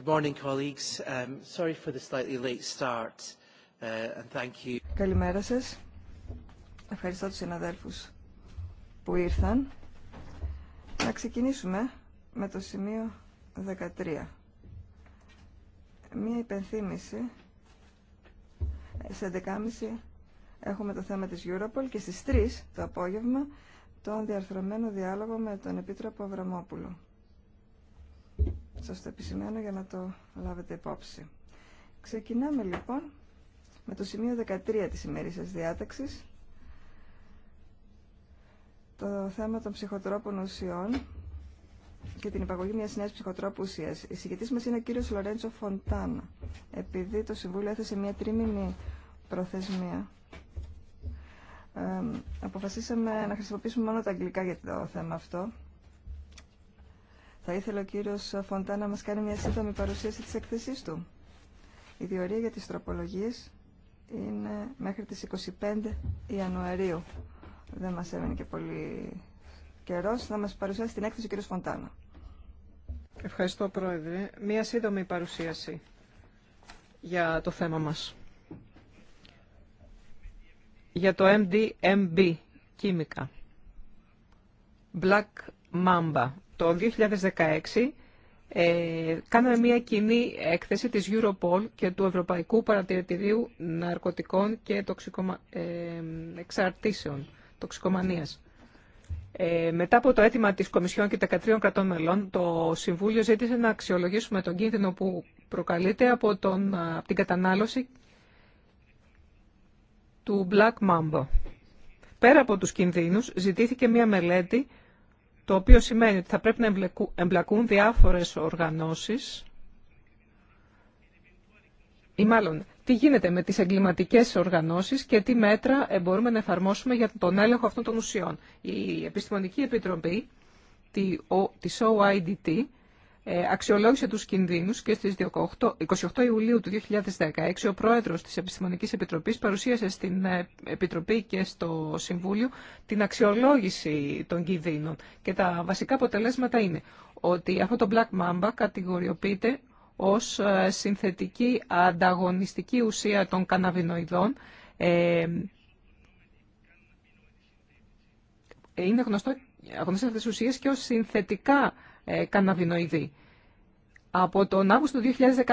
Good morning, colleagues. Um, sorry for the slightly late start, uh, and thank you. Καλημέρα σας. Ευχαριστώ τους συναδέλφους που ήρθαν. Να ξεκινήσουμε με το σημείο 13. Μία υπενθύμηση. Σε 11.30 έχουμε το θέμα της Europol και στις 3 το απόγευμα τον διαρθρωμένο διάλογο με τον Επίτροπο Αβραμόπουλο σας το επισημαίνω για να το λάβετε υπόψη. Ξεκινάμε λοιπόν με το σημείο 13 της ημερήσιας διάταξης, το θέμα των ψυχοτρόπων ουσιών και την υπαγωγή μιας νέας ψυχοτρόπου ουσίας. Η συγκεκριτής μας είναι ο κύριος Λορέντσο Φοντάνα, επειδή το Συμβούλιο έθεσε μια τρίμηνη προθεσμία. αποφασίσαμε να χρησιμοποιήσουμε μόνο τα αγγλικά για το θέμα αυτό θα ήθελε ο κύριος Φοντάνα να μας κάνει μια σύντομη παρουσίαση της εκθεσής του. Η διορία για τις τροπολογίες είναι μέχρι τις 25 Ιανουαρίου. Δεν μας έμενε και πολύ καιρός. να μας παρουσιάσει την έκθεση ο κύριος Φοντάνα. Ευχαριστώ, Πρόεδρε. Μία σύντομη παρουσίαση για το θέμα μας. Για το MDMB, κίμικα. Black Mamba, το 2016 ε, κάναμε μια κοινή έκθεση της Europol και του Ευρωπαϊκού Παρατηρητηρίου Ναρκωτικών και ε, Εξαρτήσεων Τοξικομανίας. Ε, μετά από το αίτημα της Κομισιόν και 13 κρατών μελών, το Συμβούλιο ζήτησε να αξιολογήσουμε τον κίνδυνο που προκαλείται από, τον, από την κατανάλωση του Black Mamba. Πέρα από τους κινδύνους, ζητήθηκε μια μελέτη το οποίο σημαίνει ότι θα πρέπει να εμπλακούν διάφορες οργανώσεις ή μάλλον τι γίνεται με τις εγκληματικές οργανώσεις και τι μέτρα μπορούμε να εφαρμόσουμε για τον έλεγχο αυτών των ουσιών. Η Επιστημονική Επιτροπή της OIDT ε, αξιολόγησε τους κινδύνους και στις 28 Ιουλίου του 2016 ο πρόεδρος της Επιστημονικής Επιτροπής παρουσίασε στην ε, Επιτροπή και στο Συμβούλιο την αξιολόγηση των κινδύνων και τα βασικά αποτελέσματα είναι ότι αυτό το Black Mamba κατηγοριοποιείται ως ε, συνθετική ανταγωνιστική ουσία των καναβινοειδών είναι γνωστό, γνωστές αυτές ουσίες και ως συνθετικά ε, Από τον Αύγουστο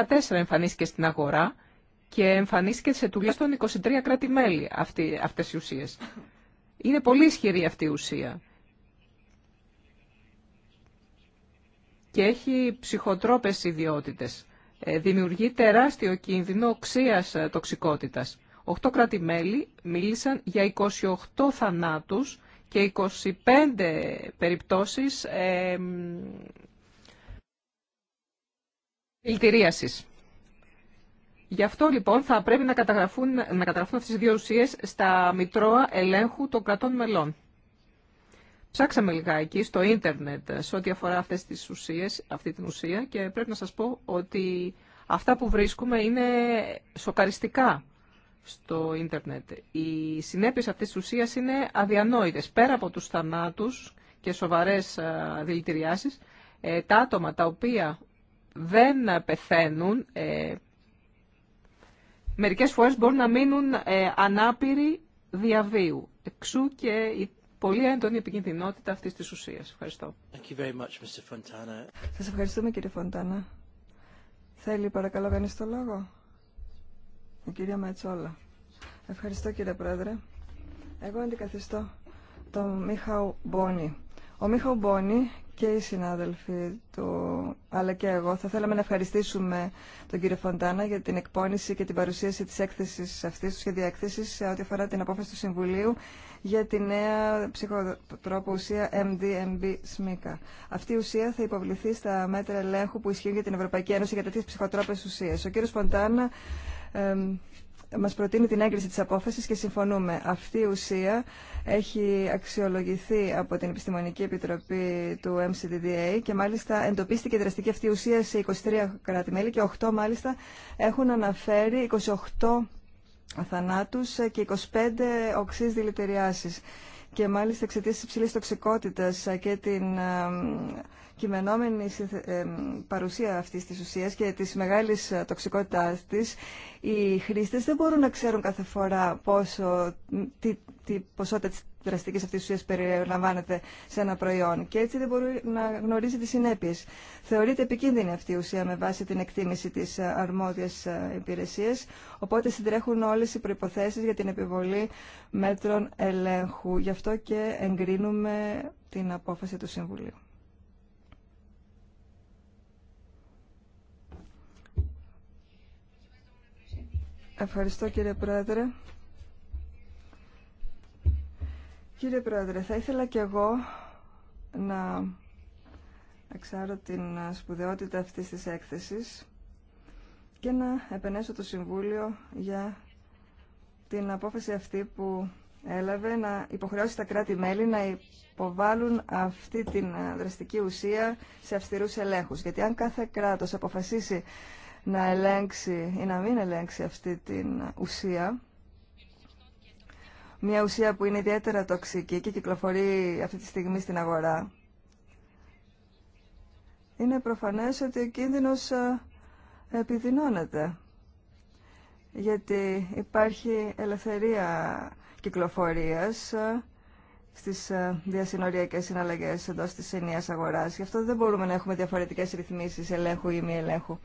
2014 εμφανίστηκε στην αγορά και εμφανίστηκε σε τουλάχιστον 23 κράτη-μέλη αυτές οι ουσίες. Είναι πολύ ισχυρή αυτή η ουσία. Και έχει ψυχοτρόπες ιδιότητες. Ε, δημιουργεί τεράστιο οξία οξείας ε, τοξικότητας. Οχτώ κράτη-μέλη μίλησαν για 28 θανάτους και 25 περιπτώσεις ε, Γι' αυτό λοιπόν θα πρέπει να καταγραφούν, να καταγραφούν αυτές τις δύο ουσίες στα Μητρώα Ελέγχου των Κρατών Μελών. Ψάξαμε λιγάκι στο ίντερνετ σε ό,τι αφορά αυτές τις ουσίες, αυτή την ουσία και πρέπει να σας πω ότι αυτά που βρίσκουμε είναι σοκαριστικά στο ίντερνετ. Οι συνέπειες αυτής της ουσίας είναι αδιανόητες. Πέρα από τους θανάτους και σοβαρές δηλητηριάσεις, ε, τα άτομα τα οποία δεν πεθαίνουν, ε, μερικές φορές μπορούν να μείνουν ε, ανάπηροι διαβίου. Εξού και η πολύ έντονη επικίνδυνοτητα αυτής της ουσίας. Ευχαριστώ. Thank Σας ευχαριστούμε κύριε Φοντάνα. Θέλει παρακαλώ κανείς το λόγο. Η κυρία Ματσόλα. Ευχαριστώ κύριε Πρόεδρε. Εγώ αντικαθιστώ τον Μίχαου Μπόνι. Ο Μίχαου Μπόνι και οι συνάδελφοι του, αλλά και εγώ, θα θέλαμε να ευχαριστήσουμε τον κύριο Φοντάνα για την εκπόνηση και την παρουσίαση της έκθεσης αυτής, του σχεδίου έκθεσης, σε ό,τι αφορά την απόφαση του Συμβουλίου για τη νέα ψυχοτρόπο ουσία MDMB SMICA. Αυτή η ουσία θα υποβληθεί στα μέτρα ελέγχου που ισχύουν για την Ευρωπαϊκή Ένωση για τέτοιε ψυχοτρόπε ουσίε. Ο κύριο Φοντάνα μας προτείνει την έγκριση της απόφασης και συμφωνούμε. Αυτή η ουσία έχει αξιολογηθεί από την Επιστημονική Επιτροπή του MCDDA και μάλιστα εντοπίστηκε δραστική αυτή η ουσία σε 23 κράτη-μέλη και 8 μάλιστα έχουν αναφέρει 28 θανάτους και 25 οξύς δηλητηριάσεις και μάλιστα εξαιτία τη υψηλή τοξικότητα ε, και την ε, κειμενόμενη ε, παρουσία αυτή τη ουσία και τη μεγάλη τοξικότητά τη, οι χρήστε δεν μπορούν να ξέρουν κάθε φορά πόσο, τι, ποσότητα δραστική αυτή τη ουσία περιλαμβάνεται σε ένα προϊόν και έτσι δεν μπορεί να γνωρίζει τι συνέπειε. Θεωρείται επικίνδυνη αυτή η ουσία με βάση την εκτίμηση τη ε, αρμόδια ε, υπηρεσία, οπότε συντρέχουν όλε οι προποθέσει για την επιβολή μέτρων ελέγχου. Γι' αυτό και εγκρίνουμε την απόφαση του Συμβουλίου. Ευχαριστώ κύριε Πρόεδρε. Κύριε Πρόεδρε, θα ήθελα κι εγώ να εξάρω την σπουδαιότητα αυτής της έκθεσης και να επενέσω το Συμβούλιο για την απόφαση αυτή που έλαβε να υποχρεώσει τα κράτη-μέλη να υποβάλουν αυτή την δραστική ουσία σε αυστηρούς ελέγχους. Γιατί αν κάθε κράτος αποφασίσει να ελέγξει ή να μην ελέγξει αυτή την ουσία, μια ουσία που είναι ιδιαίτερα τοξική και κυκλοφορεί αυτή τη στιγμή στην αγορά, είναι προφανές ότι ο κίνδυνος ε, επιδεινώνεται. Γιατί υπάρχει ελευθερία κυκλοφορίας ε, στις ε, διασυνοριακές συναλλαγές εντό της ενιαίας αγοράς. Γι' αυτό δεν μπορούμε να έχουμε διαφορετικές ρυθμίσεις ελέγχου ή μη ελέγχου.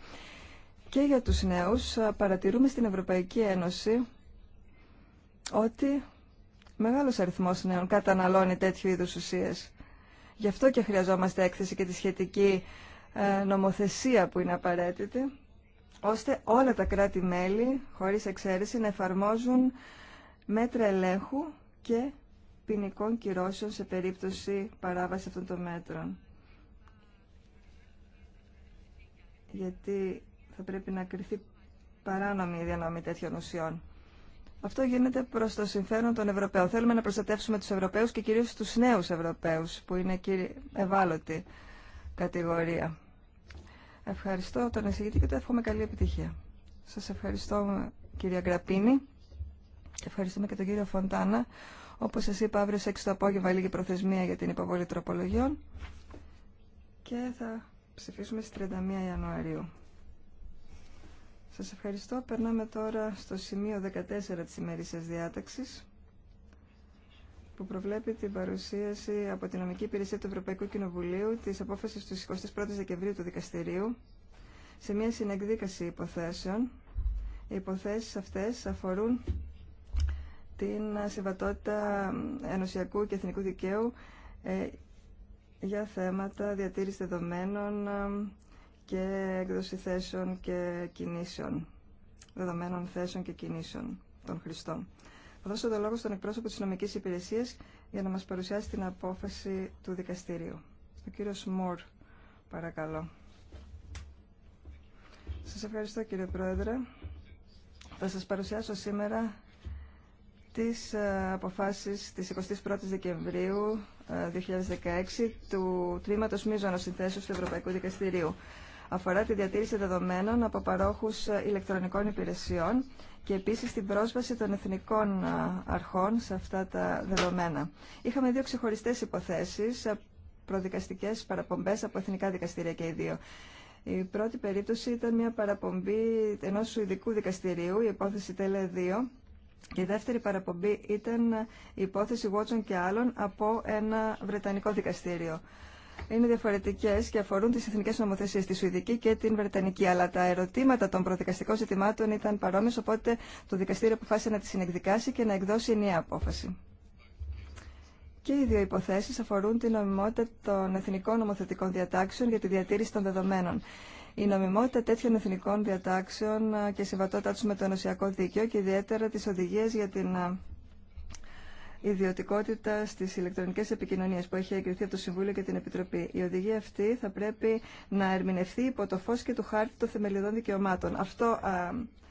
Και για τους νέους παρατηρούμε στην Ευρωπαϊκή Ένωση ότι μεγάλος αριθμός νέων καταναλώνει τέτοιου είδους ουσίες. Γι' αυτό και χρειαζόμαστε έκθεση και τη σχετική ε, νομοθεσία που είναι απαραίτητη, ώστε όλα τα κράτη-μέλη, χωρίς εξαίρεση, να εφαρμόζουν μέτρα ελέγχου και ποινικών κυρώσεων σε περίπτωση παράβαση αυτών των μέτρων. Γιατί θα πρέπει να κριθεί παράνομη η διανομή τέτοιων ουσιών. Αυτό γίνεται προ το συμφέρον των Ευρωπαίων. Θέλουμε να προστατεύσουμε του Ευρωπαίου και κυρίω του νέου Ευρωπαίου, που είναι ευάλωτη κατηγορία. Ευχαριστώ τον εισηγητή και του εύχομαι καλή επιτυχία. Σα ευχαριστώ, κυρία Γκραπίνη, ευχαριστούμε και τον κύριο Φοντάνα. Όπω σα είπα, αύριο σε 6 το απόγευμα λίγη προθεσμία για την υποβολή τροπολογιών και θα ψηφίσουμε στι 31 Ιανουαρίου. Σας ευχαριστώ. Περνάμε τώρα στο σημείο 14 της ημέρησης διάταξης που προβλέπει την παρουσίαση από την Νομική Υπηρεσία του Ευρωπαϊκού Κοινοβουλίου της απόφασης του 21 Δεκεμβρίου του Δικαστηρίου σε μια συνεκδίκαση υποθέσεων. Οι υποθέσεις αυτές αφορούν την συμβατότητα ενωσιακού και εθνικού δικαίου ε, για θέματα διατήρηση δεδομένων και έκδοση θέσεων και κινήσεων, δεδομένων θέσεων και κινήσεων των χρηστών. Θα δώσω το λόγο στον εκπρόσωπο της νομικής υπηρεσίας για να μας παρουσιάσει την απόφαση του δικαστηρίου. Ο κύριος Μορ, παρακαλώ. Σας ευχαριστώ κύριε Πρόεδρε. Θα σας παρουσιάσω σήμερα τις ε, αποφάσεις της 21ης Δεκεμβρίου 2016 ε, του Τμήματος Μίζωνος Συνθέσεως του Ευρωπαϊκού Δικαστηρίου αφορά τη διατήρηση δεδομένων από παρόχους ε, ηλεκτρονικών υπηρεσιών και επίσης την πρόσβαση των εθνικών ε, αρχών σε αυτά τα δεδομένα. Είχαμε δύο ξεχωριστές υποθέσεις, ε, προδικαστικές παραπομπές από εθνικά δικαστήρια και οι δύο. Η πρώτη περίπτωση ήταν μια παραπομπή ενός ειδικού δικαστηρίου, η υπόθεση Τέλε 2, και η δεύτερη παραπομπή ήταν η υπόθεση Watson και άλλων από ένα Βρετανικό δικαστήριο είναι διαφορετικέ και αφορούν τι εθνικέ νομοθεσίε, τη Σουηδική και την Βρετανική. Αλλά τα ερωτήματα των προδικαστικών ζητημάτων ήταν παρόμοιε, οπότε το δικαστήριο αποφάσισε να τι συνεκδικάσει και να εκδώσει ενιαία απόφαση. Και οι δύο υποθέσει αφορούν την νομιμότητα των εθνικών νομοθετικών διατάξεων για τη διατήρηση των δεδομένων. Η νομιμότητα τέτοιων εθνικών διατάξεων ε, και συμβατότητά του με το ενωσιακό δίκαιο και ιδιαίτερα τι οδηγίε για την ε, ιδιωτικότητα στι ηλεκτρονικέ επικοινωνίε που έχει εγκριθεί από το Συμβούλιο και την Επιτροπή. Η οδηγία αυτή θα πρέπει να ερμηνευθεί υπό το φω και του χάρτη των θεμελιωδών δικαιωμάτων. Αυτό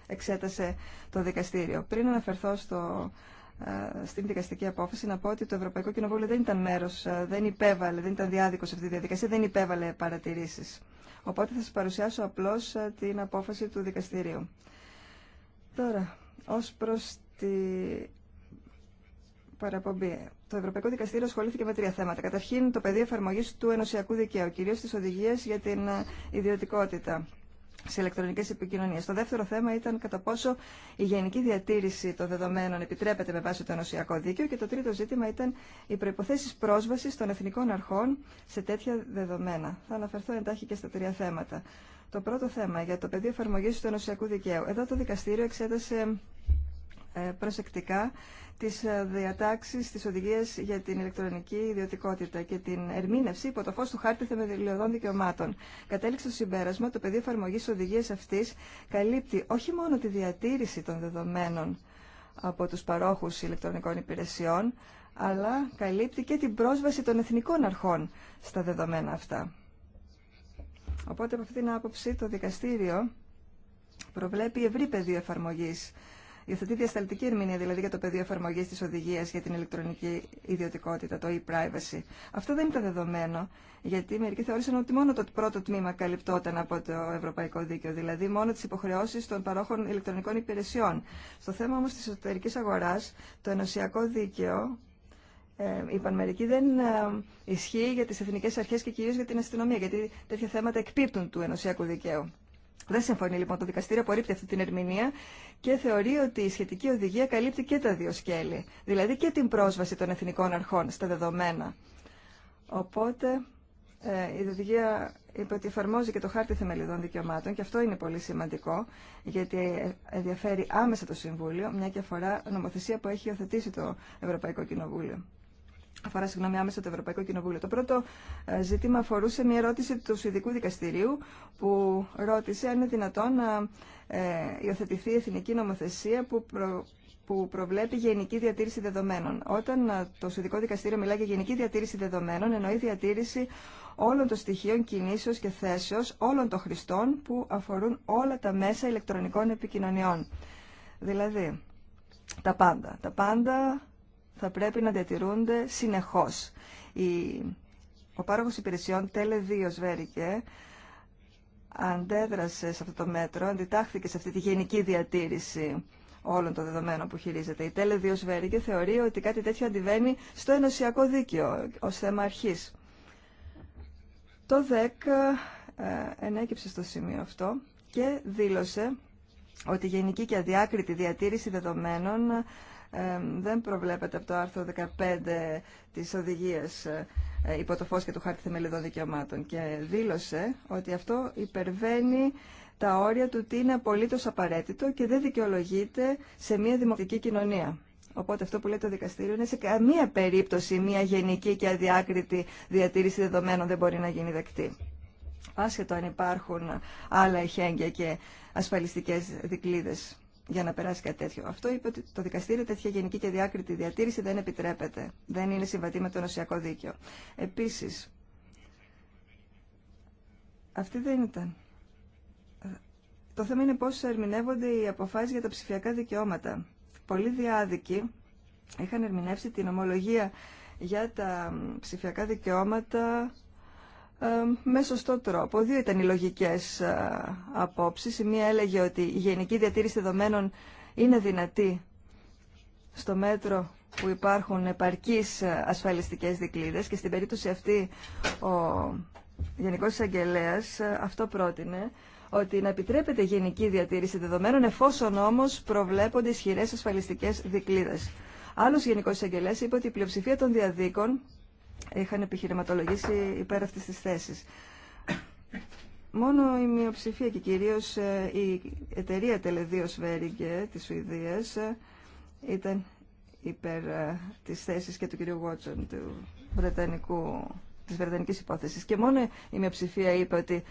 εξέτασε το δικαστήριο. Πριν αναφερθώ στο, στην δικαστική απόφαση να πω ότι το Ευρωπαϊκό Κοινοβούλιο δεν ήταν μέρο, δεν υπέβαλε, δεν ήταν διάδικο σε αυτή τη διαδικασία, δεν υπέβαλε παρατηρήσει. Οπότε θα σα παρουσιάσω απλώ την απόφαση του δικαστηρίου. Τώρα, ω προ τη παραπομπή. Το Ευρωπαϊκό Δικαστήριο ασχολήθηκε με τρία θέματα. Καταρχήν, το πεδίο εφαρμογή του ενωσιακού δικαίου, κυρίω τι οδηγίε για την ε, ιδιωτικότητα σε ηλεκτρονικέ επικοινωνίε. Το δεύτερο θέμα ήταν κατά πόσο η γενική διατήρηση των δεδομένων επιτρέπεται με βάση το ενωσιακό δίκαιο και το τρίτο ζήτημα ήταν οι προποθέσει πρόσβαση των εθνικών αρχών σε τέτοια δεδομένα. Θα αναφερθώ εντάχει και στα τρία θέματα. Το πρώτο θέμα για το πεδίο εφαρμογή του ενωσιακού δικαίου. Εδώ το δικαστήριο εξέτασε ε, προσεκτικά τις ε, διατάξεις τις οδηγίες για την ηλεκτρονική ιδιωτικότητα και την ερμήνευση υπό το φως του χάρτη θεμελιωδών δικαιωμάτων. Κατέληξε το συμπέρασμα το πεδίο εφαρμογή οδηγίας αυτής καλύπτει όχι μόνο τη διατήρηση των δεδομένων από τους παρόχους ηλεκτρονικών υπηρεσιών, αλλά καλύπτει και την πρόσβαση των εθνικών αρχών στα δεδομένα αυτά. Οπότε από αυτή την άποψη το δικαστήριο προβλέπει ευρύ πεδίο εφαρμογής υιοθετεί διασταλτική ερμηνεία δηλαδή για το πεδίο εφαρμογή τη οδηγία για την ηλεκτρονική ιδιωτικότητα, το e-privacy. Αυτό δεν ήταν δεδομένο, γιατί μερικοί θεώρησαν ότι μόνο το πρώτο τμήμα καλυπτόταν από το Ευρωπαϊκό Δίκαιο, δηλαδή μόνο τι υποχρεώσει των παρόχων ηλεκτρονικών υπηρεσιών. Στο θέμα όμω τη εσωτερική αγορά, το ενωσιακό δίκαιο ε, είπαν μερικοί, δεν ε, ισχύει για τι εθνικέ αρχέ και κυρίω για την αστυνομία, γιατί τέτοια θέματα εκπίπτουν του ενωσιακού δικαίου. Δεν συμφωνεί λοιπόν το δικαστήριο, απορρίπτει αυτή την ερμηνεία και θεωρεί ότι η σχετική οδηγία καλύπτει και τα δύο σκέλη, δηλαδή και την πρόσβαση των εθνικών αρχών στα δεδομένα. Οπότε ε, η οδηγία είπε ότι εφαρμόζει και το χάρτη θεμελιδών δικαιωμάτων και αυτό είναι πολύ σημαντικό γιατί ενδιαφέρει άμεσα το Συμβούλιο μια και αφορά νομοθεσία που έχει υιοθετήσει το Ευρωπαϊκό Κοινοβούλιο αφορά συγγνώμη άμεσα το Ευρωπαϊκό Κοινοβούλιο. Το πρώτο ε, ζήτημα αφορούσε μια ερώτηση του Σουηδικού Δικαστηρίου που ρώτησε αν είναι δυνατόν να ε, υιοθετηθεί εθνική νομοθεσία που που προβλέπει γενική διατήρηση δεδομένων. Όταν ε, το Συνδικό Δικαστήριο μιλάει για γενική διατήρηση δεδομένων, εννοεί διατήρηση όλων των στοιχείων κινήσεως και θέσεως όλων των χρηστών που αφορούν όλα τα μέσα ηλεκτρονικών επικοινωνιών. Δηλαδή, τα πάντα. Τα πάντα θα πρέπει να διατηρούνται συνεχώς. Η... Ο πάροχος Τέλε Tele2 Σβέρικε αντέδρασε σε αυτό το μέτρο, αντιτάχθηκε σε αυτή τη γενική διατήρηση όλων των δεδομένων που χειρίζεται. Η Τέλε 2 Σβέρικε θεωρεί ότι κάτι τέτοιο αντιβαίνει στο ενωσιακό δίκαιο ως θέμα αρχής. Το ΔΕΚ ενέκυψε στο σημείο αυτό και δήλωσε ότι η γενική και αδιάκριτη διατήρηση δεδομένων δεν προβλέπεται από το άρθρο 15 της οδηγίας ε, υπό το φως και του χάρτη θεμελιδών δικαιωμάτων και δήλωσε ότι αυτό υπερβαίνει τα όρια του ότι είναι απολύτως απαραίτητο και δεν δικαιολογείται σε μια δημοκρατική κοινωνία. Οπότε αυτό που λέει το δικαστήριο είναι σε καμία περίπτωση μια γενική και αδιάκριτη διατήρηση δεδομένων δεν μπορεί να γίνει δεκτή. Άσχετο αν υπάρχουν άλλα ειχέγγια και ασφαλιστικές δικλείδες για να περάσει κάτι τέτοιο. Αυτό είπε ότι το δικαστήριο τέτοια γενική και διάκριτη διατήρηση δεν επιτρέπεται. Δεν είναι συμβατή με το νοσιακό δίκαιο. Επίσης, αυτή δεν ήταν. Το θέμα είναι πώς ερμηνεύονται οι αποφάσεις για τα ψηφιακά δικαιώματα. Πολλοί διάδικοι είχαν ερμηνεύσει την ομολογία για τα ψηφιακά δικαιώματα ε, με σωστό τρόπο. Δύο ήταν οι λογικές ε, απόψεις. Η μία έλεγε ότι η γενική διατήρηση δεδομένων είναι δυνατή στο μέτρο που υπάρχουν επαρκείς ε, ασφαλιστικές δικλείδες και στην περίπτωση αυτή ο Γενικός Εισαγγελέας αυτό πρότεινε ότι να επιτρέπεται γενική διατήρηση δεδομένων εφόσον όμως προβλέπονται ισχυρές ασφαλιστικές δικλείδες. Άλλος Γενικός Εισαγγελέας είπε ότι η πλειοψηφία των διαδίκων είχαν επιχειρηματολογήσει υπέρ αυτής της θέσης. Μόνο η μειοψηφία και κυρίως ε, η εταιρεία Τελεδίος Βέριγκε της Σουηδίας ε, ήταν υπέρ ε, της θέσης και του κυρίου Βότσον του Βρετανικού, της Βρετανικής υπόθεσης. Και μόνο η μειοψηφία είπε ότι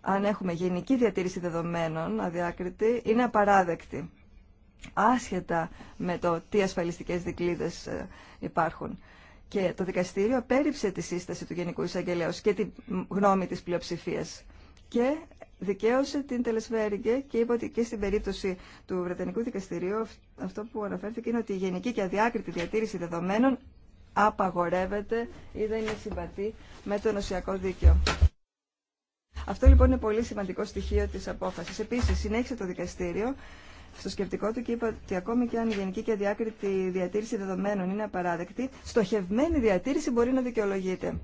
αν έχουμε γενική διατήρηση δεδομένων αδιάκριτη, είναι απαράδεκτη. Άσχετα με το τι ασφαλιστικές δικλείδες υπάρχουν. Και το δικαστήριο απέρριψε τη σύσταση του Γενικού Εισαγγελέως και τη γνώμη της πλειοψηφίας. Και δικαίωσε την Τελεσβέριγκε και είπε ότι και στην περίπτωση του Βρετανικού Δικαστηρίου αυτό που αναφέρθηκε είναι ότι η γενική και αδιάκριτη διατήρηση δεδομένων απαγορεύεται ή δεν είναι συμπατή με το νοσιακό δίκαιο. Αυτό λοιπόν είναι πολύ σημαντικό στοιχείο της απόφασης. Επίσης, συνέχισε το δικαστήριο στο σκεπτικό του και είπα ότι ακόμη και αν η γενική και διάκριτη διατήρηση δεδομένων είναι απαράδεκτη, στοχευμένη διατήρηση μπορεί να δικαιολογείται.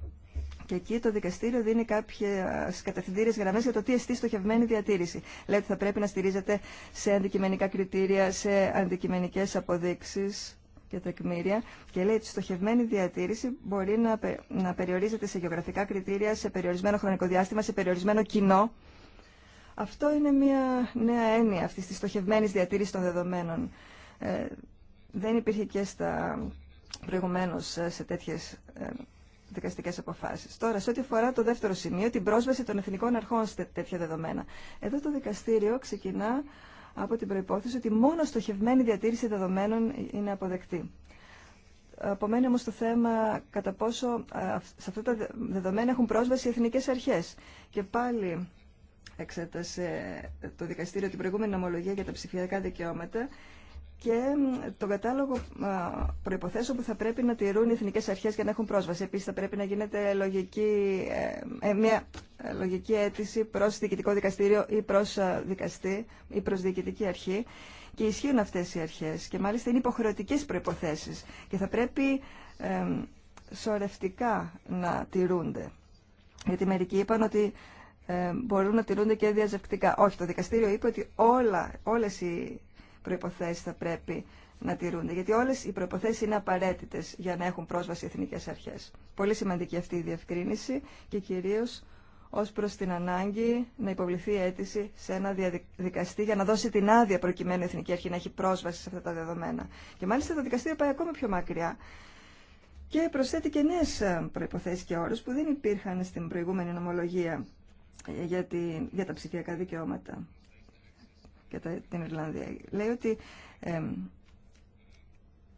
Και εκεί το δικαστήριο δίνει κάποιε κατευθυντήριε γραμμέ για το τι εστί στοχευμένη διατήρηση. Λέει ότι θα πρέπει να στηρίζεται σε αντικειμενικά κριτήρια, σε αντικειμενικέ αποδείξει και τεκμήρια. Και λέει ότι στοχευμένη διατήρηση μπορεί να, να περιορίζεται σε γεωγραφικά κριτήρια, σε περιορισμένο χρονικό διάστημα, σε περιορισμένο κοινό. Αυτό είναι μια νέα έννοια αυτή τη στοχευμένη διατήρηση των δεδομένων. Ε, δεν υπήρχε και στα προηγουμένω ε, σε τέτοιε δικαστικέ αποφάσει. Τώρα, σε ό,τι αφορά το δεύτερο σημείο, την πρόσβαση των εθνικών αρχών σε τέτοια δεδομένα. Εδώ το δικαστήριο ξεκινά από την προπόθεση ότι μόνο στοχευμένη διατήρηση δεδομένων είναι αποδεκτή. Απομένει όμω το θέμα κατά πόσο ε, σε αυτά τα δεδομένα έχουν πρόσβαση οι εθνικέ αρχέ. Και πάλι εξέτασε το δικαστήριο την προηγούμενη ομολογία για τα ψηφιακά δικαιώματα και τον κατάλογο προϋποθέσεων που θα πρέπει να τηρούν οι εθνικές αρχές για να έχουν πρόσβαση. Επίσης θα πρέπει να γίνεται λογική, ε, ε, μια λογική αίτηση προς διοικητικό δικαστήριο ή προς δικαστή ή προς διοικητική αρχή και ισχύουν αυτές οι αρχές και μάλιστα είναι υποχρεωτικές προϋποθέσεις και θα πρέπει ε, σορευτικά να τηρούνται. Γιατί μερικοί είπαν ότι ε, μπορούν να τηρούνται και διαζευκτικά. Όχι, το δικαστήριο είπε ότι όλα, όλες οι προϋποθέσεις θα πρέπει να τηρούνται, γιατί όλες οι προϋποθέσεις είναι απαραίτητες για να έχουν πρόσβαση οι εθνικές αρχές. Πολύ σημαντική αυτή η διευκρίνηση και κυρίως ως προς την ανάγκη να υποβληθεί η αίτηση σε ένα δικαστή για να δώσει την άδεια προκειμένου η Εθνική Αρχή να έχει πρόσβαση σε αυτά τα δεδομένα. Και μάλιστα το δικαστήριο πάει ακόμα πιο μακριά και προσθέτει και νέες ε, προϋποθέσεις και όρους που δεν υπήρχαν στην προηγούμενη νομολογία για, για τα ψηφιακά δικαιώματα και την Ιρλανδία. Λέει ότι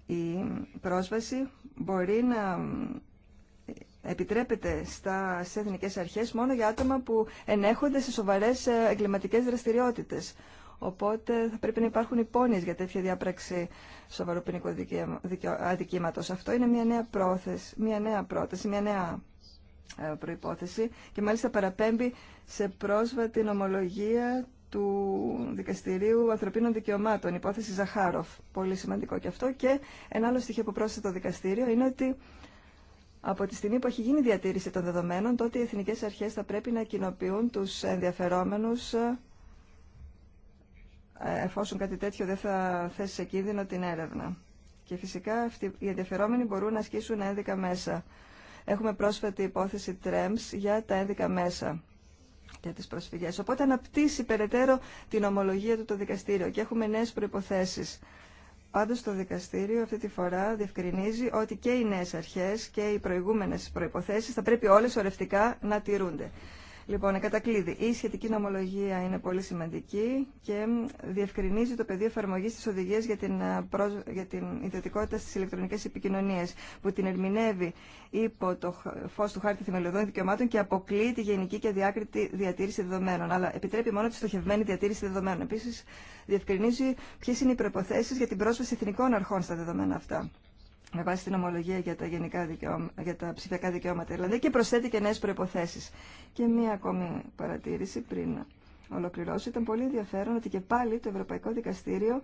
η πρόσβαση μπορεί να ε, επιτρέπεται στα σε εθνικές αρχές μόνο για άτομα που ενέχονται σε σοβαρές ε, εγκληματικές δραστηριότητες. Οπότε θα πρέπει να υπάρχουν υπόνοιες για τέτοια διάπραξη σοβαρού ποινικού αδικήματος. Αυτό είναι μια νέα, πρόθεση, νέα πρόταση, μια νέα ε, προϋπόθεση και μάλιστα παραπέμπει σε πρόσβατη νομολογία του Δικαστηρίου Ανθρωπίνων Δικαιωμάτων, υπόθεση Ζαχάροφ. Πολύ σημαντικό και αυτό. Και ένα άλλο στοιχείο που πρόσθεσε το δικαστήριο είναι ότι από τη στιγμή που έχει γίνει διατήρηση των δεδομένων, τότε οι εθνικέ αρχέ θα πρέπει να κοινοποιούν του ενδιαφερόμενους ε, εφόσον κάτι τέτοιο δεν θα θέσει σε κίνδυνο την έρευνα. Και φυσικά αυτοί οι ενδιαφερόμενοι μπορούν να ασκήσουν ένδικα μέσα Έχουμε πρόσφατη υπόθεση τρέμς για τα ένδικα μέσα για τις προσφυγές. Οπότε αναπτύσσει περαιτέρω την ομολογία του το δικαστήριο και έχουμε νέες προϋποθέσεις. Πάντω το δικαστήριο αυτή τη φορά διευκρινίζει ότι και οι νέες αρχές και οι προηγούμενες προϋποθέσεις θα πρέπει όλες ορευτικά να τηρούνται. Λοιπόν, κατακλείδη. Η σχετική νομολογία είναι πολύ σημαντική και διευκρινίζει το πεδίο εφαρμογή τη οδηγία για την, ε, για την ιδιωτικότητα στι ηλεκτρονικέ επικοινωνίε, που την ερμηνεύει υπό το φω του χάρτη θεμελιωδών δικαιωμάτων και αποκλείει τη γενική και διάκριτη διατήρηση δεδομένων, αλλά επιτρέπει μόνο τη στοχευμένη διατήρηση δεδομένων. Επίση, διευκρινίζει ποιε είναι οι προποθέσει για την πρόσβαση εθνικών αρχών στα δεδομένα αυτά με βάση την ομολογία για τα, γενικά δικαιώμα, για τα ψηφιακά δικαιώματα δηλαδή και προσθέτει και νέες προϋποθέσεις. Και μία ακόμη παρατήρηση πριν ολοκληρώσω. Ήταν πολύ ενδιαφέρον ότι και πάλι το Ευρωπαϊκό Δικαστήριο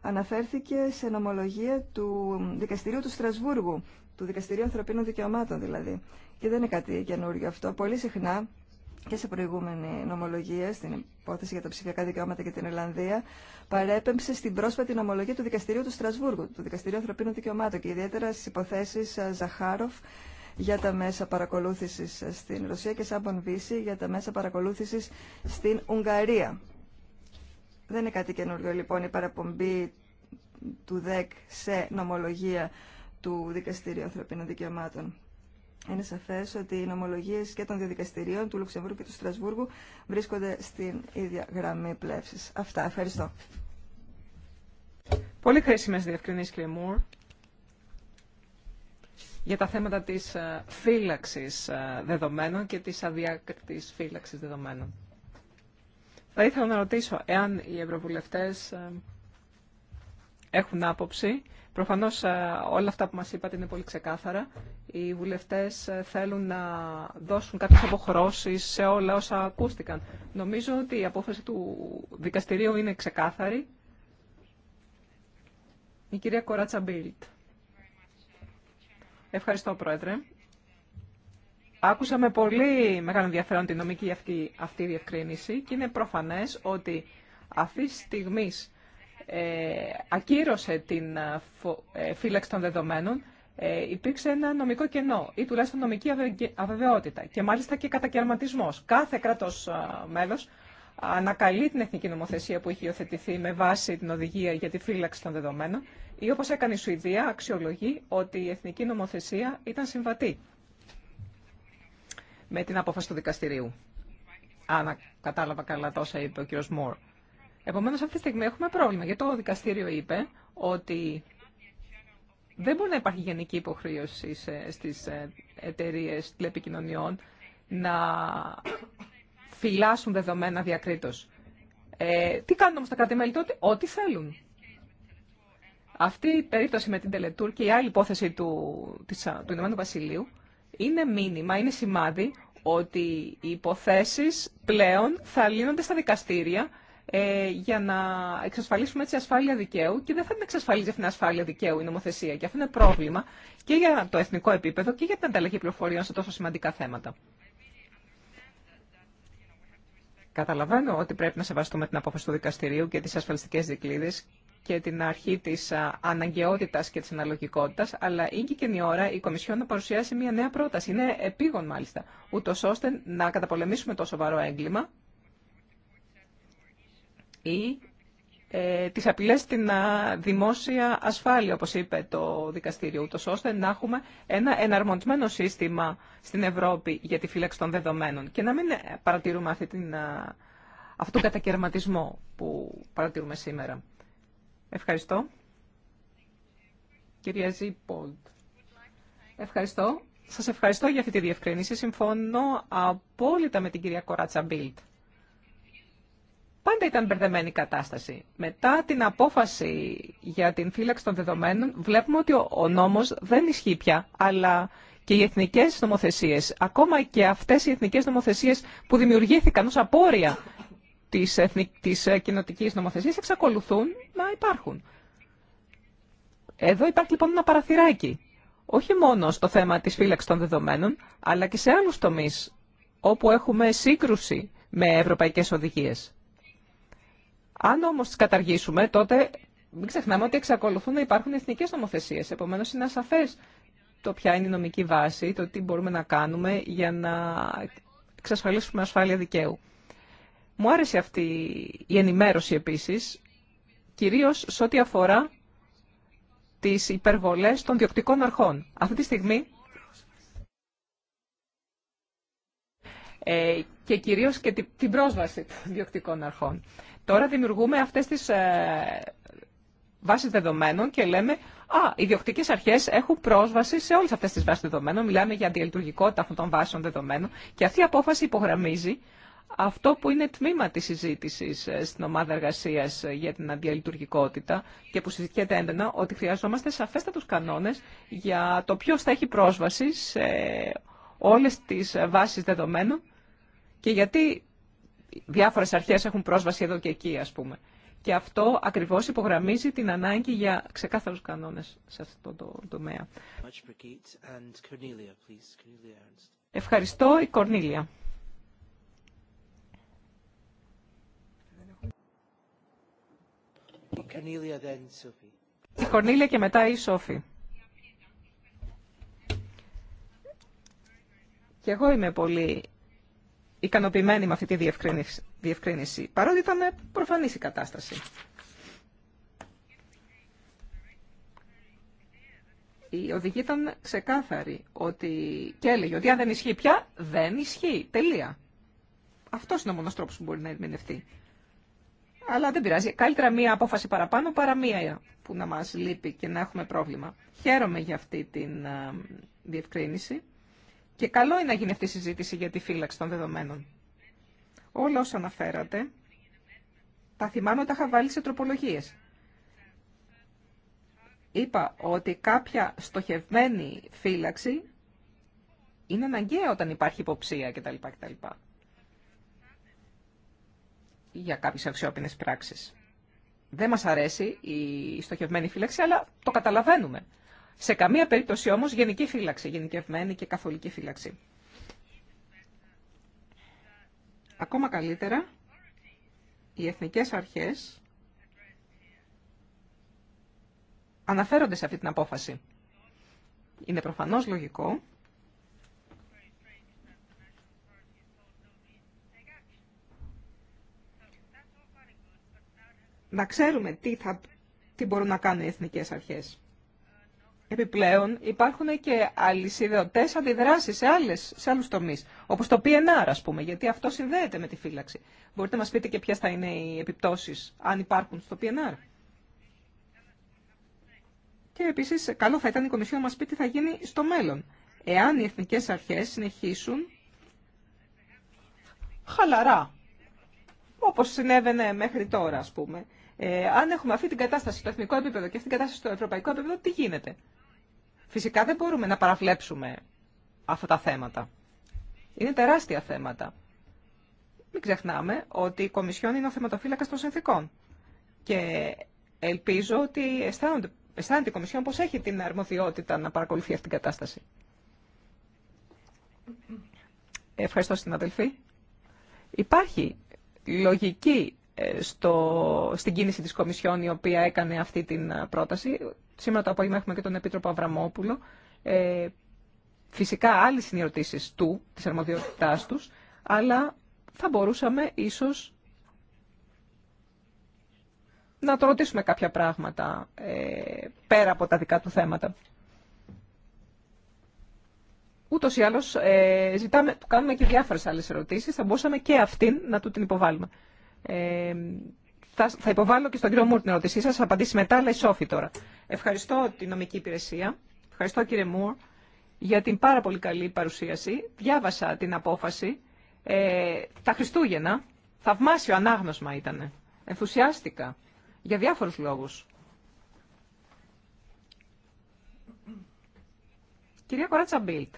αναφέρθηκε σε νομολογία του Δικαστηρίου του Στρασβούργου, του Δικαστηρίου Ανθρωπίνων Δικαιωμάτων δηλαδή. Και δεν είναι κάτι καινούργιο αυτό. Πολύ συχνά και σε προηγούμενη νομολογία, στην υπόθεση για τα ψηφιακά δικαιώματα και την Ιρλανδία, παρέπεμψε στην πρόσφατη νομολογία του Δικαστηρίου του Στρασβούργου, του Δικαστηρίου Ανθρωπίνων Δικαιωμάτων και ιδιαίτερα στι υποθέσει ε, Ζαχάροφ για τα μέσα παρακολούθηση ε, στην Ρωσία και Σάμπον Βίση για τα μέσα παρακολούθηση στην Ουγγαρία. Δεν είναι κάτι καινούργιο, λοιπόν η παραπομπή του ΔΕΚ σε νομολογία του Δικαστηρίου Ανθρωπίνων Δικαιωμάτων. Είναι σαφέ ότι οι νομολογίε και των διαδικαστηρίων του Λουξεμβούργου και του Στρασβούργου βρίσκονται στην ίδια γραμμή πλεύση. Αυτά. Ευχαριστώ. Πολύ χρήσιμε διευκρινήσει, κύριε Μουρ, για τα θέματα τη ε, φύλαξη ε, δεδομένων και τη αδιάκριτη φύλαξη δεδομένων. Θα ήθελα να ρωτήσω εάν οι ευρωβουλευτέ ε, έχουν άποψη Προφανώς ε, όλα αυτά που μας είπατε είναι πολύ ξεκάθαρα. Οι βουλευτές ε, θέλουν να δώσουν κάποιες αποχρώσεις σε όλα όσα ακούστηκαν. Νομίζω ότι η απόφαση του δικαστηρίου είναι ξεκάθαρη. Η κυρία Κοράτσα Μπίλτ. Ευχαριστώ, Πρόεδρε. Άκουσα με πολύ μεγάλο ενδιαφέρον την νομική αυτή, αυτή διευκρίνηση και είναι προφανές ότι αυτή τη στιγμή ε, ακύρωσε την ε, ε, φύλαξη των δεδομένων, υπήρξε ένα νομικό κενό ή τουλάχιστον νομική αβεβαιότητα και μάλιστα και κατακαιρματισμός. Κάθε κράτος μέλος ανακαλεί την εθνική νομοθεσία που έχει υιοθετηθεί με βάση την οδηγία για τη φύλαξη των δεδομένων ή όπως έκανε η Σουηδία αξιολογεί ότι η εθνική νομοθεσία ήταν συμβατή με την απόφαση του δικαστηρίου. Αν κατάλαβα καλά τόσα είπε ο κ. Μόρ. Επομένως, αυτή τη στιγμή έχουμε πρόβλημα, γιατί το δικαστήριο είπε ότι δεν μπορεί να υπάρχει γενική υποχρέωση στις ε, εταιρείε τηλεπικοινωνιών να φυλάσσουν δεδομένα διακρίτως. Ε, τι κάνουν όμως τα κρατημέλη τότε, ό,τι θέλουν. Αυτή η περίπτωση με την Τελετούρ και η άλλη υπόθεση του, της, του Ηνωμένου Βασιλείου είναι μήνυμα, είναι σημάδι ότι οι υποθέσεις πλέον θα λύνονται στα δικαστήρια ε, για να εξασφαλίσουμε έτσι ασφάλεια δικαίου και δεν θα την εξασφαλίζει αυτήν την ασφάλεια δικαίου η νομοθεσία. Και αυτό είναι πρόβλημα και για το εθνικό επίπεδο και για την ανταλλαγή πληροφοριών σε τόσο σημαντικά θέματα. Καταλαβαίνω ότι πρέπει να σεβαστούμε την απόφαση του δικαστηρίου και τις ασφαλιστικές δικλείδες και την αρχή της αναγκαιότητας και της αναλογικότητας, αλλά είναι και, η ώρα η Κομισιόν να παρουσιάσει μια νέα πρόταση. Είναι επίγον μάλιστα, ούτω ώστε να καταπολεμήσουμε το σοβαρό έγκλημα ή ε, τις απειλές στην δημόσια ασφάλεια, όπως είπε το δικαστήριο, ούτως ώστε να έχουμε ένα εναρμονισμένο σύστημα στην Ευρώπη για τη φύλαξη των δεδομένων και να μην ε, παρατηρούμε αυτή την, αυτόν τον κατακαιρματισμό που παρατηρούμε σήμερα. Ευχαριστώ. Κυρία Ζήπολτ. Ευχαριστώ. Σας ευχαριστώ για αυτή τη διευκρίνηση. Συμφωνώ απόλυτα με την κυρία Κοράτσα Μπίλτ. Πάντα ήταν μπερδεμένη η κατάσταση. Μετά την απόφαση για την φύλαξη των δεδομένων, βλέπουμε ότι ο νόμος δεν ισχύει πια, αλλά και οι εθνικές νομοθεσίες, ακόμα και αυτές οι εθνικές νομοθεσίες που δημιουργήθηκαν ως απόρρια της, εθνικ... της κοινοτικής νομοθεσίας, εξακολουθούν να υπάρχουν. Εδώ υπάρχει λοιπόν ένα παραθυράκι, όχι μόνο στο θέμα της φύλαξης των δεδομένων, αλλά και σε άλλους τομείς, όπου έχουμε σύγκρουση με ευρωπαϊκές οδηγίες. Αν όμω τι καταργήσουμε, τότε μην ξεχνάμε ότι εξακολουθούν να υπάρχουν εθνικές νομοθεσίε. Επομένως, είναι ασαφέ το ποια είναι η νομική βάση, το τι μπορούμε να κάνουμε για να εξασφαλίσουμε ασφάλεια δικαίου. Μου άρεσε αυτή η ενημέρωση επίσης, κυρίω σε ό,τι αφορά τις υπερβολές των διοκτικών αρχών. Αυτή τη στιγμή ε, και κυρίως και την πρόσβαση των διοκτικών αρχών. Τώρα δημιουργούμε αυτές τις ε, βάσει δεδομένων και λέμε «Α, οι διοκτικές αρχέ έχουν πρόσβαση σε όλε αυτέ τι βάσει δεδομένων». Μιλάμε για αντιελειτουργικότητα αυτών των βάσεων δεδομένων και αυτή η απόφαση υπογραμμίζει αυτό που είναι τμήμα της συζήτησης ε, στην ομάδα εργασίας ε, για την Αντιελειτουργικότητα και που συζητιέται έντονα ότι χρειαζόμαστε σαφέστατους κανόνες για το ποιος θα έχει πρόσβαση σε όλες τις βάσεις δεδομένων και γιατί διάφορες αρχές έχουν πρόσβαση εδώ και εκεί, ας πούμε. Και αυτό ακριβώς υπογραμμίζει την ανάγκη για ξεκάθαρους κανόνες σε αυτό το τομέα. Ευχαριστώ, η Κορνίλια. Η Κορνίλια και μετά η Σόφη. Και εγώ είμαι πολύ ικανοποιημένοι με αυτή τη διευκρίνηση, παρότι ήταν προφανής η κατάσταση. Η οδηγή ήταν ξεκάθαρη ότι... και έλεγε ότι αν δεν ισχύει πια, δεν ισχύει. Τελεία. Αυτό είναι ο μόνο τρόπο που μπορεί να ερμηνευτεί. Αλλά δεν πειράζει. Καλύτερα μία απόφαση παραπάνω παρά μία που να μας λείπει και να έχουμε πρόβλημα. Χαίρομαι για αυτή την ε, διευκρίνηση. Και καλό είναι να γίνει αυτή η συζήτηση για τη φύλαξη των δεδομένων. Όλα όσα αναφέρατε, τα θυμάμαι ότι τα είχα βάλει σε τροπολογίες. Είπα ότι κάποια στοχευμένη φύλαξη είναι αναγκαία όταν υπάρχει υποψία κτλ. κτλ. για κάποιες αξιόπινες πράξεις. Δεν μας αρέσει η στοχευμένη φύλαξη, αλλά το καταλαβαίνουμε. Σε καμία περίπτωση όμως γενική φύλαξη, γενικευμένη και καθολική φύλαξη. Ακόμα καλύτερα, οι εθνικές αρχές αναφέρονται σε αυτή την απόφαση. Είναι προφανώς λογικό να ξέρουμε τι, θα, τι μπορούν να κάνουν οι εθνικές αρχές. Επιπλέον υπάρχουν και αλυσιδωτές αντιδράσει σε, σε άλλους τομείς, όπως το PNR α πούμε, γιατί αυτό συνδέεται με τη φύλαξη. Μπορείτε να μα πείτε και ποιε θα είναι οι επιπτώσει αν υπάρχουν στο PNR. Και επίση καλό θα ήταν η Κομισιόν να μα πει τι θα γίνει στο μέλλον, εάν οι εθνικέ αρχέ συνεχίσουν χαλαρά, Όπω συνέβαινε μέχρι τώρα α πούμε. Ε, αν έχουμε αυτή την κατάσταση στο εθνικό επίπεδο και αυτή την κατάσταση στο ευρωπαϊκό επίπεδο, τι γίνεται. Φυσικά δεν μπορούμε να παραβλέψουμε αυτά τα θέματα. Είναι τεράστια θέματα. Μην ξεχνάμε ότι η Κομισιόν είναι ο θεματοφύλακας των συνθήκων. Και ελπίζω ότι αισθάνονται, αισθάνεται η Κομισιόν πως έχει την αρμοδιότητα να παρακολουθεί αυτή την κατάσταση. Ευχαριστώ στην αδελφή. Υπάρχει λογική ε, στο, στην κίνηση της Κομισιόν η οποία έκανε αυτή την ε, πρόταση. Σήμερα το απόγευμα έχουμε και τον Επίτροπο Αβραμόπουλο. Ε, φυσικά άλλε είναι οι ερωτήσει του, τη αρμοδιότητά του, αλλά θα μπορούσαμε ίσω να το ρωτήσουμε κάποια πράγματα ε, πέρα από τα δικά του θέματα. Ούτω ή άλλω, ε, ζητάμε, του κάνουμε και διάφορε άλλε ερωτήσει. Θα μπορούσαμε και αυτήν να του την υποβάλουμε. Ε, θα, θα υποβάλω και στον κύριο Μούρ την ερώτησή σα, θα απαντήσει μετά, αλλά η Σόφη τώρα. Ευχαριστώ την νομική υπηρεσία. Ευχαριστώ κύριε Μουρ για την πάρα πολύ καλή παρουσίαση. Διάβασα την απόφαση. Ε, τα Χριστούγεννα, θαυμάσιο ανάγνωσμα ήταν. Ενθουσιάστηκα για διάφορους λόγους. Κυρία Κοράτσα Μπίλτ,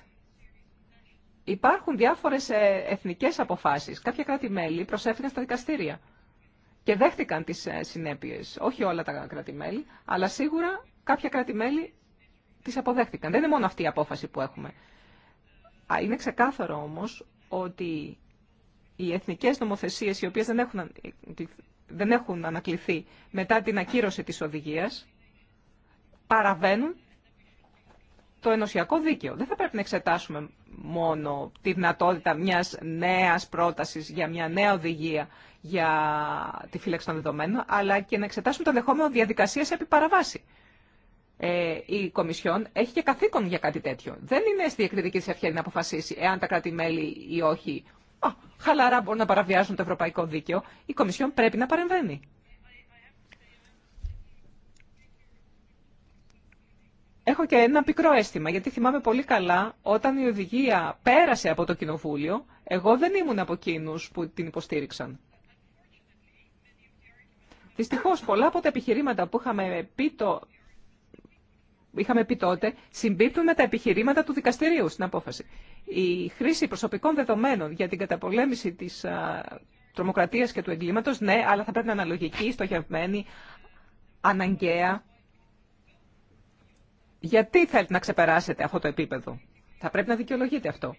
υπάρχουν διάφορες ε, εθνικές αποφάσεις. Κάποια κράτη-μέλη προσέφηκαν στα δικαστήρια και δέχτηκαν τις ε, συνέπειες. Όχι όλα τα κράτη-μέλη, αλλά σίγουρα κάποια κράτη-μέλη τις αποδέχτηκαν. Δεν είναι μόνο αυτή η απόφαση που έχουμε. Είναι ξεκάθαρο όμως ότι οι εθνικές νομοθεσίες οι οποίες δεν έχουν, δεν έχουν ανακληθεί μετά την ακύρωση της οδηγίας παραβαίνουν το ενωσιακό δίκαιο. Δεν θα πρέπει να εξετάσουμε μόνο τη δυνατότητα μιας νέας πρότασης για μια νέα οδηγία για τη φύλαξη των δεδομένων, αλλά και να εξετάσουμε το δεχόμενο διαδικασία επί παραβάση. Ε, η Κομισιόν έχει και καθήκον για κάτι τέτοιο. Δεν είναι στη εκδητική της ευχαίρεια να αποφασίσει εάν τα κράτη-μέλη ή όχι. Α, χαλαρά μπορούν να παραβιάζουν το ευρωπαϊκό δίκαιο. Η Κομισιόν πρέπει να παρεμβαίνει. Έχω και ένα πικρό αίσθημα, γιατί θυμάμαι πολύ καλά όταν η οδηγία πέρασε από το Κοινοβούλιο, εγώ δεν ήμουν από εκείνου που την υποστήριξαν. Δυστυχώ, πολλά από τα επιχειρήματα που είχαμε πει, τότε συμπίπτουν με τα επιχειρήματα του δικαστηρίου στην απόφαση. Η χρήση προσωπικών δεδομένων για την καταπολέμηση τη τρομοκρατία και του εγκλήματος, ναι, αλλά θα πρέπει να είναι αναλογική, στοχευμένη, αναγκαία γιατί θέλετε να ξεπεράσετε αυτό το επίπεδο. Θα πρέπει να δικαιολογείτε αυτό.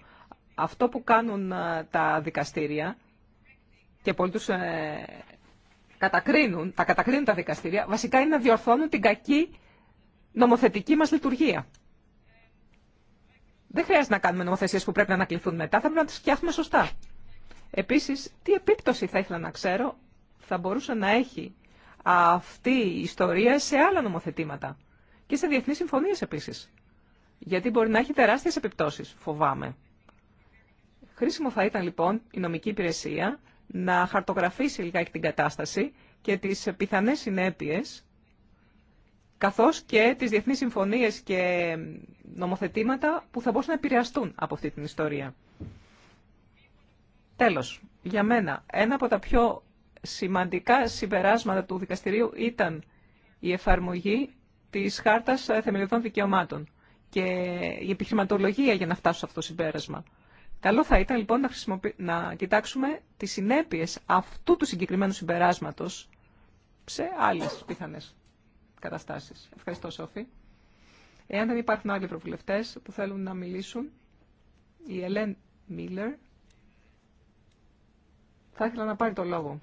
Αυτό που κάνουν ε, τα δικαστήρια και πολλοί τους ε, κατακρίνουν, τα κατακρίνουν τα δικαστήρια, βασικά είναι να διορθώνουν την κακή νομοθετική μας λειτουργία. Δεν χρειάζεται να κάνουμε νομοθεσίες που πρέπει να ανακληθούν μετά, θα πρέπει να τις φτιάχνουμε σωστά. Επίσης, τι επίπτωση θα ήθελα να ξέρω θα μπορούσε να έχει αυτή η ιστορία σε άλλα νομοθετήματα και σε διεθνείς συμφωνίε επίσης. Γιατί μπορεί να έχει τεράστιε επιπτώσει, φοβάμαι. Χρήσιμο θα ήταν λοιπόν η νομική υπηρεσία να χαρτογραφήσει λιγάκι την κατάσταση και τις πιθανές συνέπειες, καθώς και τις διεθνείς συμφωνίες και νομοθετήματα που θα μπορούσαν να επηρεαστούν από αυτή την ιστορία. Τέλο, για μένα, ένα από τα πιο σημαντικά συμπεράσματα του δικαστηρίου ήταν η εφαρμογή της Χάρτας Θεμελιωδών Δικαιωμάτων και η επιχειρηματολογία για να φτάσω σε αυτό το συμπέρασμα. Καλό θα ήταν λοιπόν να, να κοιτάξουμε τις συνέπειες αυτού του συγκεκριμένου συμπεράσματος σε άλλες πιθανές καταστάσεις. Ευχαριστώ Σόφη. Εάν δεν υπάρχουν άλλοι προβουλευτές που θέλουν να μιλήσουν, η Ελέν Μίλλερ θα ήθελα να πάρει το λόγο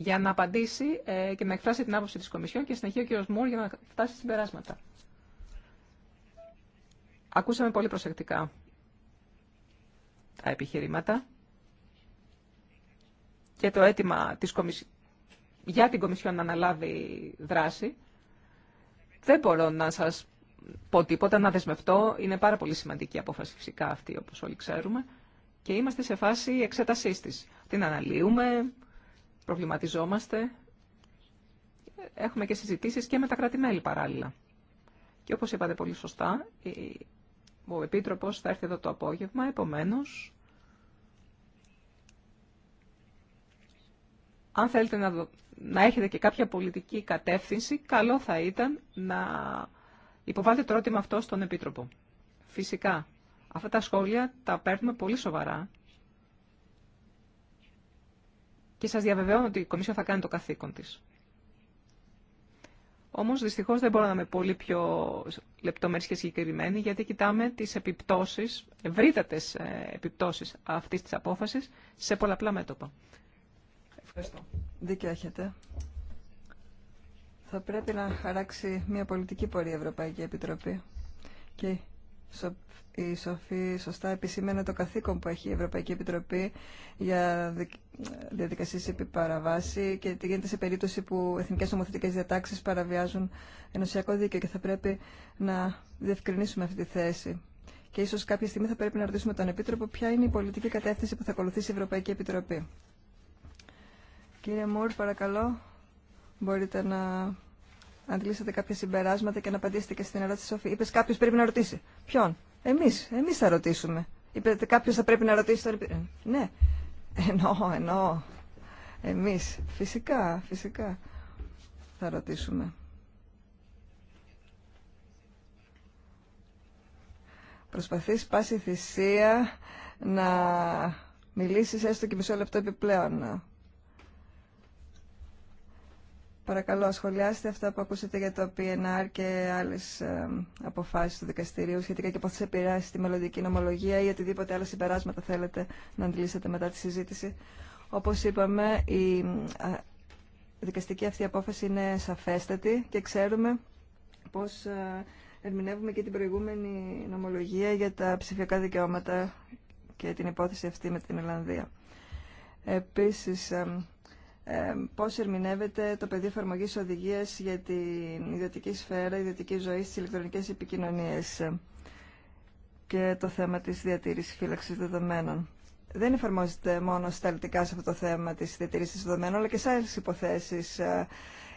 για να απαντήσει ε, και να εκφράσει την άποψη της Κομισιόν και συνεχεί ο κύριος Μουρ για να φτάσει συμπεράσματα. Ακούσαμε πολύ προσεκτικά τα επιχειρήματα και το αίτημα της για την Κομισιόν να αναλάβει δράση. Δεν μπορώ να σας πω τίποτα, να δεσμευτώ. Είναι πάρα πολύ σημαντική η απόφαση φυσικά αυτή, όπως όλοι ξέρουμε. Και είμαστε σε φάση εξέτασής της. Την αναλύουμε, προβληματιζόμαστε, έχουμε και συζητήσεις και με τα κρατη παράλληλα. Και όπως είπατε πολύ σωστά, ο Επίτροπος θα έρθει εδώ το απόγευμα, επομένως, αν θέλετε να, έχετε και κάποια πολιτική κατεύθυνση, καλό θα ήταν να υποβάλλετε το ερώτημα αυτό στον Επίτροπο. Φυσικά, αυτά τα σχόλια τα παίρνουμε πολύ σοβαρά και σας διαβεβαιώνω ότι η Κομισιόν θα κάνει το καθήκον της. Όμως δυστυχώς δεν μπορώ να είμαι πολύ πιο λεπτομέρειες και συγκεκριμένη γιατί κοιτάμε τις επιπτώσεις, ευρύτατες ε, επιπτώσεις αυτής της απόφασης σε πολλαπλά μέτωπα. Ευχαριστώ. Δίκιο έχετε. Θα πρέπει να χαράξει μια πολιτική πορεία η Ευρωπαϊκή Επιτροπή. Και η Σοφή σωστά επισήμενε το καθήκον που έχει η Ευρωπαϊκή Επιτροπή για διαδικασίες επί παραβάση και τι γίνεται σε περίπτωση που εθνικές νομοθετικές διατάξεις παραβιάζουν ενωσιακό δίκαιο και θα πρέπει να διευκρινίσουμε αυτή τη θέση. Και ίσως κάποια στιγμή θα πρέπει να ρωτήσουμε τον Επίτροπο ποια είναι η πολιτική κατεύθυνση που θα ακολουθήσει η Ευρωπαϊκή Επιτροπή. Κύριε Μουρ, παρακαλώ, μπορείτε να αντλήσατε κάποια συμπεράσματα και να απαντήσετε και στην ερώτηση Σοφή. Είπε κάποιο πρέπει να ρωτήσει. Ποιον? Εμεί. Εμεί θα ρωτήσουμε. Είπε κάποιο θα πρέπει να ρωτήσει ε, Ναι. Εννοώ, εννοώ. Εμεί. Φυσικά, φυσικά θα ρωτήσουμε. Προσπαθείς πάση θυσία να μιλήσεις έστω και μισό λεπτό επιπλέον Παρακαλώ, σχολιάστε αυτά που ακούσατε για το PNR και άλλες ε, αποφάσεις του δικαστηρίου σχετικά και πώς θα επηρεάσει τη μελλοντική νομολογία ή οτιδήποτε άλλα συμπεράσματα θέλετε να αντιλήσετε μετά τη συζήτηση. Όπως είπαμε, η δικαστική αυτή απόφαση είναι σαφέστατη και ξέρουμε πώς ε, ερμηνεύουμε και την προηγούμενη νομολογία για τα ψηφιακά δικαιώματα και την υπόθεση αυτή με την Ιλανδία. Επίσης, ε, πώς ερμηνεύεται το πεδίο εφαρμογή οδηγίας για την ιδιωτική σφαίρα, ιδιωτική ζωή στις ηλεκτρονικές επικοινωνίες και το θέμα της διατήρησης φύλαξης δεδομένων. Δεν εφαρμόζεται μόνο στα σε αυτό το θέμα της διατήρησης δεδομένων, αλλά και σε άλλες υποθέσεις. Ε,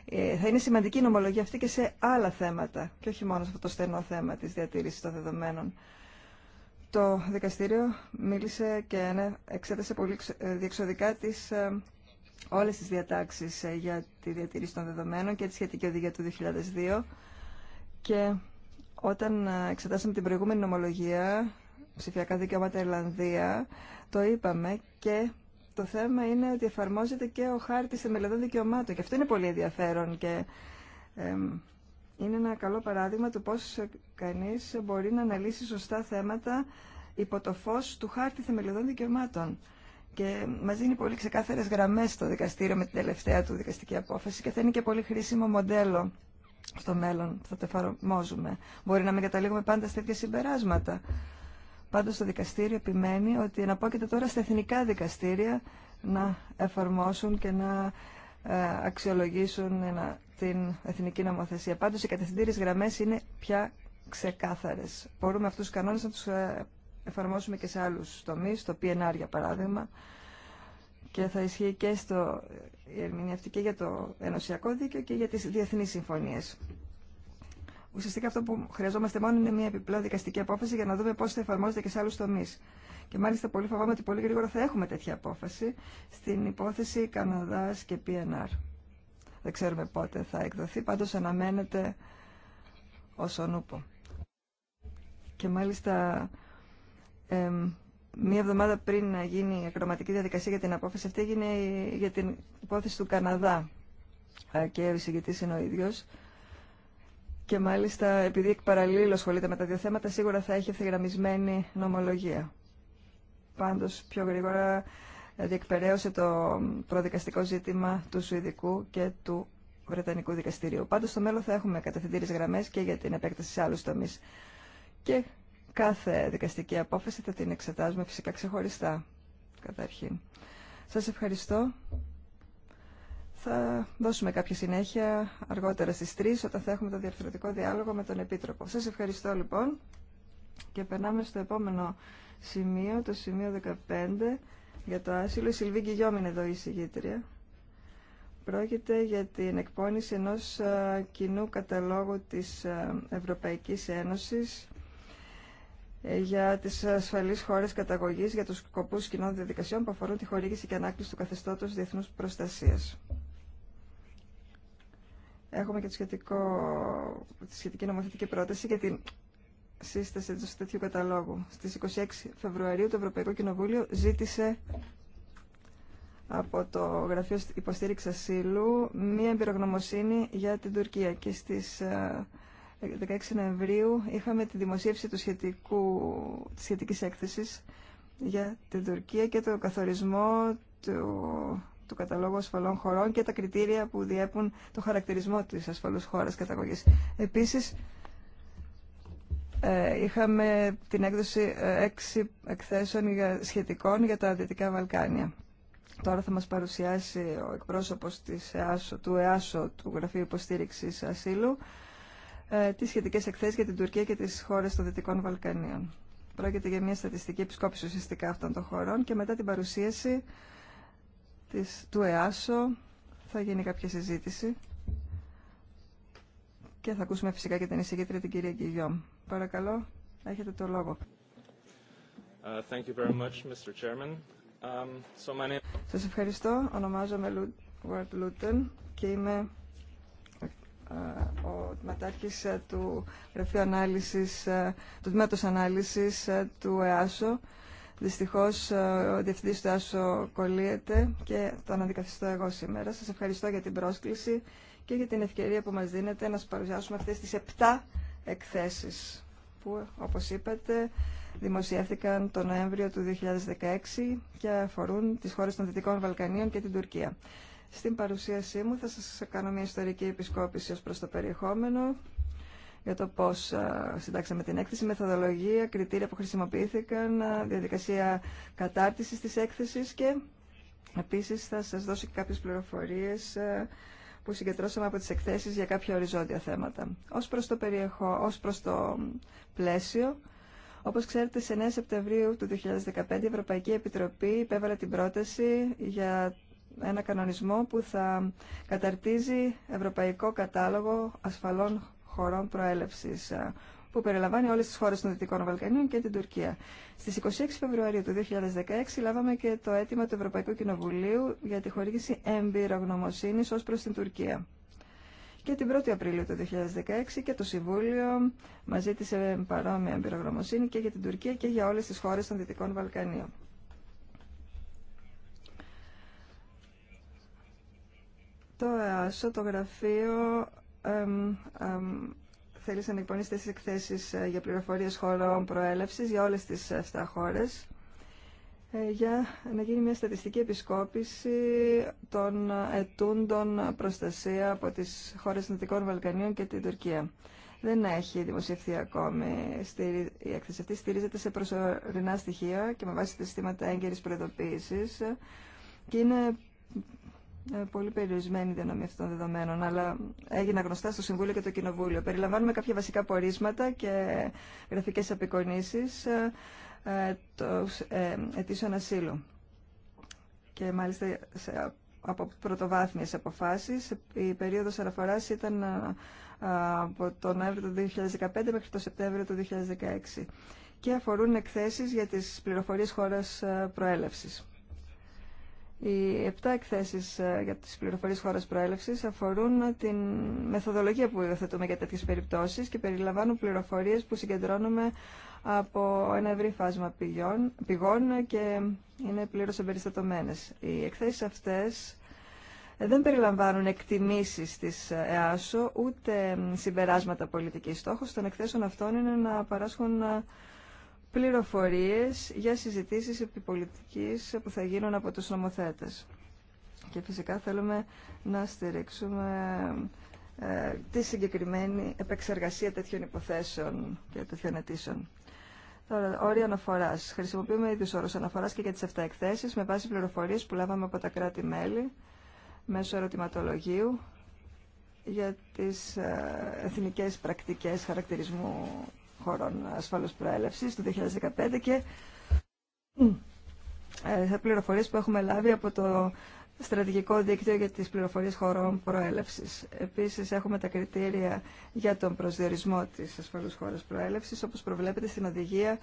ε, θα είναι σημαντική η νομολογία αυτή και σε άλλα θέματα, και όχι μόνο σε αυτό το στενό θέμα της διατήρησης των δεδομένων. Το δικαστήριο μίλησε και εξέτασε πολύ ε, διεξοδικά τις όλες τις διατάξεις ε, για τη διατήρηση των δεδομένων και τη σχετική οδηγία του 2002 και όταν ε, εξετάσαμε την προηγούμενη νομολογία ψηφιακά δικαιώματα Ιρλανδία το είπαμε και το θέμα είναι ότι εφαρμόζεται και ο χάρτης θεμελιωδών δικαιωμάτων και αυτό είναι πολύ ενδιαφέρον και είναι ένα καλό παράδειγμα του πώς κανείς μπορεί να αναλύσει σωστά θέματα υπό το φως του χάρτη θεμελιωδών δικαιωμάτων και μας δίνει πολύ ξεκάθαρες γραμμές στο δικαστήριο με την τελευταία του δικαστική απόφαση και θα είναι και πολύ χρήσιμο μοντέλο στο μέλλον που θα το εφαρμόζουμε. Μπορεί να μην καταλήγουμε πάντα σε τέτοια συμπεράσματα. Πάντως το δικαστήριο επιμένει ότι εναπόκειται τώρα στα εθνικά δικαστήρια να εφαρμόσουν και να ε, αξιολογήσουν την εθνική νομοθεσία. Πάντως οι κατευθυντήρε γραμμέ είναι πια ξεκάθαρε. Μπορούμε αυτού του κανόνε να του ε, εφαρμόσουμε και σε άλλους τομείς, το PNR για παράδειγμα, και θα ισχύει και στο, η και για το ενωσιακό δίκαιο και για τις διεθνείς συμφωνίες. Ουσιαστικά αυτό που χρειαζόμαστε μόνο είναι μια επιπλέον δικαστική απόφαση για να δούμε πώς θα εφαρμόζεται και σε άλλου τομεί. Και μάλιστα πολύ φοβάμαι ότι πολύ γρήγορα θα έχουμε τέτοια απόφαση στην υπόθεση Καναδά και PNR. Δεν ξέρουμε πότε θα εκδοθεί, πάντως αναμένεται όσον ούπο. Και μάλιστα ε, μία εβδομάδα πριν να γίνει η ακροματική διαδικασία για την απόφαση αυτή έγινε για την υπόθεση του Καναδά ε, και ο εισηγητής είναι ο ίδιος. Και μάλιστα επειδή εκ παραλίλου ασχολείται με τα δύο θέματα σίγουρα θα έχει ευθυγραμμισμένη νομολογία. Πάντως πιο γρήγορα ε, διεκπαιρέωσε το προδικαστικό ζήτημα του Σουηδικού και του Βρετανικού Δικαστηρίου. Πάντως στο μέλλον θα έχουμε κατευθυντήρες γραμμές και για την επέκταση σε άλλους τομείς. Και Κάθε δικαστική απόφαση θα την εξετάζουμε φυσικά ξεχωριστά, καταρχήν. Σας ευχαριστώ. Θα δώσουμε κάποια συνέχεια αργότερα στις 3 όταν θα έχουμε το διαφορετικό διάλογο με τον Επίτροπο. Σας ευχαριστώ λοιπόν και περνάμε στο επόμενο σημείο, το σημείο 15 για το άσυλο. Η Σιλβίκη Γιώμη είναι εδώ η συγγήτρια. Πρόκειται για την εκπόνηση ενός κοινού καταλόγου της Ευρωπαϊκής Ένωσης ε, για τις ασφαλείς χώρες καταγωγής για τους σκοπού κοινών διαδικασιών που αφορούν τη χορήγηση και ανάκληση του καθεστώτος Διεθνού προστασίας. Έχουμε και το σχετικό, τη σχετική νομοθετική πρόταση για την σύσταση του τέτοιου καταλόγου. Στις 26 Φεβρουαρίου το Ευρωπαϊκό Κοινοβούλιο ζήτησε από το Γραφείο Υποστήριξη Ασύλου μία εμπειρογνωμοσύνη για την Τουρκία και στις ε, 16 Νοεμβρίου είχαμε τη δημοσίευση του σχετικού, της σχετικής έκθεσης για την Τουρκία και το καθορισμό του, του καταλόγου ασφαλών χωρών και τα κριτήρια που διέπουν το χαρακτηρισμό της ασφαλούς χώρας καταγωγής. Επίσης, ε, είχαμε την έκδοση ε, έξι εκθέσεων σχετικών για τα Δυτικά Βαλκάνια. Τώρα θα μας παρουσιάσει ο εκπρόσωπος της του ΕΑΣΟ, του Γραφείου Υποστήριξης Ασύλου, ε, τις σχετικέ εκθέσεις για την Τουρκία και τις χώρες των Δυτικών Βαλκανίων. Πρόκειται για μια στατιστική επισκόπηση ουσιαστικά αυτών των χωρών και μετά την παρουσίαση της, του ΕΑΣΟ θα γίνει κάποια συζήτηση και θα ακούσουμε φυσικά και την εισηγήτρια την κυρία Κιγιόμ. Παρακαλώ, έχετε το λόγο. Uh, thank you um, Σας ευχαριστώ. Ονομάζομαι Λούτεν και είμαι ο τμήματάρχης ε, του Γραφείου Ανάλυσης, ε, του Τμήματος Ανάλυσης ε, του ΕΑΣΟ. Δυστυχώς ο διευθυντής του ΕΑΣΟ κολλείεται και τον αντικαθιστώ εγώ σήμερα. Σας ευχαριστώ για την πρόσκληση και για την ευκαιρία που μας δίνετε να σας παρουσιάσουμε αυτές τις 7 εκθέσεις που, όπως είπατε, δημοσιεύθηκαν τον Νοέμβριο του 2016 και αφορούν τις χώρες των Δυτικών Βαλκανίων και την Τουρκία. Στην παρουσίασή μου θα σας κάνω μια ιστορική επισκόπηση ως προς το περιεχόμενο για το πώς συντάξαμε την έκθεση, μεθοδολογία, κριτήρια που χρησιμοποιήθηκαν, διαδικασία κατάρτισης της έκθεσης και επίσης θα σας δώσω και κάποιες πληροφορίες που συγκεντρώσαμε από τις εκθέσεις για κάποια οριζόντια θέματα. Ως προς το, περιεχό, ως προς το πλαίσιο, όπως ξέρετε, σε 9 Σεπτεμβρίου του 2015 η Ευρωπαϊκή Επιτροπή υπέβαλε την πρόταση για ένα κανονισμό που θα καταρτίζει ευρωπαϊκό κατάλογο ασφαλών χωρών προέλευσης ε, που περιλαμβάνει όλες τις χώρες των Δυτικών Βαλκανίων και την Τουρκία. Στις 26 Φεβρουαρίου του 2016 λάβαμε και το αίτημα του Ευρωπαϊκού Κοινοβουλίου για τη χορήγηση εμπειρογνωμοσύνης ως προς την Τουρκία. Και την 1η Απριλίου του 2016 και το Συμβούλιο μας ζήτησε παρόμοια εμπειρογνωμοσύνη και για την Τουρκία και για όλες τις χώρες των Δυτικών Βαλκανίων. Το ΕΑΣΟ το γραφείο εμ, να εκπονήσει εκθέσεις ε, για πληροφορίες χωρών προέλευσης για όλες τις 7 ε, χώρες ε, για να γίνει μια στατιστική επισκόπηση των ετούντων προστασία από τις χώρες Νοτικών Βαλκανίων και την Τουρκία. Δεν έχει δημοσιευθεί ακόμη. Η έκθεση αυτή στηρίζεται σε προσωρινά στοιχεία και με βάση τα συστήματα έγκαιρης προειδοποίησης και είναι ε, πολύ περιορισμένη η διανομή αυτών των δεδομένων, αλλά έγινα γνωστά στο Συμβούλιο και το Κοινοβούλιο. Περιλαμβάνουμε κάποια βασικά πορίσματα και γραφικές απεικονίσεις ε, το ε, αιτήσεων ε, ασύλου. Και μάλιστα σε, από πρωτοβάθμιες αποφάσεις η περίοδος αναφορά ήταν ε, από τον Νοέμβριο του 2015 μέχρι τον Σεπτέμβριο του 2016 και αφορούν εκθέσεις για τις πληροφορίες χώρας προέλευσης. Οι επτά εκθέσει ε, για τι πληροφορίε χώρα προέλευσης αφορούν την μεθοδολογία που υιοθετούμε για τέτοιε περιπτώσει και περιλαμβάνουν πληροφορίε που συγκεντρώνουμε από ένα ευρύ φάσμα πηγών, και είναι πλήρω εμπεριστατωμένε. Οι εκθέσει αυτέ ε, δεν περιλαμβάνουν εκτιμήσει της ε, ΕΑΣΟ ούτε συμπεράσματα πολιτική στόχο Των εκθέσεων αυτών είναι να παράσχουν πληροφορίες για συζητήσεις επιπολιτικής που θα γίνουν από τους νομοθέτες. Και φυσικά θέλουμε να στηρίξουμε ε, τη συγκεκριμένη επεξεργασία τέτοιων υποθέσεων και τέτοιων αιτήσεων. Τώρα, όρια αναφορά. Χρησιμοποιούμε ίδιου όρου αναφορά και για τι 7 εκθέσει με βάση πληροφορίε που λάβαμε από τα κράτη-μέλη μέσω ερωτηματολογίου για τι ε, εθνικέ πρακτικέ χαρακτηρισμού χωρών ασφαλής προέλευσης του 2015 και σε πληροφορίες που έχουμε λάβει από το στρατηγικό δίκτυο για τις πληροφορίες χωρών προέλευσης. Επίσης έχουμε τα κριτήρια για τον προσδιορισμό της ασφαλούς χώρας προέλευσης όπως προβλέπεται στην οδηγία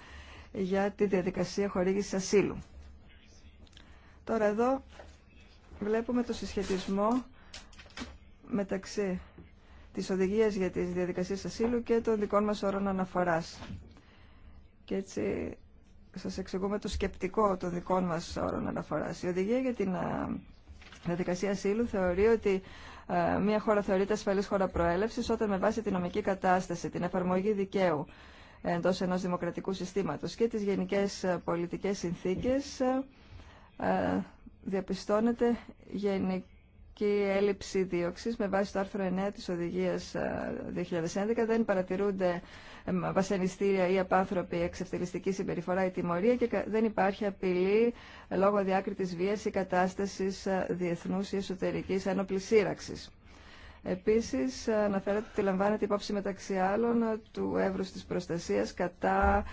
για τη διαδικασία χορήγησης ασύλου. Τώρα εδώ βλέπουμε το συσχετισμό μεταξύ τις οδηγίες για τις διαδικασίες ασύλου και των δικών μας όρων αναφοράς. Και έτσι σας εξηγούμε το σκεπτικό των δικών μας όρων αναφοράς. Η οδηγία για την διαδικασία ασύλου θεωρεί ότι μια χώρα θεωρείται ασφαλής χώρα προέλευσης όταν με βάση την νομική κατάσταση, την εφαρμογή δικαίου εντός ενός δημοκρατικού συστήματος και τις γενικές πολιτικές συνθήκες διαπιστώνεται γενικά και η έλλειψη δίωξη με βάση το άρθρο 9 της Οδηγίας 2011 ε, δεν παρατηρούνται ε, βασανιστήρια ή απάνθρωπη εξευτελιστική συμπεριφορά ή τιμωρία και δεν υπάρχει απειλή λόγω διάκριτης βίας ή κατάστασης ε, διεθνούς ή εσωτερικής ένοπλη σύραξη. Επίσης, αναφέρεται ότι λαμβάνεται υπόψη μεταξύ άλλων του εύρου τη Προστασία κατά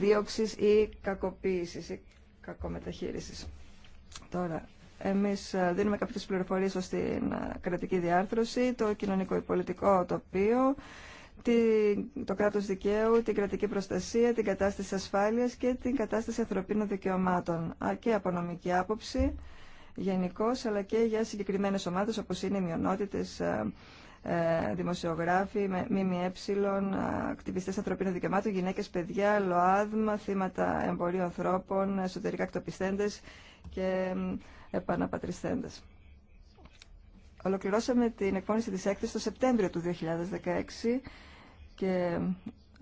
δίωξη ή κακοποίηση ή κακομεταχείρισης. Τώρα, εμείς ε, δίνουμε κάποιες πληροφορίες ως την ε, κρατική διάρθρωση, το κοινωνικό πολιτικό τοπίο, το κράτος δικαίου, την κρατική προστασία, την κατάσταση ασφάλειας και την κατάσταση ανθρωπίνων δικαιωμάτων και από νομική άποψη γενικώ, αλλά και για συγκεκριμένες ομάδες όπως είναι οι μειονότητες, ε, δημοσιογράφοι, ΜΜΕ, ακτιβιστές ανθρωπίνων δικαιωμάτων, γυναίκες, παιδιά, ΛΟΑΔΜΑ, θύματα εμπορίου ανθρώπων, εσωτερικά εκτοπιστέντες και επαναπατριστέντες. Ολοκληρώσαμε την εκπόνηση της έκθεσης το Σεπτέμβριο του 2016 και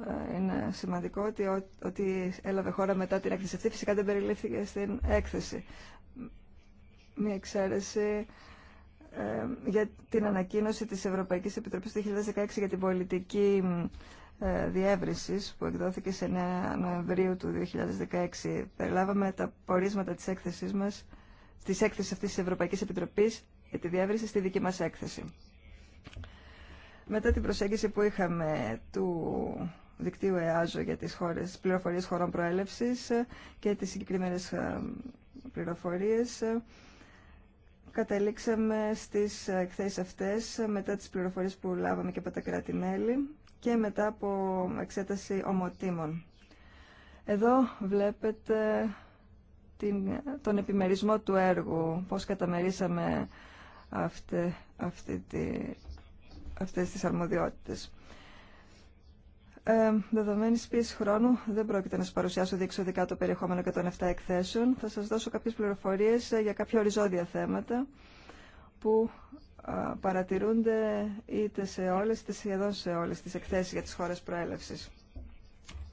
ε, είναι σημαντικό ότι, ότι έλαβε χώρα μετά την έκθεση αυτή. Φυσικά δεν περιλήφθηκε στην έκθεση. Μία εξαίρεση ε, για την ανακοίνωση της Ευρωπαϊκής Επιτροπής του 2016 για την πολιτική ε, που εκδόθηκε σε 9 Νοεμβρίου του 2016. Περιλάβαμε τα πορίσματα της έκθεσής μας Τη έκθεση αυτής της Ευρωπαϊκής Επιτροπής για τη διεύρυνση στη δική μας έκθεση. Μετά την προσέγγιση που είχαμε του δικτύου ΕΑΖΟ για τις χώρες, πληροφορίες χωρών προέλευσης και τις συγκεκριμένε ε, πληροφορίες, καταλήξαμε στις εκθέσεις αυτές μετά τις πληροφορίες που λάβαμε και από τα κράτη-μέλη και μετά από εξέταση ομοτήμων. Εδώ βλέπετε την, τον επιμερισμό του έργου, πώς καταμερίσαμε αυτή, αυτή τη, αυτές τις αρμοδιότητες. Ε, Δεδομένη πίεση χρόνου, δεν πρόκειται να σα παρουσιάσω διεξοδικά το περιεχόμενο και των 7 εκθέσεων. Θα σα δώσω κάποιε πληροφορίε ε, για κάποια οριζόντια θέματα που ε, παρατηρούνται είτε σε όλε, είτε σχεδόν σε όλε τι εκθέσει για τι χώρε προέλευση.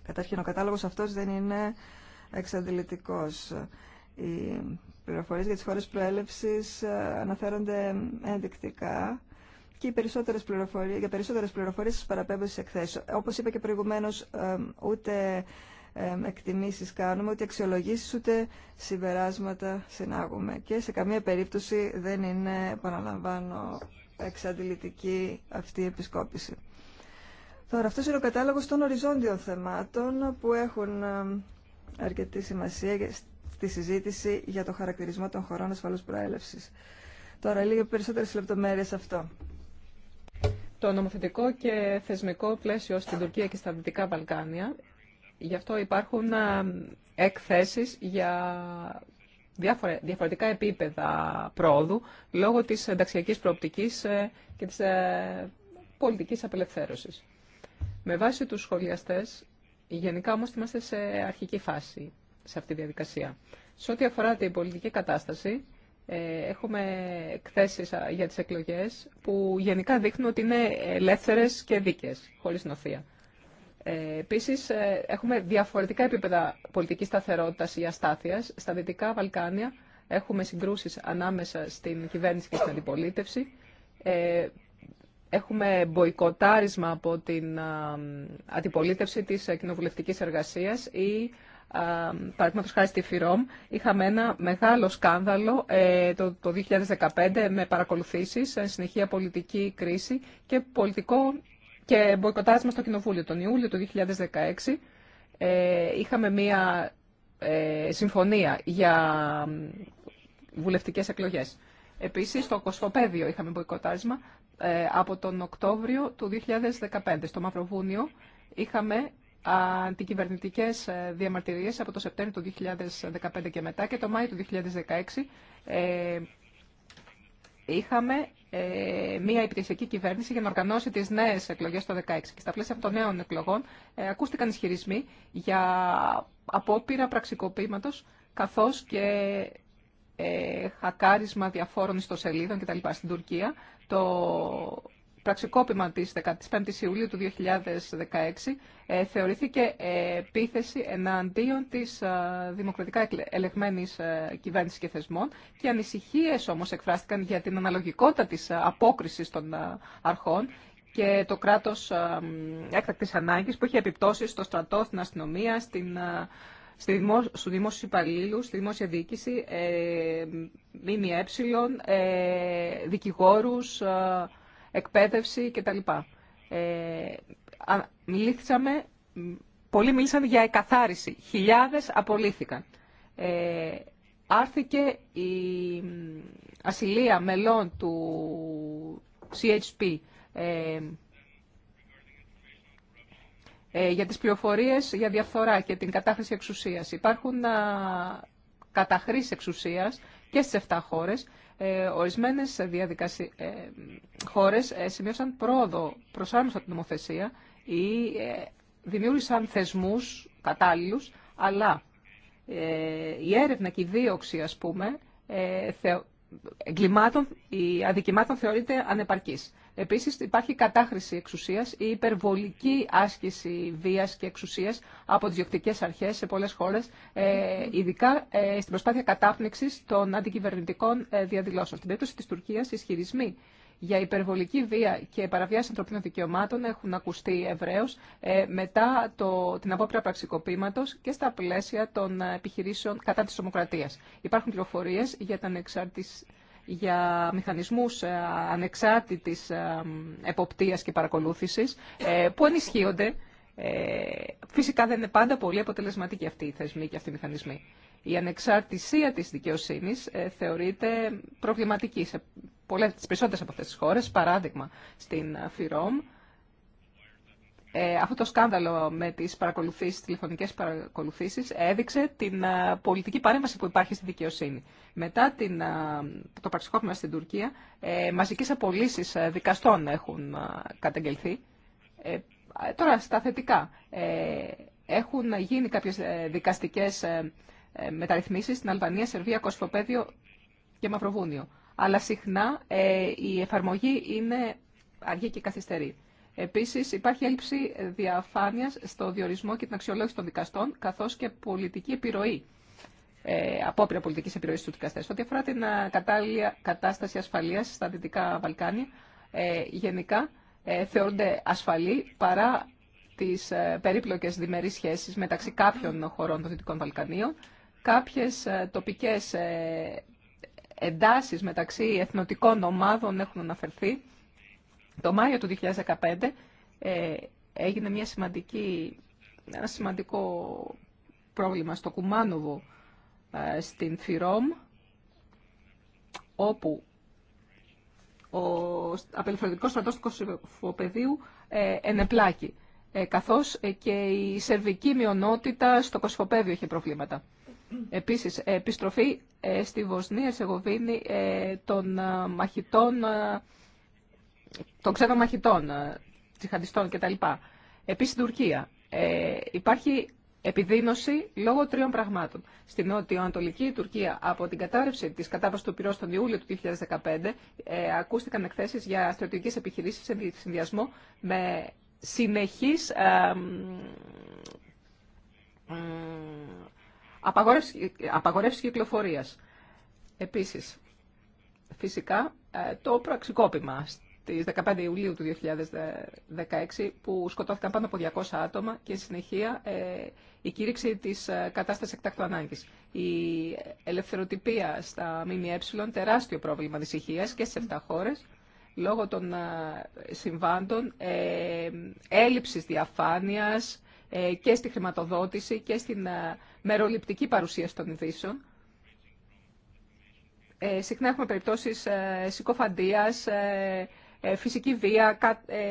Καταρχήν, ο κατάλογος αυτό δεν είναι εξαντλητικός. Οι πληροφορίες για τις χώρες προέλευσης ε, αναφέρονται ενδεικτικά και οι περισσότερες πληροφορίες, για περισσότερες πληροφορίες σας παραπέμπω στις εκθέσεις. Όπως είπα και προηγουμένως, ε, ούτε ε, εκτιμήσεις κάνουμε, ούτε αξιολογήσεις, ούτε συμπεράσματα συνάγουμε. Και σε καμία περίπτωση δεν είναι, επαναλαμβάνω, εξαντλητική αυτή η επισκόπηση. Τώρα, αυτός είναι ο κατάλογος των οριζόντιων θεμάτων που έχουν αρκετή σημασία στη συζήτηση για το χαρακτηρισμό των χωρών ασφαλούς προέλευσης. Τώρα λίγο περισσότερες λεπτομέρειες αυτό. Το νομοθετικό και θεσμικό πλαίσιο στην Τουρκία και στα Δυτικά Βαλκάνια, γι' αυτό υπάρχουν ε, εκθέσεις για διαφορετικά επίπεδα πρόοδου λόγω της ενταξιακής προοπτικής ε, και της ε, πολιτικής απελευθέρωσης. Με βάση τους σχολιαστές Γενικά όμως είμαστε σε αρχική φάση σε αυτή τη διαδικασία. Σε ό,τι αφορά την πολιτική κατάσταση, ε, έχουμε εκθέσεις για τις εκλογές που γενικά δείχνουν ότι είναι ελεύθερες και δίκαιες, χωρίς νοθεία. Ε, Επίση, ε, έχουμε διαφορετικά επίπεδα πολιτικής σταθερότητας ή αστάθειας. Στα Δυτικά Βαλκάνια έχουμε συγκρούσεις ανάμεσα στην κυβέρνηση και στην αντιπολίτευση. Ε, Έχουμε μποϊκοτάρισμα από την αντιπολίτευση της κοινοβουλευτικής εργασίας ή παραδείγματο χάρη στη ΦΥΡΟΜ, είχαμε ένα μεγάλο σκάνδαλο ε, το, το 2015 με παρακολουθήσεις, συνεχεία πολιτική κρίση και πολιτικό και μποϊκοτάρισμα στο Κοινοβούλιο. Τον Ιούλιο του 2016 ε, είχαμε μία ε, συμφωνία για βουλευτικές εκλογές. Επίσης, στο Κοσμοπέδιο είχαμε μποϊκοτάρισμα ε, από τον Οκτώβριο του 2015. Στο Μαυροβούνιο είχαμε αντικυβερνητικέ ε, διαμαρτυρίες από το Σεπτέμβριο του 2015 και μετά και το Μάιο του 2016 ε, είχαμε μια υπηρεσιακή κυβέρνηση για να οργανώσει τις νέες εκλογές το 2016. Και στα πλαίσια των νέων εκλογών ε, ακούστηκαν ισχυρισμοί για απόπειρα πραξικοπήματο καθώς και ε, χακάρισμα διαφόρων ιστοσελίδων κτλ. στην Τουρκία. Το πραξικόπημα της 15ης Ιουλίου του 2016 ε, θεωρήθηκε επίθεση εναντίον της ε, δημοκρατικά ελεγμένης ε, κυβέρνησης και θεσμών και ανησυχίες όμως εκφράστηκαν για την αναλογικότητα της ε, απόκρισης των αρχών και το κράτος έκτακτης ανάγκης που είχε επιπτώσει στο στρατό, στην αστυνομία, στην στη δημο... στους στη δημόσια διοίκηση, ε, ΜΜΕ, ε, δικηγόρους, ε, εκπαίδευση κτλ. Ε, μιλήσαμε, πολλοί μίλησαν για εκαθάριση. Χιλιάδες απολύθηκαν. Ε, άρθηκε η ασυλία μελών του CHP ε, ε, για τις πληροφορίες για διαφθορά και την κατάχρηση εξουσίας. Υπάρχουν α, καταχρήσεις εξουσίας και στις 7 χώρες. Ε, ορισμένες διαδικασί... Ε, χώρες ε, σημείωσαν πρόοδο, άμεσα την νομοθεσία ή ε, δημιούργησαν θεσμούς κατάλληλους, αλλά η έρευνα και η δίωξη, ας πούμε, εγκλημάτων, η αδικημάτων θεωρείται ανεπαρκής. Επίση, υπάρχει κατάχρηση εξουσία ή υπερβολική άσκηση βία και εξουσία από τι διοκτικέ αρχέ σε πολλές χώρες, ε, ειδικά ε, στην προσπάθεια κατάπνιξης των αντικυβερνητικών ε, διαδηλώσεων. Στην περίπτωση της Τουρκία, οι ισχυρισμοί για υπερβολική βία και παραβιάση ανθρωπίνων δικαιωμάτων έχουν ακουστεί ευρέω μετά το, την απόπειρα πραξικοπήματο και στα πλαίσια των επιχειρήσεων κατά τη ομοκρατία. Υπάρχουν πληροφορίε για την για μηχανισμούς ε, ανεξάρτητης ε, εποπτείας και παρακολούθησης ε, που ενισχύονται. Φυσικά δεν είναι πάντα πολύ αποτελεσματικοί αυτοί οι θεσμοί και αυτοί οι μηχανισμοί. Η ανεξάρτησία της δικαιοσύνης θεωρείται προβληματική σε πολλές, τις περισσότερες από αυτές τις χώρες. Παράδειγμα, στην ΦΥΡΟΜ ε, αυτό το σκάνδαλο με τις παρακολουθήσεις, τηλεφωνικές παρακολουθήσεις έδειξε την ε, πολιτική παρέμβαση που υπάρχει στη δικαιοσύνη. Μετά την, ε, το πραξικόπημα στην Τουρκία, ε, μαζικές απολύσεις ε, δικαστών έχουν καταγγελθεί. τώρα στα θετικά. Έχουν γίνει κάποιες δικαστικές μεταρρυθμίσεις στην Αλβανία, Σερβία, Κοσφοπέδιο και Μαυροβούνιο. Αλλά συχνά η εφαρμογή είναι αργή και καθυστερή. Επίσης υπάρχει έλλειψη διαφάνειας στο διορισμό και την αξιολόγηση των δικαστών, καθώς και πολιτική επιρροή, ε, απόπειρα πολιτικής επιρροής στους δικαστές. Ό,τι αφορά την ε, κατάλληλη κατάσταση ασφαλείας στα Δυτικά Βαλκάνια, ε, γενικά ε, θεωρούνται ασφαλή παρά τις ε, περίπλοκες διμερείς σχέσεις μεταξύ κάποιων χωρών των Δυτικών Βαλκανίων, Κάποιε ε, τοπικές ε, εντάσεις μεταξύ εθνοτικών ομάδων έχουν αναφερθεί, το Μάιο του 2015 ε, έγινε μια σημαντική, ένα σημαντικό πρόβλημα στο Κουμάνοβο, ε, στην Φιρόμ, όπου ο απελευθερωτικός στρατός του Κωσυφοπεδίου ε, ενεπλάκη, ε, καθώς ε, και η σερβική μειονότητα στο Κωσυφοπέδιο είχε προβλήματα. Επίσης, επιστροφή στη Βοσνία-Σεγοβίνη των μαχητών των ξένων μαχητών, ε, τσιχαντιστών κτλ. Επίσης στην Τουρκία ε, υπάρχει επιδείνωση λόγω τριών πραγμάτων. Στην νότιο-ανατολική Τουρκία από την κατάρρευση της κατάβαση του πυρό τον Ιούλιο του 2015 ε, ακούστηκαν εκθέσεις για στρατιωτικέ επιχειρήσεις σε συνδυασμό με συνεχής ε, ε, απαγόρευση, απαγορεύση κυκλοφορίας. Επίσης, φυσικά, ε, το πραξικόπημα στις 15 Ιουλίου του 2016 που σκοτώθηκαν πάνω από 200 άτομα και συνεχεία ε, η κήρυξη της ε, κατάστασης εκτάκτου ανάγκης. Η ελευθεροτυπία στα ΜΜΕ, τεράστιο πρόβλημα δυσυχία και στι 7 χώρε λόγω των ε, συμβάντων, έλλειψης διαφάνειας και στη χρηματοδότηση και στην μεροληπτική παρουσία των ειδήσεων. Ε, συχνά έχουμε περιπτώσεις ε, συκοφαντίας, ε, ε, φυσική βία, ε,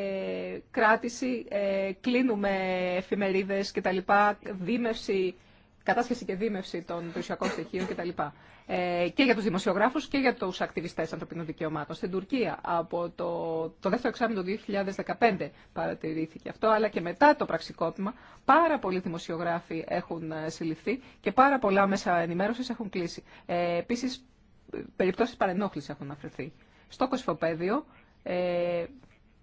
κράτηση, ε, κλείνουμε εφημερίδες κτλ, δίμευση, κατάσχεση και δίμευση των περιουσιακών στοιχείων κτλ. Και για τους δημοσιογράφους και για τους ακτιβιστές ανθρωπίνων δικαιωμάτων. Στην Τουρκία από το, το δεύτερο εξάμεινο του 2015 παρατηρήθηκε αυτό, αλλά και μετά το πραξικόπημα πάρα πολλοί δημοσιογράφοι έχουν συλληφθεί και πάρα πολλά μέσα ενημέρωσης έχουν κλείσει. Ε, επίσης, περιπτώσεις παρενόχλησης έχουν αφαιρθεί. Στο κοσφοπέδιο ε,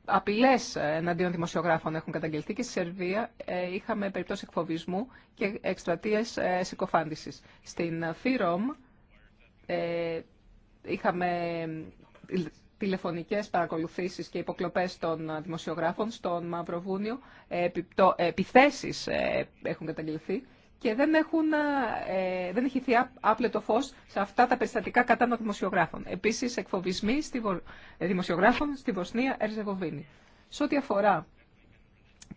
Απειλέ εναντίον δημοσιογράφων έχουν καταγγελθεί και στη Σερβία ε, είχαμε περιπτώσει εκφοβισμού και εκστρατείε συκοφάντηση. Στην ΦΥΡΟΜ ε, είχαμε τηλεφωνικές παρακολουθήσεις και υποκλοπές των δημοσιογράφων στον Μαυροβούνιο, ε, επιθέσεις έχουν καταγγελθεί και δεν, έχουν, ε, ε, δεν έχει θεία άπλετο φω σε αυτά τα περιστατικά κατά των δημοσιογράφων. Επίση, εκφοβισμοί στη ε, δημοσιογράφων στη Βοσνία Ερζεγοβίνη. Σε ό,τι αφορά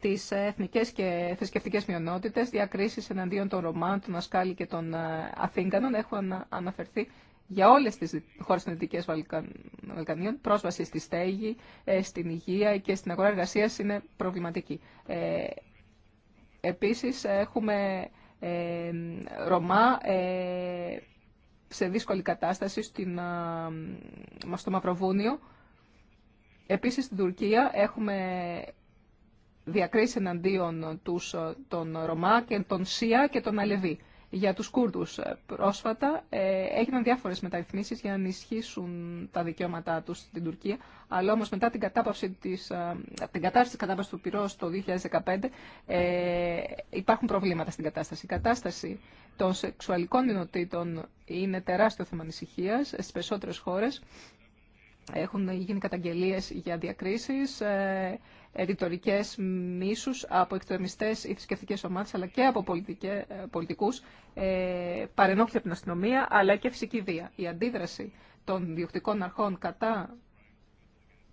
τι εθνικέ και θρησκευτικέ μειονότητε, διακρίσει εναντίον των Ρωμάν, των Ασκάλι και των Αθήγκανων έχουν αναφερθεί για όλε τι χώρε των Βαλκαν... Βαλκανίων, πρόσβαση στη στέγη, στην υγεία και στην αγορά εργασία είναι προβληματική. Ε, επίσης, έχουμε ε, Ρωμά ε, σε δύσκολη κατάσταση στην, ε, στο Μαυροβούνιο. Επίσης στην Τουρκία έχουμε διακρίσει εναντίον τους, των Ρωμά και των ΣΥΑ και των Αλεβί. Για τους Κούρδους ε, πρόσφατα ε, έγιναν διάφορες μεταρρυθμίσεις για να ενισχύσουν τα δικαιώματά τους στην Τουρκία, αλλά όμως μετά την, κατάπαυση της, ε, την κατάρρευση της κατάπαυσης του πυρός το 2015 υπάρχουν προβλήματα στην κατάσταση. Η κατάσταση των σεξουαλικών δυνοτήτων είναι τεράστιο θέμα ανησυχία στις περισσότερες χώρες. Έχουν γίνει καταγγελίες για διακρίσεις, ρητορικέ μίσου από εκτρεμιστέ ή ή θηκεφτικέ ομάδε, αλλά και πολιτικέ, ε, πολιτικούς, ε, παρενόχληση από αστυνομία, αλλά και φυσική βία. Η θρησκευτικε ομαδε αλλα και απο πολιτικου πολιτικους ε παρενοχληση απο την αστυνομια αλλα και φυσικη βια η αντιδραση των διοκτικών αρχών κατά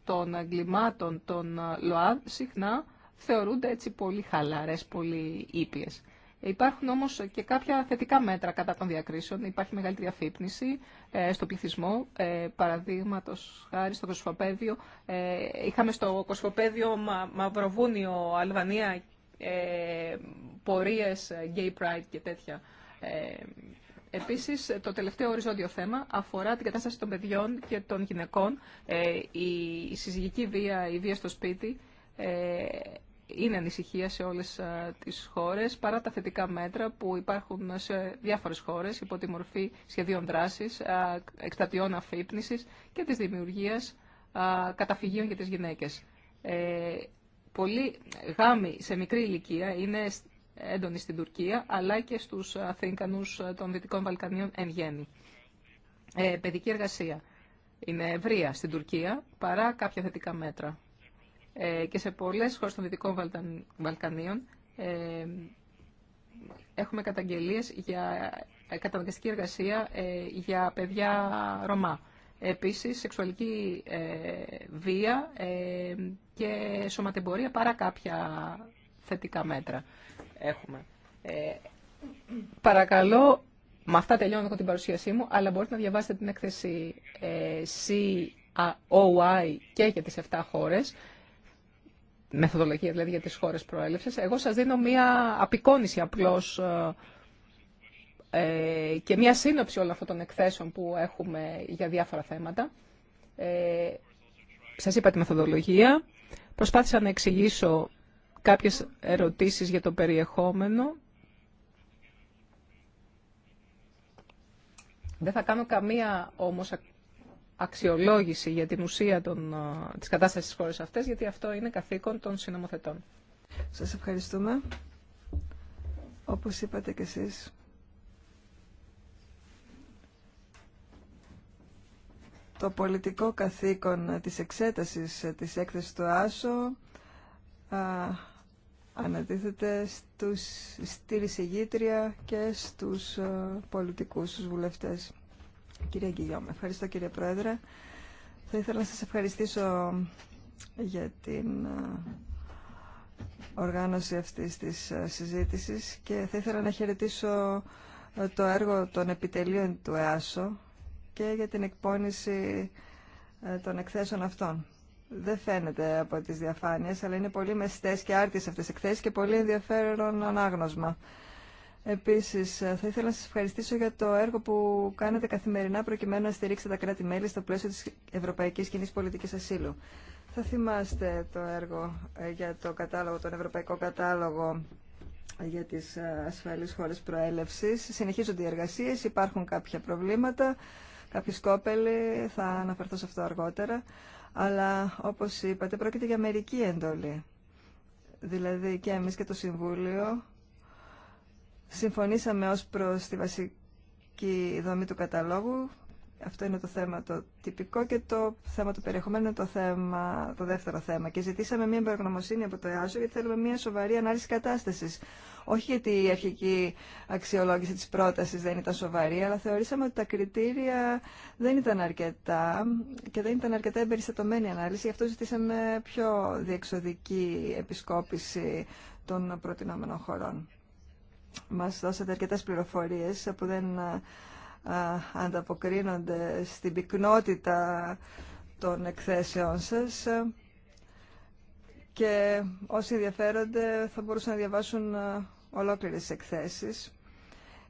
των εγκλημάτων των ε, ΛΟΑΔ συχνά θεωρούνται έτσι πολύ χαλαρές, πολύ ήπιες. Υπάρχουν όμως και κάποια θετικά μέτρα κατά των διακρίσεων. Υπάρχει μεγαλύτερη αφύπνιση ε, στο πληθυσμό. Ε, Παραδείγματο χάρη στο Κοσμοπέδιο. Ε, είχαμε στο Κοσμοπέδιο Μα, Μαυροβούνιο, Αλβανία, ε, πορείες gay pride και τέτοια. Ε, επίσης, το τελευταίο οριζόντιο θέμα αφορά την κατάσταση των παιδιών και των γυναικών. Ε, η, η συζυγική βία, η βία στο σπίτι ε, είναι ανησυχία σε όλες ε, τις χώρες, παρά τα θετικά μέτρα που υπάρχουν σε διάφορες χώρες υπό τη μορφή σχεδίων δράσης, ε, εκστατιών αφύπνισης και της δημιουργίας ε, καταφυγίων για τις γυναίκες. Πολύ γάμοι σε μικρή ηλικία είναι έντονοι στην Τουρκία, αλλά και στους Αθήνκανους των Δυτικών Βαλκανίων εν γέννη. παιδική εργασία είναι ευρεία στην Τουρκία, παρά κάποια θετικά μέτρα. Ε, και σε πολλές χώρες των Δυτικών Βαλκανίων ε, έχουμε καταγγελίες για ε, καταναγκαστική εργασία για παιδιά Ρωμά. Επίσης, σεξουαλική βία και σωματεμπορία παρά κάποια θετικά μέτρα έχουμε. Παρακαλώ, με αυτά τελειώνω την παρουσίασή μου, αλλά μπορείτε να διαβάσετε την έκθεση COI και για τις 7 χώρες μεθοδολογία δηλαδή για τις χώρες προέλευσης. Εγώ σας δίνω μία απεικόνηση απλώς ε, ε, και μία σύνοψη όλων αυτών των εκθέσεων που έχουμε για διάφορα θέματα. Ε, σας είπα τη μεθοδολογία. Προσπάθησα να εξηγήσω κάποιες ερωτήσεις για το περιεχόμενο. Δεν θα κάνω καμία όμως αξιολόγηση για την ουσία των, ε, της κατάστασης της χώρας αυτές, γιατί αυτό είναι καθήκον των συνομοθετών. Σας ευχαριστούμε. Όπως είπατε κι εσείς, το πολιτικό καθήκον ε, της εξέτασης ε, της έκθεσης του Άσο ανατίθεται στους, στη και στους α, πολιτικούς, βουλευτές. Κύριε Γκυγιώμη, ευχαριστώ κύριε Πρόεδρε. Θα ήθελα να σας ευχαριστήσω για την ε, οργάνωση αυτής της ε, συζήτησης και θα ήθελα να χαιρετήσω ε, το έργο των επιτελείων του ΕΑΣΟ και για την εκπόνηση των εκθέσεων αυτών. Δεν φαίνεται από τις διαφάνειες, αλλά είναι πολύ μεστές και άρτιες αυτές οι εκθέσεις και πολύ ενδιαφέρον ανάγνωσμα. Επίσης, ε, θα ήθελα να σας ευχαριστήσω για το έργο που κάνετε καθημερινά προκειμένου να στηρίξετε τα κράτη-μέλη στο πλαίσιο της Ευρωπαϊκής Κοινής Πολιτικής Ασύλου. Θα θυμάστε το έργο ε, για το κατάλογο, τον Ευρωπαϊκό Κατάλογο ε, για τις ασφαλείς χώρες προέλευσης. Συνεχίζονται οι εργασίες, υπάρχουν κάποια προβλήματα, κάποιοι σκόπελοι, θα αναφερθώ σε αυτό αργότερα. Αλλά, όπως είπατε, πρόκειται για μερική εντολή. Δηλαδή και εμείς και το Συμβούλιο συμφωνήσαμε ως προς τη βασική δομή του καταλόγου. Αυτό είναι το θέμα το τυπικό και το θέμα του περιεχομένου είναι το, θέμα, το δεύτερο θέμα. Και ζητήσαμε μια υπερογνωμοσύνη από το ΕΑΣΟ γιατί θέλουμε μια σοβαρή ανάλυση κατάστασης. Όχι γιατί η αρχική αξιολόγηση της πρότασης δεν ήταν σοβαρή, αλλά θεωρήσαμε ότι τα κριτήρια δεν ήταν αρκετά και δεν ήταν αρκετά εμπεριστατωμένη ανάλυση. Γι' αυτό ζητήσαμε πιο διεξοδική επισκόπηση των προτινόμενων χωρών. Μας δώσατε αρκετές πληροφορίες που δεν ε, ε, ανταποκρίνονται στην πυκνότητα των εκθέσεών σας και όσοι ενδιαφέρονται θα μπορούσαν να διαβάσουν ε, ολόκληρες εκθέσεις.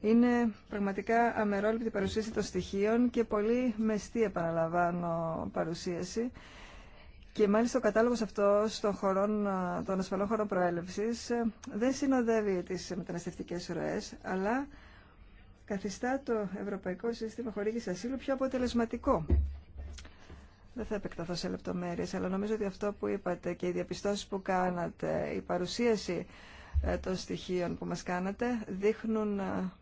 Είναι πραγματικά αμερόληπτη παρουσίαση των στοιχείων και πολύ μεστή, επαναλαμβάνω, παρουσίαση και μάλιστα ο κατάλογος αυτός των, χωρών, των ασφαλών χωρών προέλευσης ε, δεν συνοδεύει τις μεταναστευτικές ροές, αλλά καθιστά το Ευρωπαϊκό Σύστημα Χορήγησης Ασύλου πιο αποτελεσματικό. Δεν θα επεκταθώ σε λεπτομέρειες, αλλά νομίζω ότι αυτό που είπατε και οι διαπιστώσεις που κάνατε, η παρουσίαση ε, των στοιχείων που μας κάνατε, δείχνουν ε,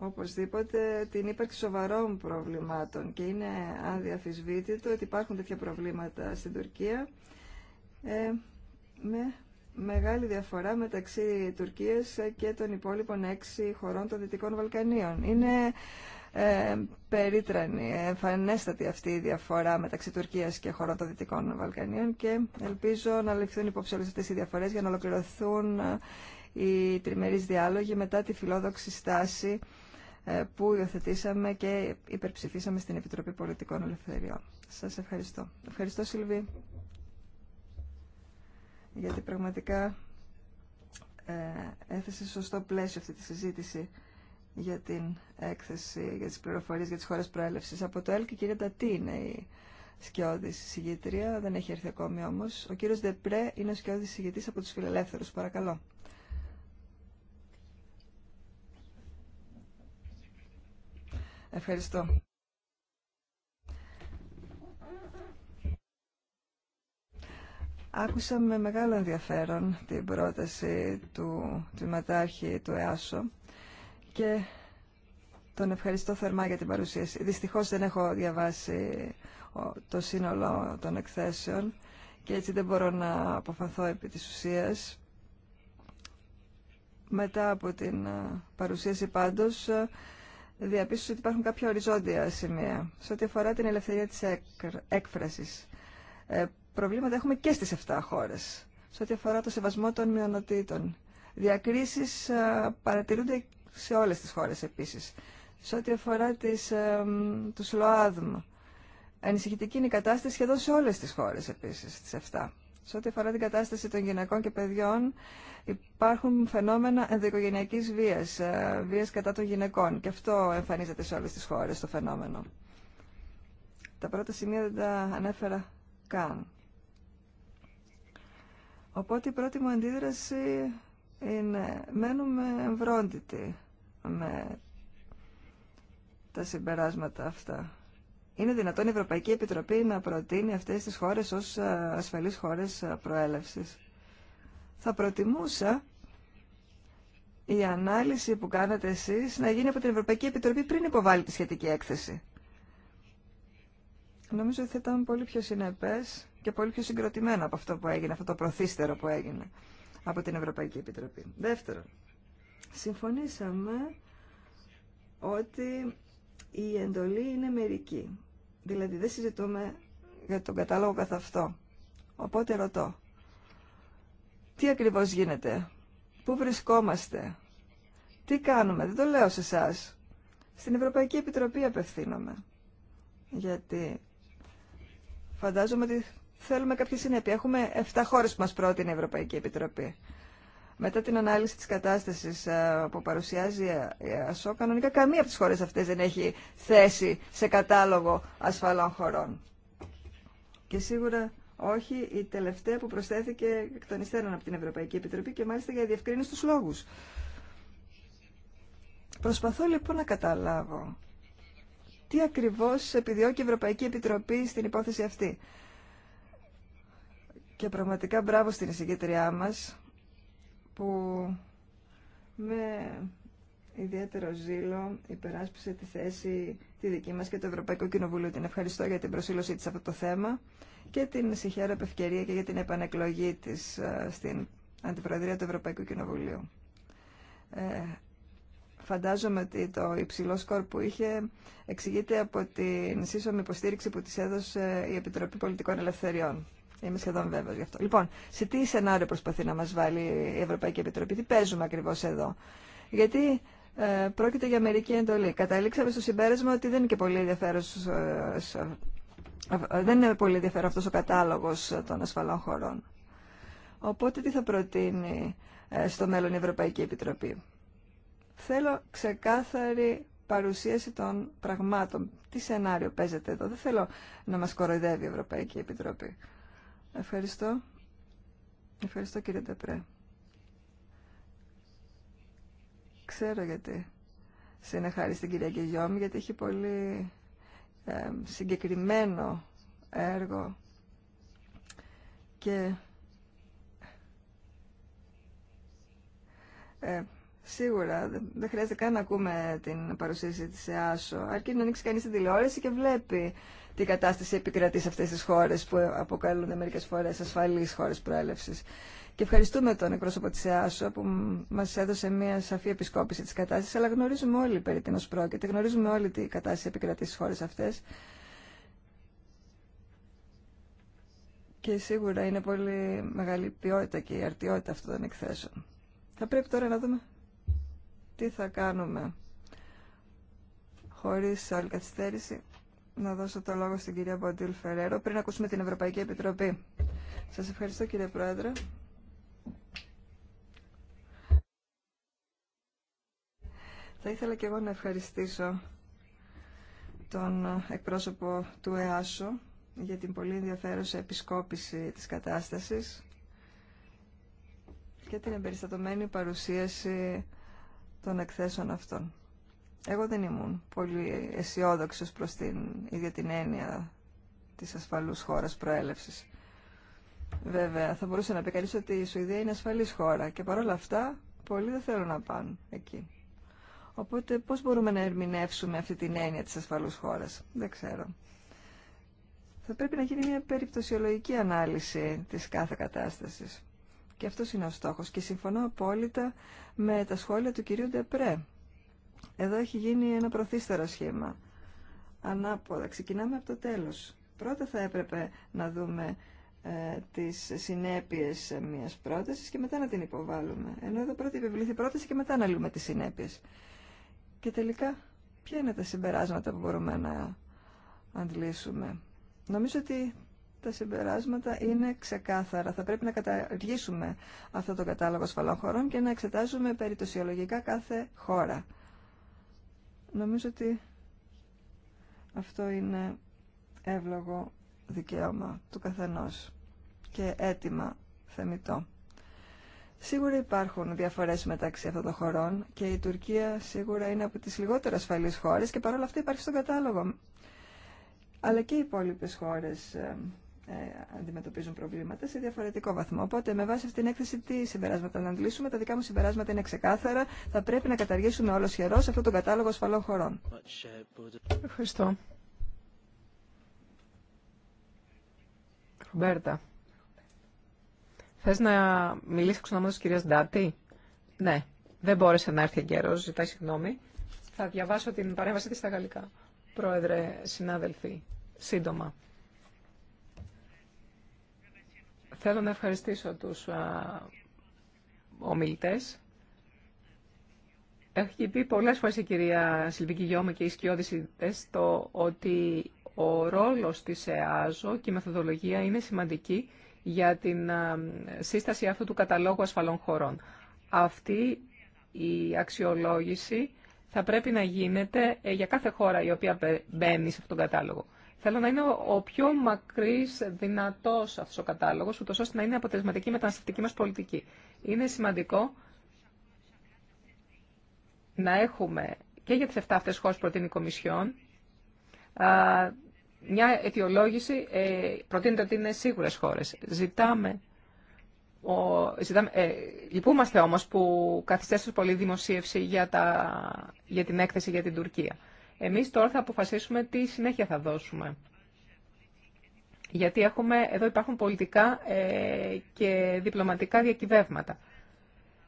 οπωσδήποτε την ύπαρξη σοβαρών προβλημάτων και είναι αδιαφυσβήτητο ότι υπάρχουν τέτοια προβλήματα στην Τουρκία ε, με μεγάλη διαφορά μεταξύ Τουρκίας και των υπόλοιπων έξι χωρών των Δυτικών Βαλκανίων. Είναι ε, περίτρανη, εμφανέστατη αυτή η διαφορά μεταξύ Τουρκίας και χωρών των Δυτικών Βαλκανίων και ελπίζω να ληφθούν υπόψη όλες αυτές οι διαφορές για να ολοκληρωθούν ε, οι τριμερείς διάλογοι μετά τη φιλόδοξη στάση ε, που υιοθετήσαμε και υπερψηφίσαμε στην Επιτροπή Πολιτικών Ελευθεριών. Σας ευχαριστώ. Ευχαριστώ Σιλβί, γιατί πραγματικά ε, έθεσε σωστό πλαίσιο αυτή τη συζήτηση για την έκθεση, για τις πληροφορίες, για τις χώρες προέλευσης. Από το ΕΛΚ η κυρία Τατή είναι η σκιώδη συγγήτρια, δεν έχει έρθει ακόμη όμως. Ο κύριος Δεπρέ είναι ο σκιώδης συγγητής από τους φιλελεύθερους. Παρακαλώ. Ευχαριστώ. Άκουσα με μεγάλο ενδιαφέρον την πρόταση του τμήματάρχη του ΕΑΣΟ και τον ευχαριστώ θερμά για την παρουσίαση. Δυστυχώς δεν έχω διαβάσει το σύνολο των εκθέσεων και έτσι δεν μπορώ να αποφαθώ επί της ουσίας. Μετά από την ε, παρουσίαση πάντως ε, διαπίστωσε ότι υπάρχουν κάποια οριζόντια σημεία σε ό,τι αφορά την ελευθερία της έκφρασης. Ε, προβλήματα έχουμε και στις 7 χώρες σε ό,τι αφορά το σεβασμό των μειονοτήτων. Διακρίσεις ε, παρατηρούνται σε όλες τις χώρες επίσης. Σε ό,τι αφορά τις, ε, τους ΛΟΑΔΜ, ανησυχητική είναι η κατάσταση σχεδόν σε όλες τις χώρες επίσης, τις 7. Σε ό,τι αφορά την κατάσταση των γυναικών και παιδιών, υπάρχουν φαινόμενα ενδοικογενειακή βίας, ε, βίας κατά των γυναικών. Και αυτό εμφανίζεται σε όλες τις χώρε το φαινόμενο. Τα πρώτα σημεία δεν τα ανέφερα καν. Οπότε η πρώτη μου αντίδραση είναι μένουμε εμβρόντιτοι με τα συμπεράσματα αυτά είναι δυνατόν η Ευρωπαϊκή Επιτροπή να προτείνει αυτές τις χώρες ως ε, ασφαλείς χώρες ε, προέλευσης. Θα προτιμούσα η ανάλυση που κάνατε εσείς να γίνει από την Ευρωπαϊκή Επιτροπή πριν υποβάλει τη σχετική έκθεση. Νομίζω ότι θα ήταν πολύ πιο συνεπές και πολύ πιο συγκροτημένο από αυτό που έγινε, αυτό το προθύστερο που έγινε από την Ευρωπαϊκή Επιτροπή. Δεύτερον, συμφωνήσαμε ότι η εντολή είναι μερική. Δηλαδή δεν συζητούμε για τον κατάλογο καθ' αυτό. Οπότε ρωτώ, τι ακριβώς γίνεται, πού βρισκόμαστε, τι κάνουμε, δεν το λέω σε εσά. Στην Ευρωπαϊκή Επιτροπή απευθύνομαι. Γιατί φαντάζομαι ότι θέλουμε κάποια συνέπεια. Έχουμε 7 χώρες που μας πρότεινε η Ευρωπαϊκή Επιτροπή. Μετά την ανάλυση της κατάστασης ε, που παρουσιάζει ε, η ΑΣΟ, κανονικά καμία από τις χώρες αυτές δεν έχει θέση σε κατάλογο ασφαλών χωρών. Και σίγουρα όχι η τελευταία που προσθέθηκε εκ των υστέρων από την Ευρωπαϊκή Επιτροπή και μάλιστα για διευκρίνηση τους λόγους. Προσπαθώ λοιπόν να καταλάβω τι ακριβώς επιδιώκει η Ευρωπαϊκή Επιτροπή στην υπόθεση αυτή. Και πραγματικά μπράβο στην εισηγήτριά μας που με ιδιαίτερο ζήλο υπεράσπισε τη θέση τη δική μας και το Ευρωπαϊκό Κοινοβούλιο. Την ευχαριστώ για την προσήλωσή της σε αυτό το θέμα και την συγχαίρω επευκαιρία και για την επανεκλογή της ε, στην Αντιπροεδρία του Ευρωπαϊκού Κοινοβουλίου. Ε, φαντάζομαι ότι το υψηλό σκορ που είχε εξηγείται από την σύσσωμη υποστήριξη που της έδωσε η Επιτροπή Πολιτικών Ελευθεριών. Είμαι σχεδόν βέβαιο γι' αυτό. Λοιπόν, σε τι σενάριο προσπαθεί να μα βάλει η Ευρωπαϊκή Επιτροπή, τι παίζουμε ακριβώ εδώ. Γιατί ε, πρόκειται για μερική εντολή. Καταλήξαμε στο συμπέρασμα ότι δεν είναι πολύ ενδιαφέρον. Ε, ε, δεν είναι πολύ ενδιαφέρον αυτός ο κατάλογος των ασφαλών χωρών. Οπότε τι θα προτείνει ε, στο μέλλον η Ευρωπαϊκή Επιτροπή. Θέλω ξεκάθαρη παρουσίαση των πραγμάτων. Τι σενάριο παίζεται εδώ. Δεν θέλω να μας κοροϊδεύει η Ευρωπαϊκή Επιτροπή. Ευχαριστώ. Ευχαριστώ κύριε Ντεπρέ. Ξέρω γιατί συνεχάρη στην κυρία Γεγιόμ, γιατί έχει πολύ ε, συγκεκριμένο έργο και ε, σίγουρα δεν χρειάζεται καν να ακούμε την παρουσίαση της ΕΑΣΟ αρκεί να ανοίξει κανείς την τηλεόραση και βλέπει τι κατάσταση επικρατεί σε αυτές τις χώρες που αποκαλούνται μερικές φορές ασφαλείς χώρες προέλευσης. Και ευχαριστούμε τον εκπρόσωπο τη ΕΑΣΟ που μας έδωσε μια σαφή επισκόπηση της κατάστασης, αλλά γνωρίζουμε όλοι περί τίνο πρόκειται, γνωρίζουμε όλοι την κατάσταση επικρατεί στι χώρε αυτές. Και σίγουρα είναι πολύ μεγάλη ποιότητα και η αρτιότητα αυτών των εκθέσεων. Θα πρέπει τώρα να δούμε τι θα κάνουμε χωρίς όλη καθυστέρηση να δώσω το λόγο στην κυρία Μποντήλ Φεραίρο πριν ακούσουμε την Ευρωπαϊκή Επιτροπή. Σας ευχαριστώ κύριε Πρόεδρε. Θα ήθελα και εγώ να ευχαριστήσω τον εκπρόσωπο του ΕΑΣΟ για την πολύ ενδιαφέρουσα επισκόπηση της κατάστασης και την εμπεριστατωμένη παρουσίαση των εκθέσεων αυτών. Εγώ δεν ήμουν πολύ αισιόδοξο προ την ίδια την έννοια της ασφαλού χώρας προέλευση. Βέβαια, θα μπορούσε να πει κανεί ότι η Σουηδία είναι ασφαλή χώρα και παρόλα αυτά πολλοί δεν θέλουν να πάνε εκεί. Οπότε πώ μπορούμε να ερμηνεύσουμε αυτή την έννοια τη ασφαλούς χώρα. Δεν ξέρω. Θα πρέπει να γίνει μια περιπτωσιολογική ανάλυση της κάθε κατάστασης. Και αυτό είναι ο στόχος. Και συμφωνώ απόλυτα με τα σχόλια του κυρίου Ντεπρέ εδώ έχει γίνει ένα προθύστερο σχήμα. Ανάποδα. Ξεκινάμε από το τέλος. Πρώτα θα έπρεπε να δούμε ε, τις συνέπειες μιας πρότασης και μετά να την υποβάλουμε. Ενώ εδώ πρώτα η πρόταση και μετά να λύουμε τις συνέπειες. Και τελικά, ποια είναι τα συμπεράσματα που μπορούμε να αντλήσουμε. Νομίζω ότι τα συμπεράσματα είναι ξεκάθαρα. Θα πρέπει να καταργήσουμε αυτό το κατάλογο ασφαλών χωρών και να εξετάζουμε περιπτωσιολογικά κάθε χώρα. Νομίζω ότι αυτό είναι εύλογο δικαίωμα του καθενός και έτοιμα θεμητό. Σίγουρα υπάρχουν διαφορές μεταξύ αυτών των χωρών και η Τουρκία σίγουρα είναι από τις λιγότερο ασφαλείς χώρες και παρόλα αυτά υπάρχει στον κατάλογο. Αλλά και οι υπόλοιπε χώρες ε, ε, αντιμετωπίζουν προβλήματα σε διαφορετικό βαθμό. Οπότε, με βάση αυτήν την έκθεση, τι συμπεράσματα να αντλήσουμε. Τα δικά μου συμπεράσματα είναι ξεκάθαρα. Θα πρέπει να καταργήσουμε όλο χερό αυτόν τον κατάλογο ασφαλών χωρών. Ευχαριστώ. Ρομπέρτα, θες να μιλήσει ξανά ονόματο τη κυρία Ντάτη. Ναι, δεν μπόρεσε να έρθει καιρό, ζητάει συγγνώμη. Θα διαβάσω την παρέμβαση τη στα γαλλικά. Πρόεδρε, συνάδελφοι, σύντομα. Θέλω να ευχαριστήσω τους α, ομιλητές. Έχει πει πολλές φορές η κυρία Σιλβική Γιώμη και οι σκιώδησίτες το ότι ο ρόλος της ΕΑΖΟ και η μεθοδολογία είναι σημαντική για την σύσταση αυτού του καταλόγου ασφαλών χωρών. Αυτή η αξιολόγηση θα πρέπει να γίνεται ε, για κάθε χώρα η οποία μπαίνει σε αυτόν τον κατάλογο. Θέλω να είναι ο πιο μακρύ δυνατό αυτό ο κατάλογο, ούτω ώστε να είναι αποτελεσματική η μεταναστευτική μα πολιτική. Είναι σημαντικό να έχουμε και για τι 7 αυτέ χώρε που προτείνει η Κομισιόν μια αιτιολόγηση. Ε, προτείνεται ότι είναι σίγουρε χώρε. Ζητάμε. Ο, ζητάμε ε, λυπούμαστε όμως που καθυστέρησε πολύ δημοσίευση για, τα, για την έκθεση για την Τουρκία. Εμείς τώρα θα αποφασίσουμε τι συνέχεια θα δώσουμε. Γιατί έχουμε, εδώ υπάρχουν πολιτικά ε, και διπλωματικά διακυβεύματα.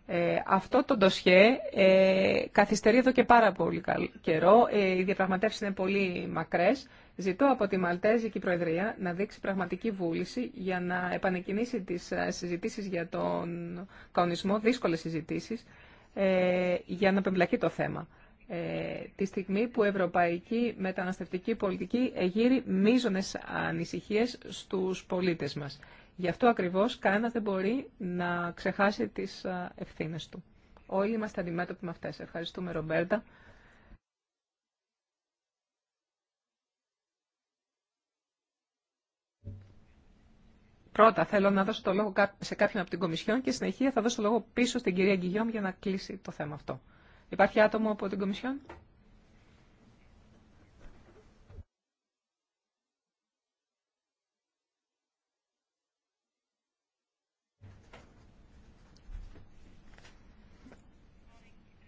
Ε, αυτό το ντοσιέ ε, καθυστερεί εδώ και πάρα πολύ καιρό. Ε, οι διαπραγματεύσεις είναι πολύ μακρές. Ζητώ από τη Μαλτέζικη Προεδρία να δείξει πραγματική βούληση για να επανεκκινήσει τις ε, συζητήσεις για τον καονισμό, δύσκολες συζητήσεις, για να πεμπλακεί το θέμα. Ε, τη στιγμή που η ευρωπαϊκή μεταναστευτική πολιτική εγείρει μείζονες ανησυχίες στους πολίτες μας. Γι' αυτό ακριβώς κανένα δεν μπορεί να ξεχάσει τις ευθύνες του. Όλοι είμαστε αντιμέτωποι με αυτές. Ευχαριστούμε Ρομπέρτα. Πρώτα θέλω να δώσω το λόγο σε κάποιον από την Κομισιόν και συνεχεία θα δώσω το λόγο πίσω στην κυρία Γκυγιόμ για να κλείσει το θέμα αυτό. Υπάρχει άτομο από την Κομισιόν.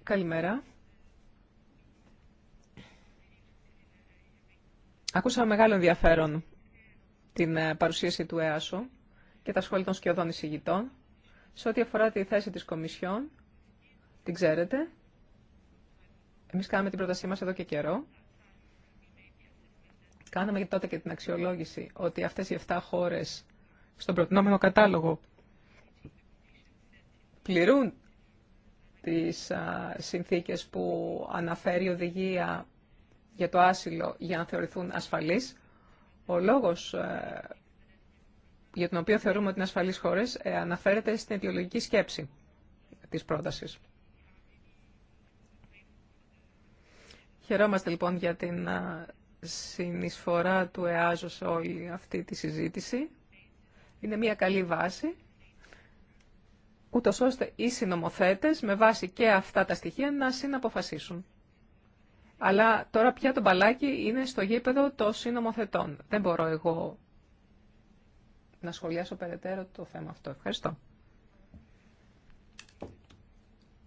Καλημέρα. Ακούσα μεγάλο ενδιαφέρον την ε, παρουσίαση του ΕΑΣΟ και τα σχόλια των σκιωδών εισηγητών. Σε ό,τι αφορά τη θέση της Κομισιόν, την ξέρετε, εμείς κάναμε την πρότασή μας εδώ και καιρό. Κάναμε τότε και την αξιολόγηση ότι αυτές οι 7 χώρες στον προτινόμενο κατάλογο πληρούν τις α, συνθήκες που αναφέρει η οδηγία για το άσυλο για να θεωρηθούν ασφαλείς. Ο λόγος ε, για τον οποίο θεωρούμε ότι είναι ασφαλείς χώρες ε, αναφέρεται στην αιτιολογική σκέψη της πρότασης. Χαιρόμαστε λοιπόν για την συνεισφορά του ΕΑΖΟ σε όλη αυτή τη συζήτηση. Είναι μια καλή βάση, ούτως ώστε οι συνομοθέτες με βάση και αυτά τα στοιχεία να συναποφασίσουν. Αλλά τώρα πια το μπαλάκι είναι στο γήπεδο των συνομοθετών. Δεν μπορώ εγώ να σχολιάσω περαιτέρω το θέμα αυτό. Ευχαριστώ.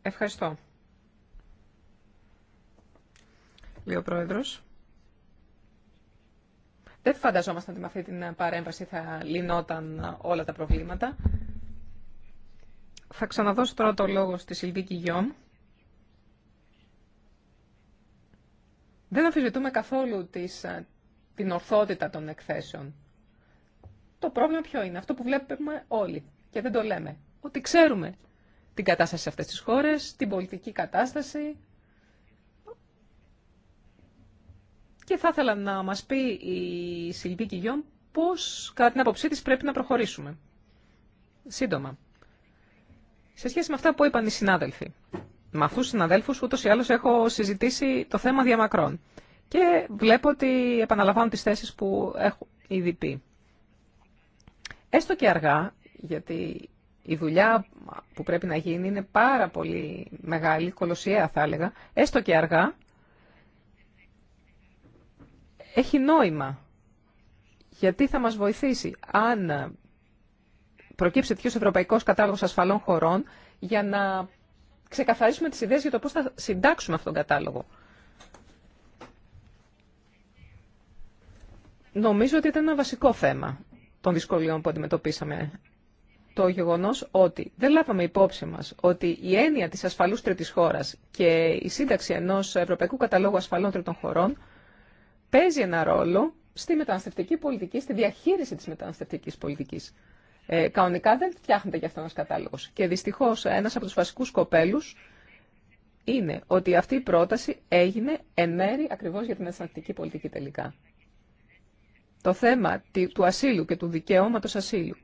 Ευχαριστώ. λέει ο πρόεδρο. Δεν φανταζόμασταν ότι με αυτή την παρέμβαση θα λυνόταν όλα τα προβλήματα. Θα ξαναδώσω τώρα το λόγο στη Σιλβίκη Γιόμ. Δεν αμφισβητούμε καθόλου τις, ε, την ορθότητα των εκθέσεων. Το πρόβλημα ποιο είναι, αυτό που βλέπουμε όλοι και δεν το λέμε. Ότι ξέρουμε την κατάσταση σε αυτές τις χώρες, την πολιτική κατάσταση, Και θα ήθελα να μας πει η Σιλβή Κιγιόν πώς, κατά την άποψή της, πρέπει να προχωρήσουμε. Σύντομα. Σε σχέση με αυτά που είπαν οι συνάδελφοι. Με αυτού του συναδέλφους ούτως ή άλλως έχω συζητήσει το θέμα διαμακρών. Και βλέπω ότι επαναλαμβάνω τι θέσει που έχουν ήδη πει. Έστω και αργά, γιατί η δουλειά που πρέπει να γίνει είναι πάρα πολύ μεγάλη, κολοσιαία θα έλεγα, έστω και βλεπω οτι επαναλαμβανω τις θέσει που εχω ηδη πει εστω και αργα γιατι η δουλεια που πρεπει να γινει ειναι παρα πολυ μεγαλη κολοσιαια θα ελεγα εστω και αργα έχει νόημα. Γιατί θα μας βοηθήσει αν προκύψει τέτοιο ευρωπαϊκός κατάλογος ασφαλών χωρών για να ξεκαθαρίσουμε τις ιδέες για το πώς θα συντάξουμε αυτόν τον κατάλογο. Νομίζω ότι ήταν ένα βασικό θέμα των δυσκολιών που αντιμετωπίσαμε το γεγονός ότι δεν λάβαμε υπόψη μας ότι η έννοια της ασφαλούς τρίτης χώρας και η σύνταξη ενός Ευρωπαϊκού Καταλόγου Ασφαλών Τρίτων Χωρών παίζει ένα ρόλο στη μεταναστευτική πολιτική, στη διαχείριση της μεταναστευτικής πολιτικής. Ε, κανονικά δεν φτιάχνεται γι' αυτό ένα κατάλογος. Και δυστυχώς ένας από τους βασικούς κοπέλους είναι ότι αυτή η πρόταση έγινε εν μέρη ακριβώς για την μεταναστευτική πολιτική τελικά. Το θέμα του ασύλου και του δικαιώματος ασύλου.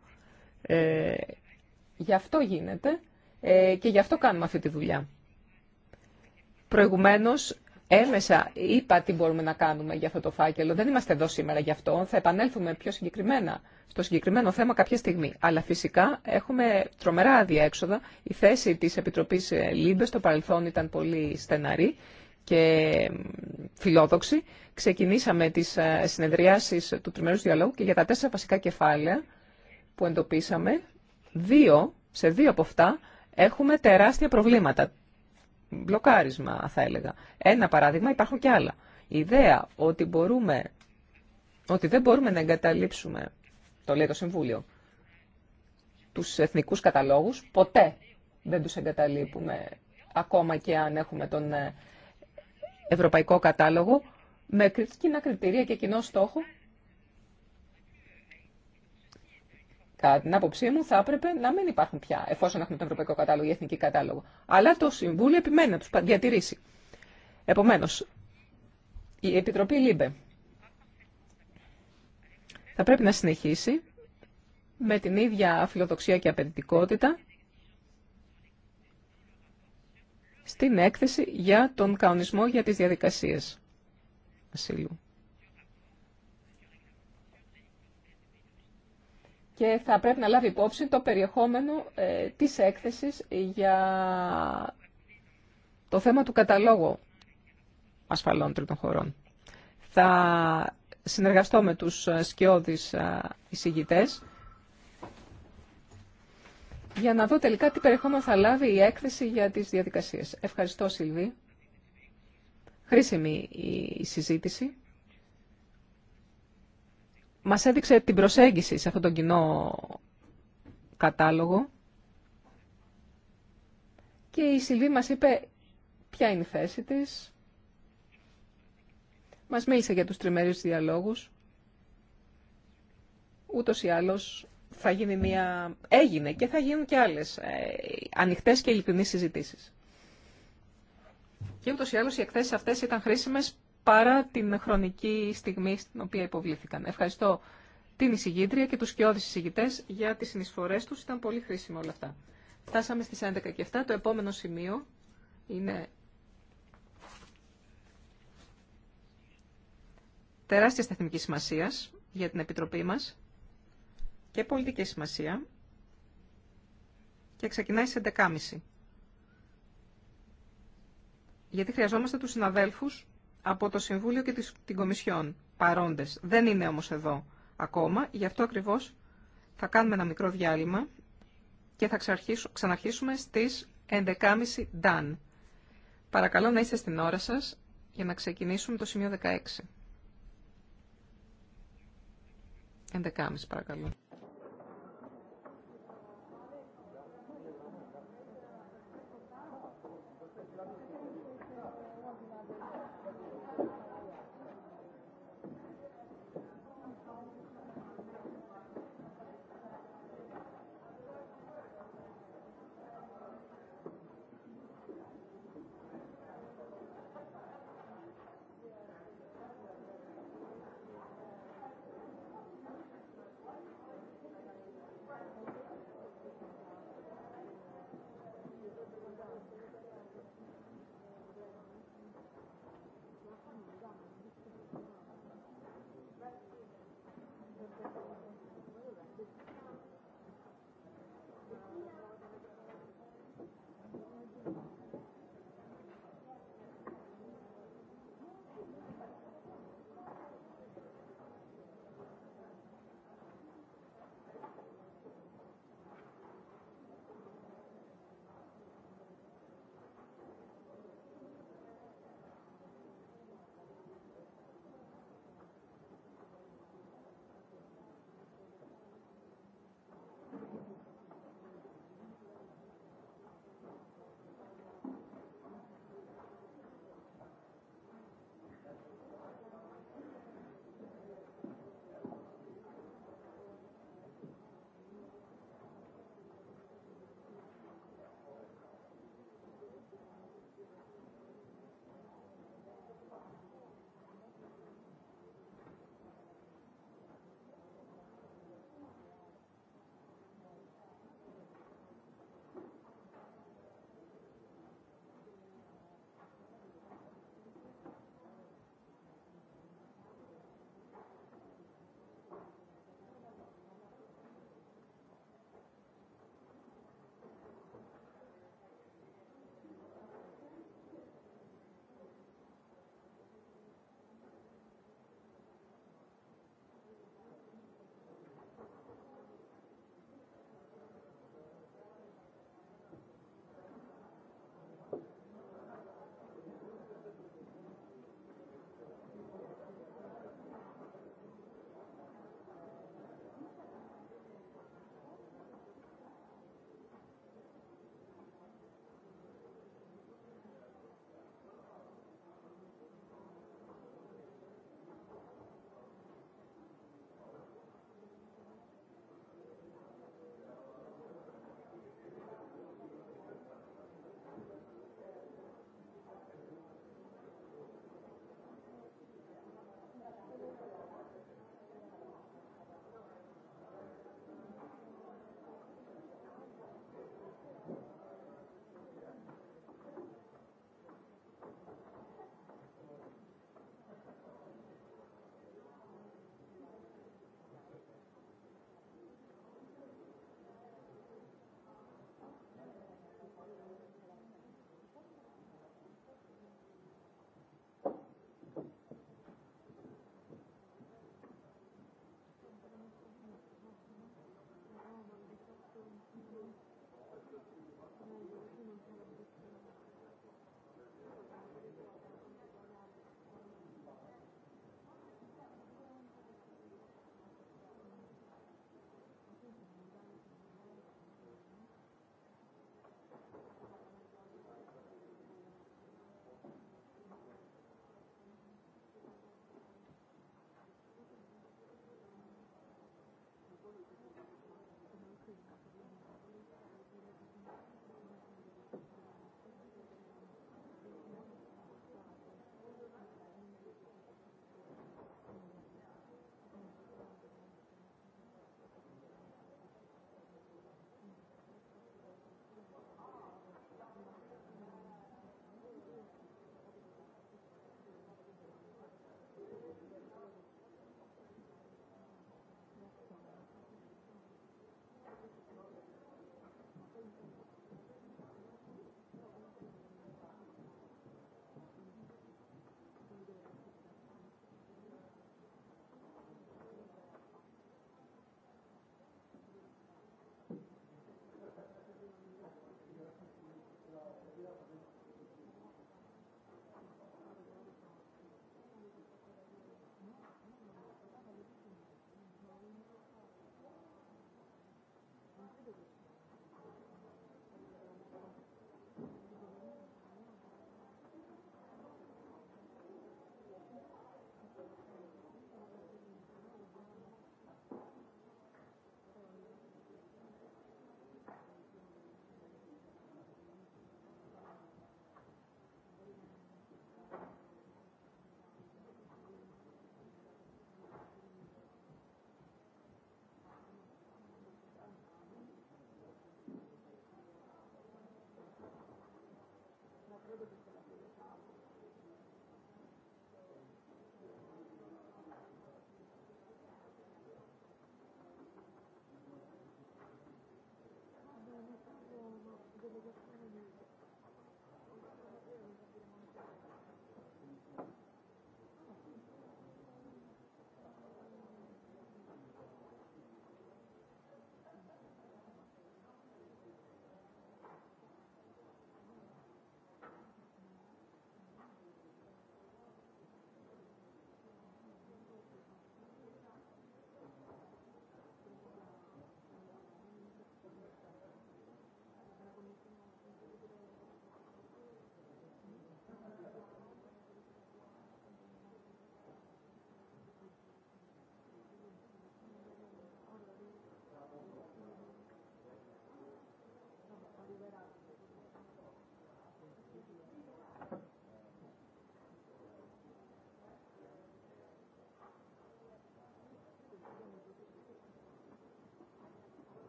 Ε, γι' αυτό γίνεται ε, και γι' αυτό κάνουμε αυτή τη δουλειά. Προηγουμένως έμεσα είπα τι μπορούμε να κάνουμε για αυτό το φάκελο. Δεν είμαστε εδώ σήμερα γι' αυτό. Θα επανέλθουμε πιο συγκεκριμένα στο συγκεκριμένο θέμα κάποια στιγμή. Αλλά φυσικά έχουμε τρομερά έξοδα. Η θέση της Επιτροπής ε, Λίμπε στο παρελθόν ήταν πολύ στεναρή και φιλόδοξη. Ξεκινήσαμε τις ε, συνεδριάσεις του τριμερούς διαλόγου και για τα τέσσερα βασικά κεφάλαια που εντοπίσαμε, δύο, σε δύο από αυτά έχουμε τεράστια προβλήματα μπλοκάρισμα θα έλεγα. Ένα παράδειγμα, υπάρχουν και άλλα. Η ιδέα ότι, μπορούμε, ότι δεν μπορούμε να εγκαταλείψουμε, το λέει το Συμβούλιο, τους εθνικούς καταλόγους, ποτέ δεν τους εγκαταλείπουμε, ακόμα και αν έχουμε τον ε, ευρωπαϊκό κατάλογο, με κοινά κριτήρια και κοινό στόχο Κατά την άποψή μου, θα έπρεπε να μην υπάρχουν πια, εφόσον έχουμε τον Ευρωπαϊκό Κατάλογο ή Εθνική Κατάλογο. Αλλά το Συμβούλιο επιμένει να του διατηρήσει. Επομένω, η Επιτροπή ΛΥΜΠΕ θα πρέπει να συνεχίσει με την ίδια φιλοδοξία και απαιτητικότητα στην έκθεση για τον κανονισμό για τις διαδικασίες ασύλου. και θα πρέπει να λάβει υπόψη το περιεχόμενο ε, της έκθεσης για το θέμα του καταλόγου ασφαλών τρίτων χωρών. Θα συνεργαστώ με τους ε, σκιώδεις ε, εισηγητές για να δω τελικά τι περιεχόμενο θα λάβει η έκθεση για τις διαδικασίες. Ευχαριστώ Σιλβί. Χρήσιμη η συζήτηση μας έδειξε την προσέγγιση σε αυτόν τον κοινό κατάλογο και η Σιλβή μας είπε ποια είναι η θέση της. Μας μίλησε για τους τριμερείς διαλόγους. Ούτως ή άλλως θα γίνει μια... Έγινε και θα γίνουν και άλλες ε, ανοιχτές και ειλικρινείς συζητήσεις. Και ούτως ή άλλως οι εκθέσεις αυτές ήταν χρήσιμες παρά την χρονική στιγμή στην οποία υποβλήθηκαν. Ευχαριστώ την εισηγήτρια και τους σκιώδεις εισηγητές για τις συνεισφορές τους. Ήταν πολύ χρήσιμο όλα αυτά. Φτάσαμε στις 11 και 7. Το επόμενο σημείο είναι τεράστια τεχνική σημασία για την Επιτροπή μας και πολιτική σημασία και ξεκινάει στις 11.30. Γιατί χρειαζόμαστε τους συναδέλφους από το Συμβούλιο και την Κομισιόν παρόντες. Δεν είναι όμως εδώ ακόμα, γι' αυτό ακριβώς θα κάνουμε ένα μικρό διάλειμμα και θα ξαναρχίσουμε στις 11.30 Dan. Παρακαλώ να είστε στην ώρα σας για να ξεκινήσουμε το σημείο 16. 11.30 παρακαλώ.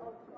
Thank you.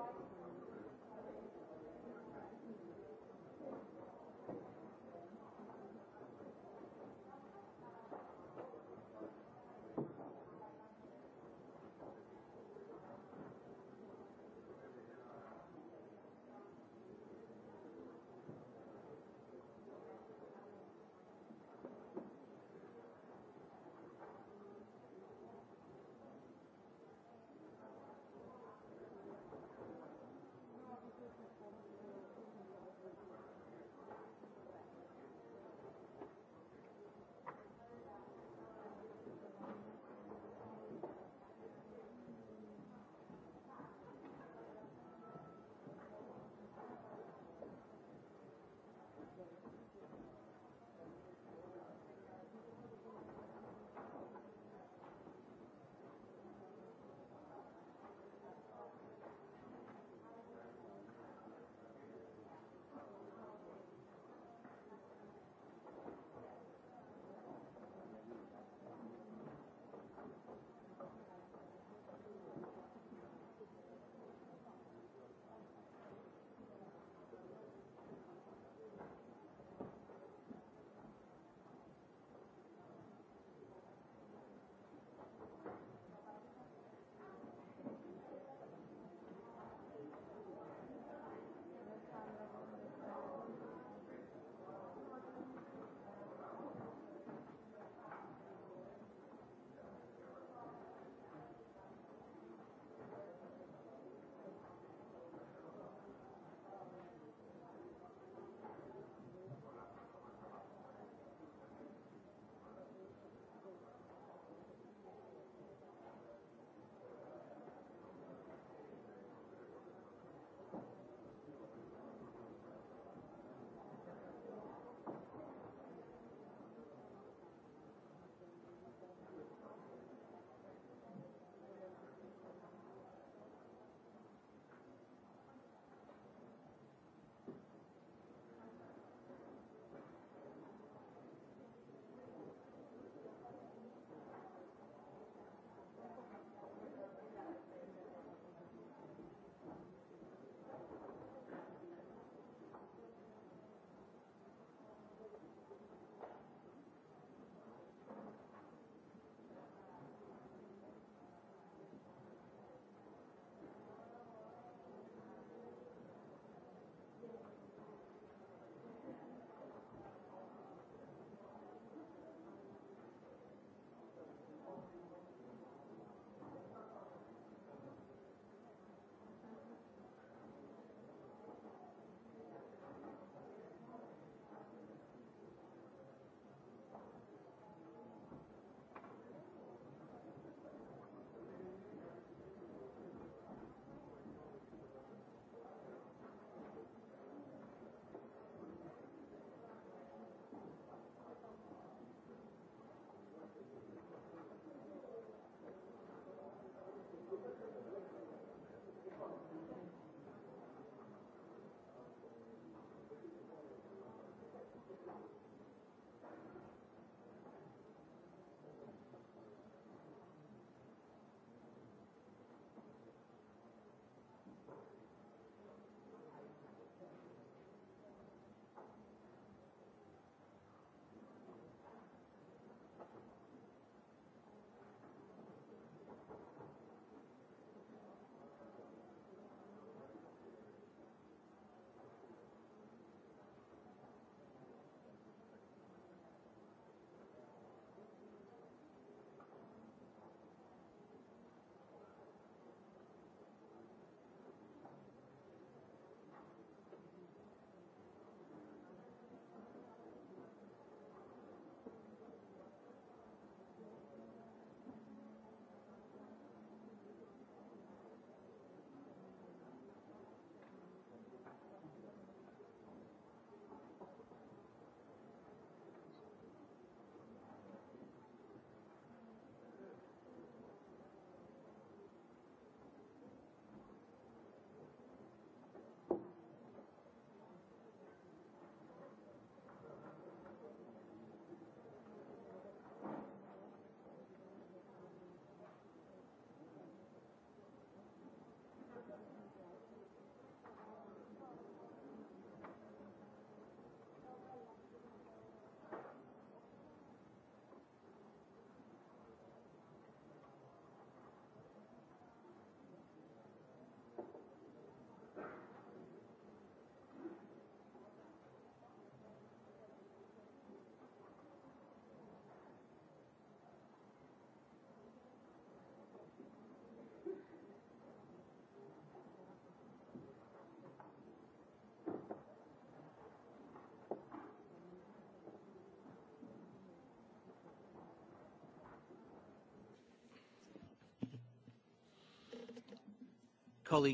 Uh,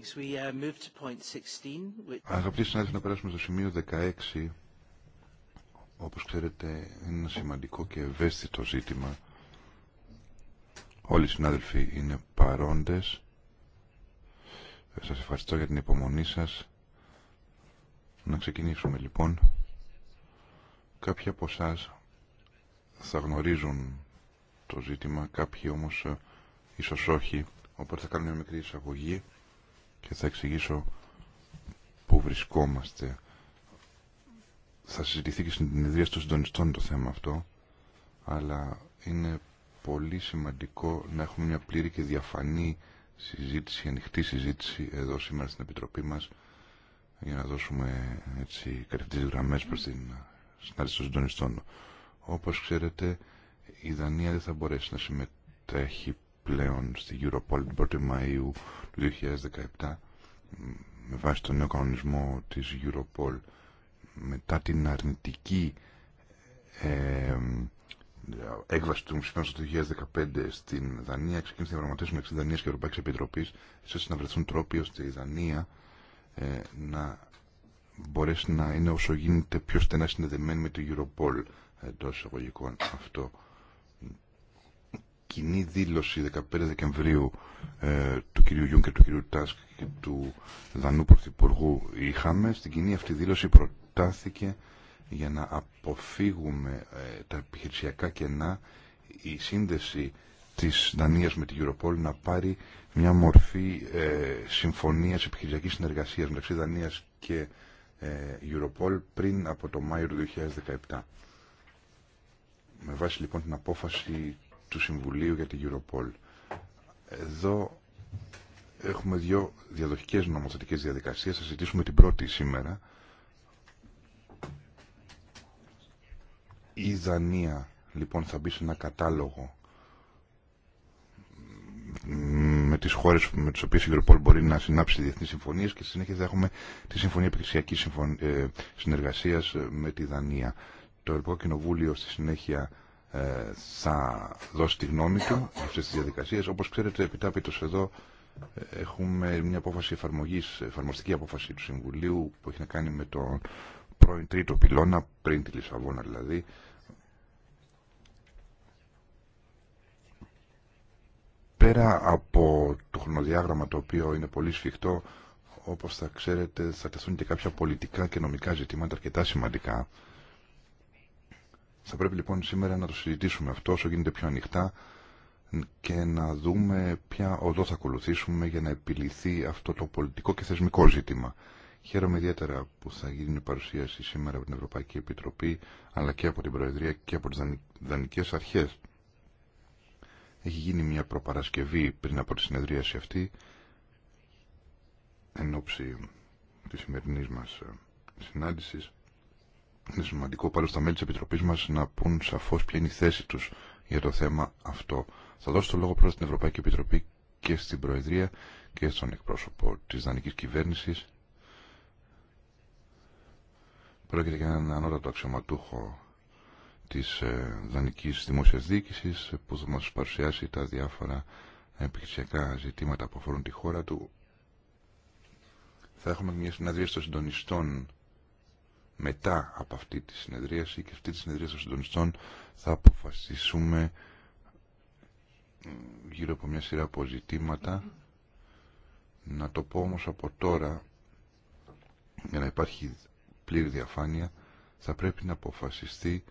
Αγαπητοί συνάδελφοι, να περάσουμε στο σημείο 16. Όπως ξέρετε, είναι ένα σημαντικό και ευαίσθητο ζήτημα. Όλοι οι συνάδελφοι είναι παρόντες. Ε, σας ευχαριστώ για την υπομονή σας. Να ξεκινήσουμε λοιπόν. Κάποιοι από εσά θα γνωρίζουν το ζήτημα, κάποιοι όμως ε, ίσως όχι, οπότε θα κάνουμε μια μικρή εισαγωγή και θα εξηγήσω πού βρισκόμαστε. Θα συζητηθεί και στην ιδρύα των συντονιστών το θέμα αυτό, αλλά είναι πολύ σημαντικό να έχουμε μια πλήρη και διαφανή συζήτηση, ανοιχτή συζήτηση εδώ σήμερα στην Επιτροπή μας για να δώσουμε έτσι γραμμέ γραμμές προς την συνάντηση των συντονιστών. Όπως ξέρετε η Δανία δεν θα μπορέσει να συμμετέχει πλέον στη Europol την 1η Μαΐου του 2017 με βάση τον νέο κανονισμό της Europol μετά την αρνητική ε, έκβαση του ψηφίσματο του 2015 στην Δανία, ξεκίνησε διαπραγματεύσει μεταξύ Δανία και Ευρωπαϊκή Επιτροπή, έτσι ώστε να βρεθούν τρόποι ώστε η Δανία ε, να μπορέσει να είναι όσο γίνεται πιο στενά συνδεδεμένη με το Europol ε, εντό εισαγωγικών. Αυτό κοινή δήλωση 15 Δεκεμβρίου ε, του κ. Γιούγκερ, του κυρίου Τάσκ και του Δανού Πρωθυπουργού είχαμε. Στην κοινή αυτή δήλωση προτάθηκε για να αποφύγουμε ε, τα επιχειρησιακά κενά η σύνδεση της Δανίας με την Europol να πάρει μια μορφή ε, συμφωνίας επιχειρησιακής συνεργασίας μεταξύ Δανίας και ε, Europol πριν από το Μάιο του 2017. Με βάση λοιπόν την απόφαση του Συμβουλίου για την Europol. Εδώ έχουμε δύο διαδοχικές νομοθετικές διαδικασίες. Θα συζητήσουμε την πρώτη σήμερα. Η Δανία λοιπόν θα μπει σε ένα κατάλογο με τις χώρες με τις οποίες η Europol μπορεί να συνάψει διεθνείς συμφωνίες και στη συνέχεια θα έχουμε τη Συμφωνία Επικρισιακής ε, Συνεργασίας με τη Δανία. Το Ευρωπαϊκό Κοινοβούλιο στη συνέχεια ε, θα δώσει τη γνώμη του σε αυτές τις διαδικασίες. Όπως ξέρετε, επιτάπητος εδώ ε, έχουμε μια απόφαση εφαρμογής, εφαρμοστική απόφαση του Συμβουλίου που έχει να κάνει με τον πρώην τρίτο πυλώνα, πριν τη Λισαβόνα δηλαδή, πέρα από το χρονοδιάγραμμα το οποίο είναι πολύ σφιχτό, όπως θα ξέρετε θα τεθούν και κάποια πολιτικά και νομικά ζητήματα αρκετά σημαντικά. Θα πρέπει λοιπόν σήμερα να το συζητήσουμε αυτό όσο γίνεται πιο ανοιχτά και να δούμε ποια οδό θα ακολουθήσουμε για να επιληθεί αυτό το πολιτικό και θεσμικό ζήτημα. Χαίρομαι ιδιαίτερα που θα γίνει παρουσίαση σήμερα από την Ευρωπαϊκή Επιτροπή αλλά και από την Προεδρία και από τις Δανικές Αρχές. Έχει γίνει μια προπαρασκευή πριν από τη συνεδρίαση αυτή εν ώψη της σημερινής μας ε, συνάντησης είναι σημαντικό πάλι στα μέλη της Επιτροπής μας να πούν σαφώς ποια είναι η θέση τους για το θέμα αυτό. Θα δώσω το λόγο πρώτα την Ευρωπαϊκή Επιτροπή και στην Προεδρία και στον εκπρόσωπο της δανική Κυβέρνησης. Πρόκειται για έναν ανώτατο αξιωματούχο της ε, δανική Δημόσιας Διοίκησης που θα μας παρουσιάσει τα διάφορα επιχειρησιακά ζητήματα που αφορούν τη χώρα του. Θα έχουμε μια συναντρία των συντονιστών μετά από αυτή τη συνεδρίαση και αυτή τη συνεδρίαση των συντονιστών θα αποφασίσουμε γύρω από μια σειρά από Να το πω όμως από τώρα, για να υπάρχει πλήρη διαφάνεια, θα πρέπει να αποφασιστεί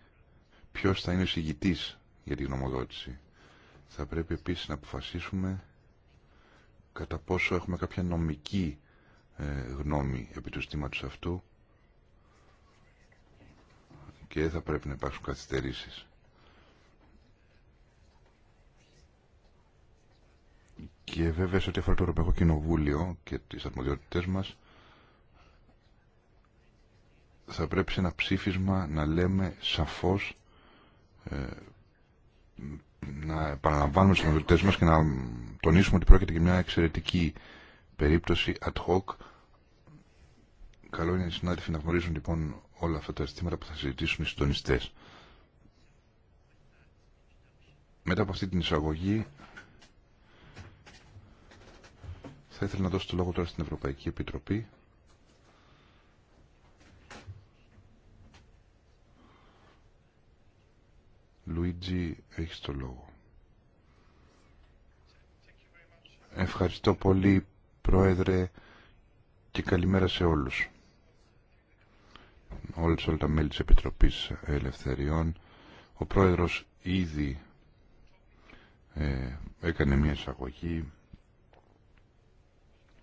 ποιος θα είναι ο συγητής για την γνωμοδότηση. Θα πρέπει επίσης να αποφασίσουμε κατά πόσο έχουμε κάποια νομική ε, γνώμη επί του αυτού και δεν θα πρέπει να υπάρξουν καθυστερήσεις. Και βέβαια σε ό,τι αφορά το Ευρωπαϊκό Κοινοβούλιο και τις αρμοδιότητές μας θα πρέπει σε ένα ψήφισμα να λέμε σαφώς ε, να επαναλαμβάνουμε τις αρμοδιότητές μας και να τονίσουμε ότι πρόκειται για μια εξαιρετική περίπτωση ad hoc. Καλό είναι οι συνάδελφοι να γνωρίζουν λοιπόν όλα αυτά τα αισθήματα που θα συζητήσουν οι συντονιστές. Μετά από αυτή την εισαγωγή θα ήθελα να δώσω το λόγο τώρα στην Ευρωπαϊκή Επιτροπή. Λουίτζι, έχεις το λόγο. Ευχαριστώ πολύ, Πρόεδρε, και καλημέρα σε όλους όλες, όλα τα μέλη της Επιτροπής Ελευθεριών. Ο Πρόεδρος ήδη ε, έκανε μια εισαγωγή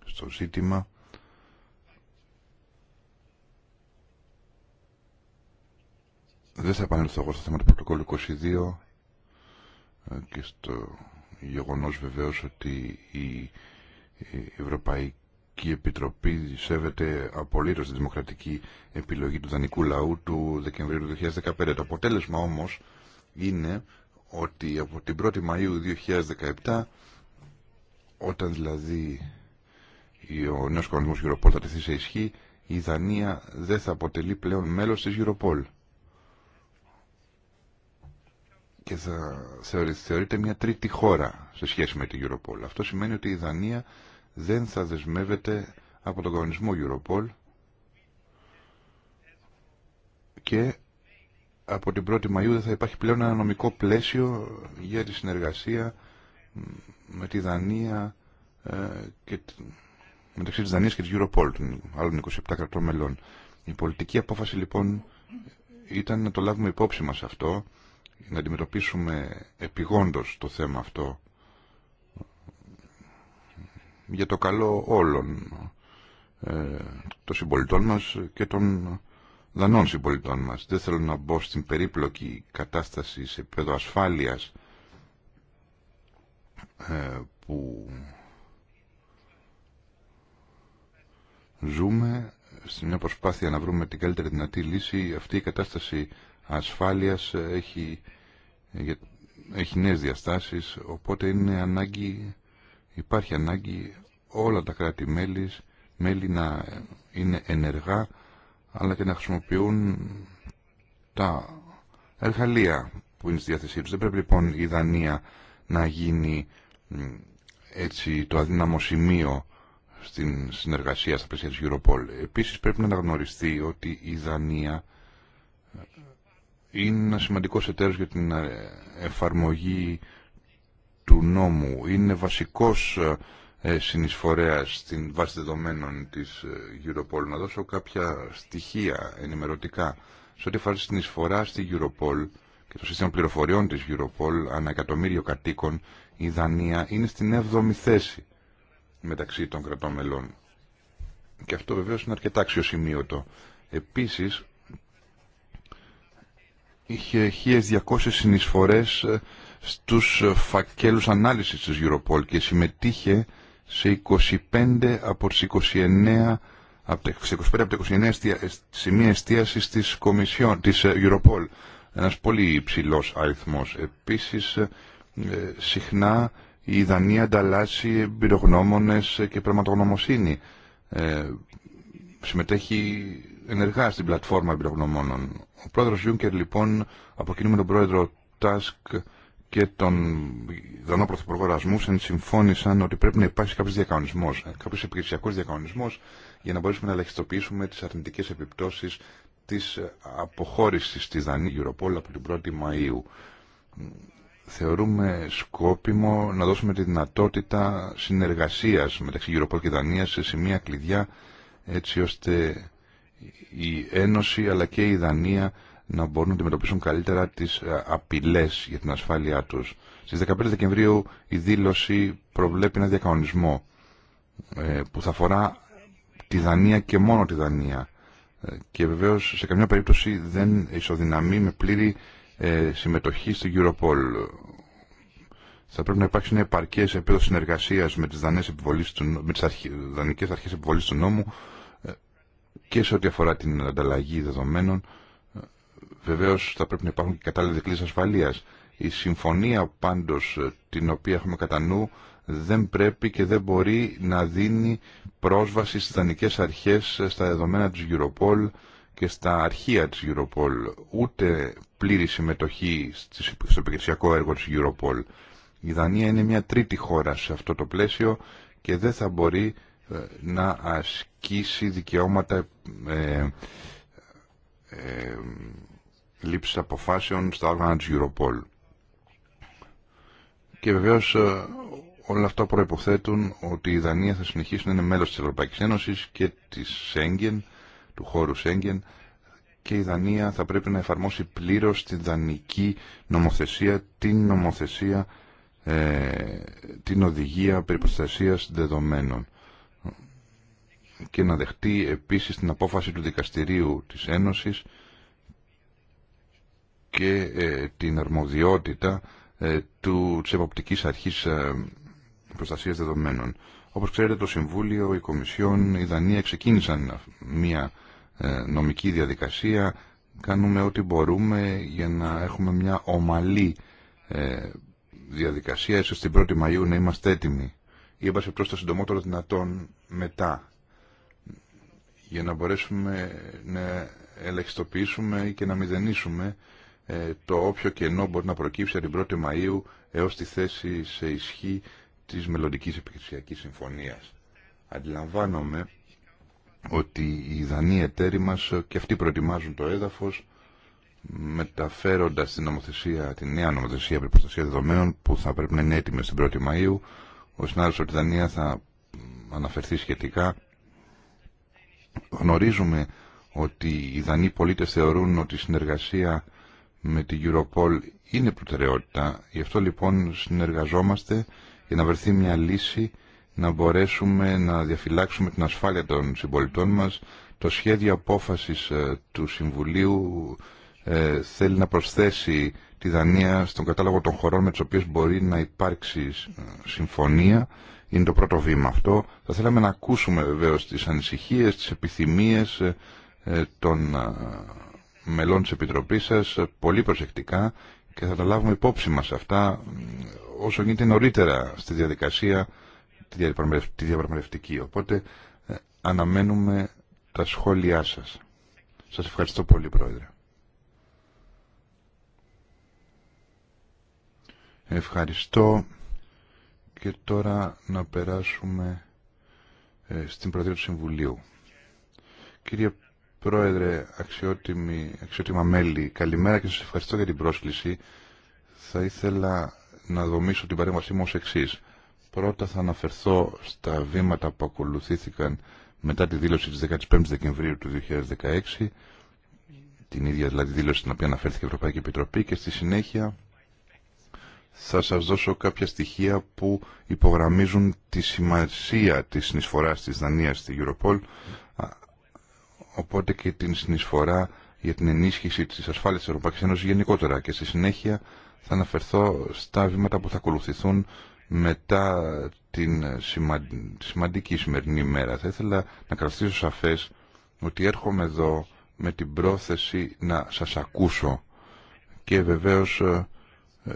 στο ζήτημα. Δεν θα επανέλθω εγώ στο θέμα του πρωτοκόλλου 22 ε, και στο γεγονός βεβαίως ότι η Ευρωπαϊκή η Επιτροπή σέβεται απολύτως τη δημοκρατική επιλογή του δανεικού λαού του Δεκεμβρίου του 2015. Το αποτέλεσμα όμως είναι ότι από την 1η Μαΐου 2017, όταν δηλαδή ο νέος κανονισμός Europol θα τεθεί σε ισχύ, η Δανία δεν θα αποτελεί πλέον μέλος της Europol. Και θα θεωρείται μια τρίτη χώρα σε σχέση με την Europol. Αυτό σημαίνει ότι η Δανία δεν θα δεσμεύεται από τον κανονισμό Europol και από την 1η Μαΐου δεν θα υπάρχει πλέον ένα νομικό πλαίσιο για τη συνεργασία με τη Δανία ε, και μεταξύ της Δανίας και της Europol των άλλων 27 κρατών μελών. Η πολιτική απόφαση λοιπόν ήταν να το λάβουμε υπόψη μας αυτό, να αντιμετωπίσουμε επιγόντως το θέμα αυτό για το καλό όλων ε, των συμπολιτών μας και των δανών συμπολιτών μας. Δεν θέλω να μπω στην περίπλοκη κατάσταση σε πεδο ασφάλειας ε, που ζούμε σε μια προσπάθεια να βρούμε την καλύτερη δυνατή λύση. Αυτή η κατάσταση ασφάλειας έχει, ε, έχει νέες διαστάσεις, οπότε είναι ανάγκη υπάρχει ανάγκη όλα τα κράτη-μέλη να είναι ενεργά αλλά και να χρησιμοποιούν τα εργαλεία που είναι στη διάθεσή τους. Δεν πρέπει λοιπόν η Δανία να γίνει έτσι το αδύναμο σημείο στην συνεργασία στα πλαίσια της Europol. Επίσης πρέπει να αναγνωριστεί ότι η Δανία είναι ένα σημαντικός εταίρος για την ε, εφαρμογή του νόμου. Είναι βασικός ε, συνεισφορέας στην βάση δεδομένων της ε, Europol. Να δώσω κάποια στοιχεία ενημερωτικά. Σε ό,τι αφορά συνεισφορά στη Europol και το σύστημα πληροφοριών της Europol, ανά εκατομμύριο κατοίκων, η Δανία είναι στην 7η θέση μεταξύ των κρατών μελών. Και αυτό βεβαίω είναι αρκετά αξιοσημείωτο. Επίσης, είχε 1.200 συνεισφορές ε, στους φακέλους ανάλυσης της Europol και συμμετείχε σε 25 από τις 29 από 25 από τα 29 σημεία εστίασης της, Κομισιόν, της Europol. Ένας πολύ υψηλός αριθμός. Επίσης, ε, συχνά η Δανία ανταλλάσσει εμπειρογνώμονες και πραγματογνωμοσύνη. Ε, συμμετέχει ενεργά στην πλατφόρμα εμπειρογνωμόνων. Ο πρόεδρος Γιούγκερ, λοιπόν, από με τον πρόεδρο Τάσκ, και τον Δανό Πρωθυπουργό Ρασμούσεν συμφώνησαν ότι πρέπει να υπάρξει κάποιο διακανονισμό, ε, κάποιο επιχειρησιακό διακανονισμό για να μπορέσουμε να ελαχιστοποιήσουμε τι αρνητικέ επιπτώσει τη ε, αποχώρηση τη Δανή Europol από την 1η Μαου. Θεωρούμε σκόπιμο να δώσουμε τη δυνατότητα συνεργασία μεταξύ Europol και Δανία σε σημεία κλειδιά έτσι ώστε η Ένωση αλλά και η Δανία να μπορούν να αντιμετωπίσουν καλύτερα τις ε, απειλές για την ασφάλειά τους. Στις 15 Δεκεμβρίου η δήλωση προβλέπει ένα διακανονισμό ε, που θα αφορά τη Δανία και μόνο τη Δανία ε, και βεβαίως σε καμιά περίπτωση δεν ισοδυναμεί με πλήρη συμμετοχή στην Europol. Θα πρέπει να υπάρξει μια επαρκέ επίπεδο συνεργασία με τι δανεικέ αρχέ επιβολή του νόμου και σε ό,τι αφορά την ανταλλαγή δεδομένων Βεβαίω θα πρέπει να υπάρχουν και κατάλληλε δικλείε ασφαλεία. Η συμφωνία πάντω ε, την οποία έχουμε κατά νου δεν πρέπει και δεν μπορεί να δίνει πρόσβαση στι δανεικέ αρχέ ε, στα δεδομένα τη Europol και στα αρχεία τη Europol, ούτε πλήρη συμμετοχή στο επικοινωνιακό έργο τη Europol. Η Δανία είναι μια τρίτη χώρα σε αυτό το πλαίσιο και δεν θα μπορεί ε, να ασκήσει δικαιώματα ε, Λήψη αποφάσεων στα όργανα της Europol. Και βεβαίως ε, όλα αυτά προϋποθέτουν ότι η Δανία θα συνεχίσει να είναι μέλος της Ευρωπαϊκής Ένωσης και της Σέγγεν, του χώρου Σέγγεν και η Δανία θα πρέπει να εφαρμόσει πλήρως την δανική νομοθεσία, την νομοθεσία, ε, την οδηγία περί δεδομένων και να δεχτεί επίσης την απόφαση του Δικαστηρίου της Ένωσης και ε, την αρμοδιότητα ε, του, της Εποπτικής Αρχής ε, Προστασίας Δεδομένων. Όπως ξέρετε το Συμβούλιο, η Κομισιόν, η Δανία ξεκίνησαν μια νομική διαδικασία. Κάνουμε ό,τι μπορούμε για να έχουμε μια ομαλή διαδικασία, ίσως την 1η Μαΐου να είμαστε έτοιμοι. Ή έμπασε προς το συντομότερο δυνατόν μετά για να μπορέσουμε να ελεγχιστοποιήσουμε και να μηδενίσουμε ε, το όποιο κενό μπορεί να προκύψει από την 1η Μαΐου έως τη θέση σε ισχύ της μελλοντική Επικρισιακής Συμφωνίας. Αντιλαμβάνομαι ότι οι Δανείοι εταίροι μας και αυτοί προετοιμάζουν το έδαφος μεταφέροντας την νομοθεσία, την νέα νομοθεσία την προστασία δεδομένων που θα πρέπει να είναι έτοιμη στην 1η Μαΐου. Ο συνάδελφος από τη Δανία θα αναφερθεί σχετικά. Γνωρίζουμε ότι οι Δανείοι πολίτες θεωρούν ότι η συνεργασία με την Europol είναι προτεραιότητα. Γι' αυτό λοιπόν συνεργαζόμαστε για να βρεθεί μια λύση να μπορέσουμε να διαφυλάξουμε την ασφάλεια των συμπολιτών μας. Το σχέδιο απόφασης ε, του Συμβουλίου ε, θέλει να προσθέσει τη Δανία στον κατάλογο των χωρών με τις οποίες μπορεί να υπάρξει ε, συμφωνία. Είναι το πρώτο βήμα αυτό. Θα θέλαμε να ακούσουμε βεβαίως τις ανησυχίες, τις επιθυμίες των μελών της Επιτροπής σας πολύ προσεκτικά και θα τα λάβουμε υπόψη μας αυτά όσο γίνεται νωρίτερα στη διαδικασία τη διαπραγματευτική. Οπότε ε, αναμένουμε τα σχόλιά σας. Σας ευχαριστώ πολύ Πρόεδρε. Ευχαριστώ και τώρα να περάσουμε ε, στην Προεδρία του Συμβουλίου. Κύριε Πρόεδρε, αξιότιμη, αξιότιμα μέλη, καλημέρα και σας ευχαριστώ για την πρόσκληση. Θα ήθελα να δομήσω την παρέμβασή μου ω εξή. Πρώτα θα αναφερθώ στα βήματα που ακολουθήθηκαν μετά τη δήλωση της 15 η Δεκεμβρίου του 2016, την ίδια δηλαδή δήλωση στην οποία αναφέρθηκε η Ευρωπαϊκή Επιτροπή και στη συνέχεια θα σα δώσω κάποια στοιχεία που υπογραμμίζουν τη σημασία τη συνεισφορά τη Δανία στη Europol οπότε και την συνεισφορά για την ενίσχυση της ασφάλειας της Ευρωπαϊκής Ένωσης γενικότερα και στη συνέχεια θα αναφερθώ στα βήματα που θα ακολουθηθούν μετά την σημαντική σημερινή ημέρα. Θα ήθελα να κρατήσω σαφές ότι έρχομαι εδώ με την πρόθεση να σας ακούσω και βεβαίως ε, ε,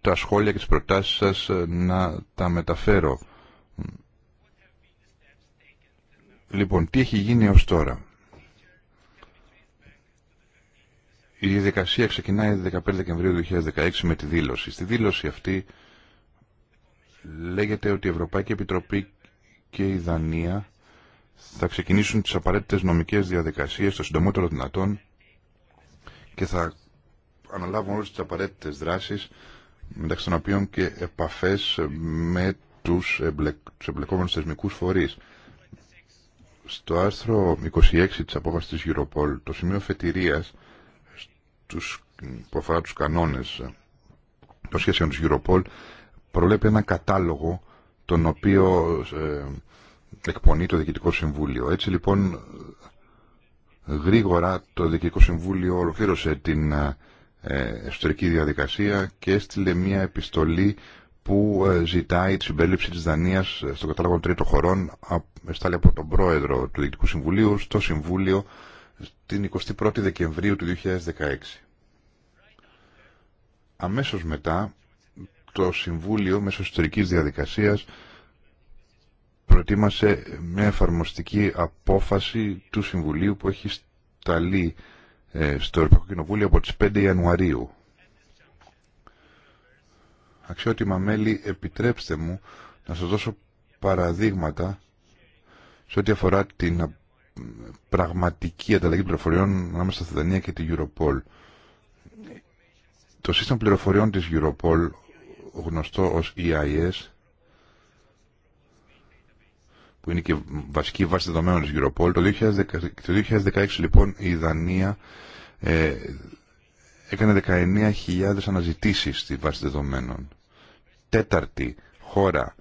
τα σχόλια και τις προτάσεις σας ε, να τα μεταφέρω Λοιπόν, τι έχει γίνει ως τώρα. Η διαδικασία ξεκινάει 15 Δεκεμβρίου 2016 με τη δήλωση. Στη δήλωση αυτή λέγεται ότι η Ευρωπαϊκή Επιτροπή και η Δανία θα ξεκινήσουν τις απαραίτητες νομικές διαδικασίες το συντομότερο δυνατόν και θα αναλάβουν όλες τις απαραίτητες δράσεις μεταξύ των οποίων και επαφές με τους εμπλεκ, τους εμπλεκόμενους θεσμικούς φορείς. Στο άρθρο 26 της απόφασης της Europol, το σημείο φετηρίας στους, που αφορά τους κανόνες των σχέσεων της Europol προβλέπει ένα κατάλογο τον οποίο ε, εκπονεί το Διοικητικό Συμβούλιο. Έτσι λοιπόν γρήγορα το Διοικητικό Συμβούλιο ολοκλήρωσε την ε, εσωτερική διαδικασία και έστειλε μια επιστολή που ε, ζητάει τη συμπερίληψη της Δανίας ε, στο κατάλογο των τρίτων χωρών εστάλει από τον πρόεδρο του Διοικητικού Συμβουλίου στο Συμβούλιο την 21η Δεκεμβρίου του 2016. Αμέσως μετά το Συμβούλιο μέσω ιστορικής διαδικασίας προετοίμασε μια εφαρμοστική απόφαση του Συμβουλίου που έχει σταλεί ε, στο Ευρωπαϊκό Κοινοβούλιο από τις 5 Ιανουαρίου Αξιότιμα μέλη, επιτρέψτε μου να σας δώσω παραδείγματα σε ό,τι αφορά την πραγματική ανταλλαγή πληροφοριών ανάμεσα στη Δανία και την Europol. Το σύστημα πληροφοριών της Europol, γνωστό ως EIS, που είναι και βασική βάση δεδομένων της Europol, το 2016, το 2016 λοιπόν η Δανία ε, έκανε 19.000 αναζητήσεις στη βάση δεδομένων τέταρτη χώρα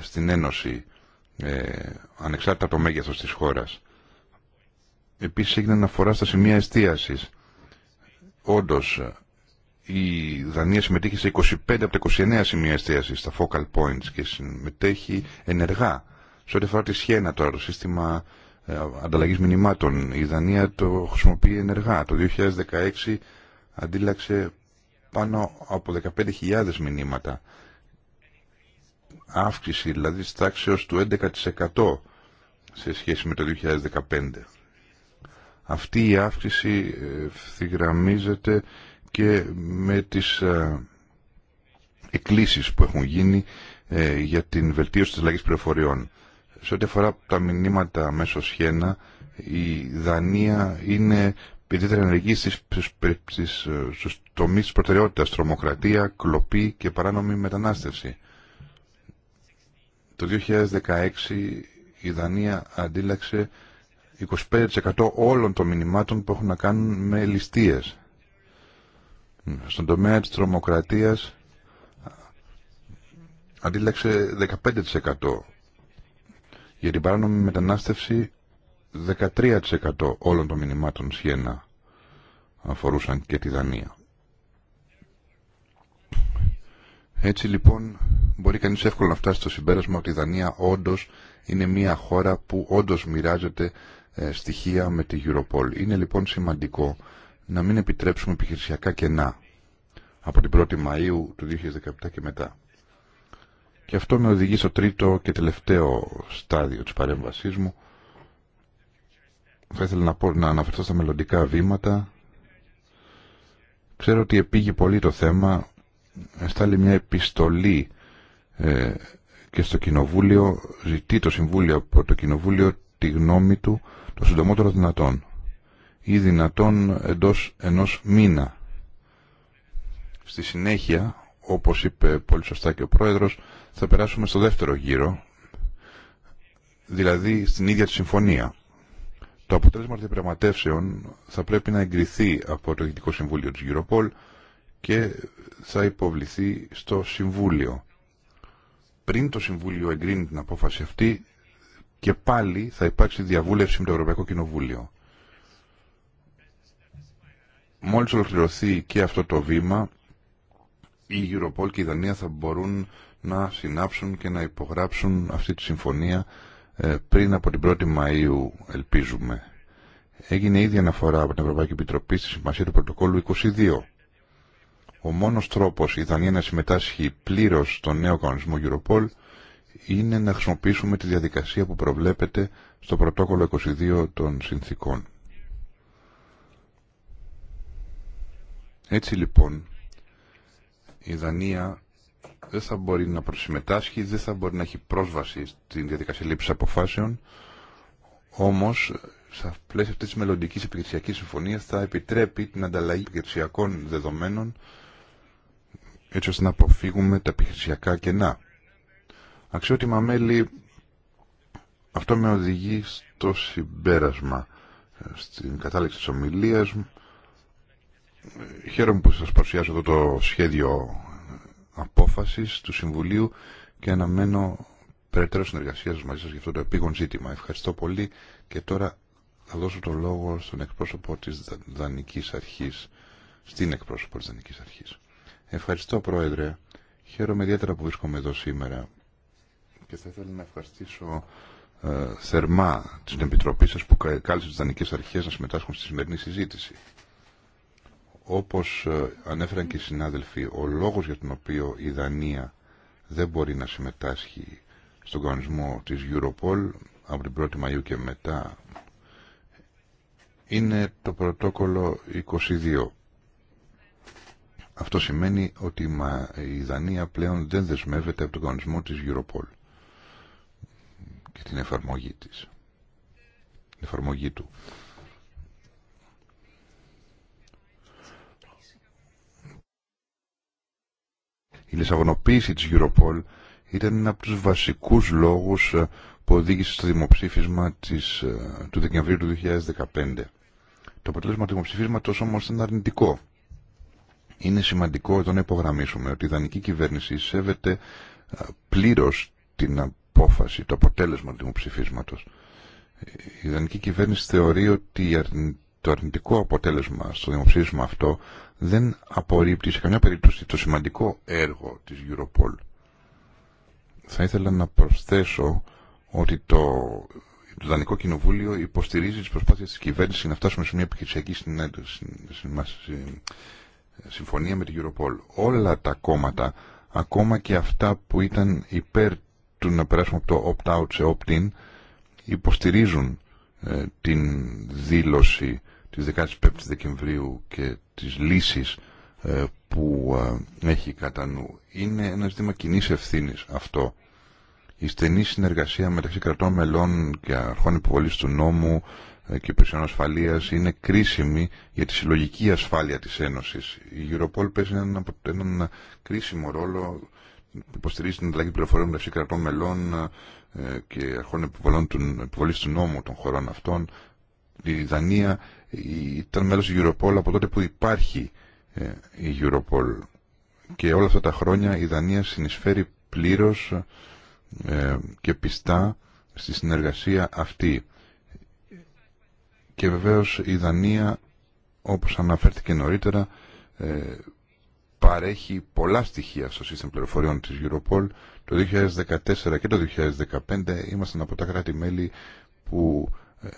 στην Ένωση ε, ανεξάρτητα το μέγεθος της χώρας. Επίσης έγινε αναφορά στα σημεία εστίασης. Όντως, η Δανία συμμετείχε σε 25 από τα 29 σημεία εστίασης στα focal points και συμμετέχει ενεργά. Σε ό,τι αφορά τη Σιένα τώρα, το σύστημα ανταλλαγή ε, ανταλλαγής μηνυμάτων, η Δανία το χρησιμοποιεί ενεργά. Το 2016 αντίλαξε πάνω από 15.000 μηνύματα αύξηση δηλαδή στάξεως του 11% σε σχέση με το 2015. Αυτή η αύξηση ε, ευθυγραμμίζεται και με τις ε, εκκλήσεις που έχουν γίνει ε, για την βελτίωση της λαγής πληροφοριών. Σε ό,τι αφορά τα μηνύματα μέσω σχένα, η Δανία είναι ιδιαίτερα ενεργή στους τομείς της προτεραιότητας, τρομοκρατία, κλοπή και παράνομη μετανάστευση. Το 2016 η Δανία αντίλαξε 25% όλων των μηνυμάτων που έχουν να κάνουν με ληστείες. Στον τομέα της τρομοκρατίας αντίλαξε 15%. Για την παράνομη μετανάστευση 13% όλων των μηνυμάτων σχένα αφορούσαν και τη Δανία. Έτσι λοιπόν μπορεί κανείς εύκολα να φτάσει στο συμπέρασμα ότι η Δανία όντως είναι μια χώρα που όντως μοιράζεται ε, στοιχεία με τη Europol. Είναι λοιπόν σημαντικό να μην επιτρέψουμε επιχειρησιακά κενά από την 1η Μαΐου του 2017 και μετά. Και αυτό με οδηγεί στο τρίτο και τελευταίο στάδιο της παρέμβασής μου. Θα ήθελα να, πω, να αναφερθώ στα μελλοντικά βήματα. Ξέρω ότι επήγει πολύ το θέμα. Εστάλει μια επιστολή ε, και στο Κοινοβούλιο ζητεί το Συμβούλιο από το Κοινοβούλιο τη γνώμη του το συντομότερο δυνατόν ή δυνατόν εντός ενός μήνα. Στη συνέχεια, όπως είπε πολύ σωστά και ο Πρόεδρος, θα περάσουμε στο δεύτερο γύρο, δηλαδή στην ίδια τη συμφωνία. Το αποτέλεσμα των διαπραγματεύσεων θα πρέπει να εγκριθεί από το Διοικητικό Συμβούλιο της Γυροπολ και θα υποβληθεί στο Συμβούλιο πριν το Συμβούλιο εγκρίνει την απόφαση αυτή και πάλι θα υπάρξει διαβούλευση με το Ευρωπαϊκό Κοινοβούλιο. Μόλις ολοκληρωθεί και αυτό το βήμα, η Europol και η Δανία θα μπορούν να συνάψουν και να υπογράψουν αυτή τη συμφωνία ε, πριν από την 1η Μαΐου, ελπίζουμε. Έγινε ήδη αναφορά από την Ευρωπαϊκή Επιτροπή στη σημασία του Πρωτοκόλου 22. Ο μόνος τρόπος η Δανία να συμμετάσχει πλήρως στον νέο κανονισμό Europol είναι να χρησιμοποιήσουμε τη διαδικασία που προβλέπεται στο πρωτόκολλο 22 των συνθήκων. Έτσι λοιπόν η Δανία δεν θα μπορεί να προσυμμετάσχει, δεν θα μπορεί να έχει πρόσβαση στην διαδικασία λήψης αποφάσεων, όμως σε πλαίσια αυτής της μελλοντικής συμφωνίας θα επιτρέπει την ανταλλαγή επιχειρησιακών δεδομένων έτσι ώστε να αποφύγουμε τα επιχειρησιακά κενά. Αξιότιμα μέλη, αυτό με οδηγεί στο συμπέρασμα, στην κατάληξη της ομιλίας μου. Χαίρομαι που σας παρουσιάζω εδώ το σχέδιο απόφασης του Συμβουλίου και αναμένω περαιτέρω συνεργασία μαζί σας για αυτό το επίγον ζήτημα. Ευχαριστώ πολύ και τώρα θα δώσω το λόγο στον εκπρόσωπο της Δανικής Αρχής, στην εκπρόσωπο της Δανικής Αρχής. Ευχαριστώ Πρόεδρε. Χαίρομαι ιδιαίτερα που βρίσκομαι εδώ σήμερα και θα ήθελα να ευχαριστήσω ε, θερμά την Επιτροπή σας που κάλεσε τις δανεικές αρχές να συμμετάσχουν στη σημερινή συζήτηση. Όπως ε, ανέφεραν και οι συνάδελφοι, ο λόγος για τον οποίο η Δανία δεν μπορεί να συμμετάσχει στον κανονισμό της Europol από την 1η Μαΐου και μετά είναι το πρωτόκολλο 22 αυτό σημαίνει ότι η Δανία πλέον δεν δεσμεύεται από τον κανονισμό της Europol και την εφαρμογή της. εφαρμογή του. Η λησαγωνοποίηση της Europol ήταν ένα από τους βασικούς λόγους ε, που οδήγησε στο δημοψήφισμα της, ε, του Δεκεμβρίου του 2015. Το αποτέλεσμα του δημοψηφίσματος όμως ήταν αρνητικό είναι σημαντικό εδώ να υπογραμμίσουμε ότι η δανική κυβέρνηση σέβεται πλήρως την απόφαση, το αποτέλεσμα του δημοψηφίσματος. Η δανική κυβέρνηση θεωρεί ότι το αρνητικό αποτέλεσμα στο δημοψήφισμα αυτό δεν απορρίπτει σε καμιά περίπτωση το σημαντικό έργο της Europol. Θα ήθελα να προσθέσω ότι το το Δανικό Κοινοβούλιο υποστηρίζει τις προσπάθειες της κυβέρνησης να φτάσουμε σε μια επιχειρησιακή συμφωνία με την Europol. Όλα τα κόμματα, ακόμα και αυτά που ήταν υπέρ του να περάσουμε από το opt-out σε opt-in, υποστηρίζουν ε, την δήλωση της 15 Δεκεμβρίου και τις λύσεις ε, που ε, έχει κατά νου. Είναι ένα ζήτημα κοινή ευθύνη αυτό. Η στενή συνεργασία μεταξύ κρατών μελών και αρχών υποβολής του νόμου, και υπηρεσιών ασφαλεία είναι κρίσιμη για τη συλλογική ασφάλεια τη Ένωση. Η Europol παίζει έναν, έναν κρίσιμο ρόλο, υποστηρίζει την ανταλλαγή πληροφοριών μεταξύ κρατών μελών ε, και αρχών επιβολής του νόμου των χωρών αυτών. Η Δανία ήταν μέλο τη Europol από τότε που υπάρχει ε, η Europol και όλα αυτά τα χρόνια η Δανία συνεισφέρει πλήρως ε, και πιστά στη συνεργασία αυτή. Και βεβαίως η Δανία, όπως αναφέρθηκε νωρίτερα, ε, παρέχει πολλά στοιχεία στο σύστημα πληροφοριών της Europol. Το 2014 και το 2015 ήμασταν από τα κράτη-μέλη που ε,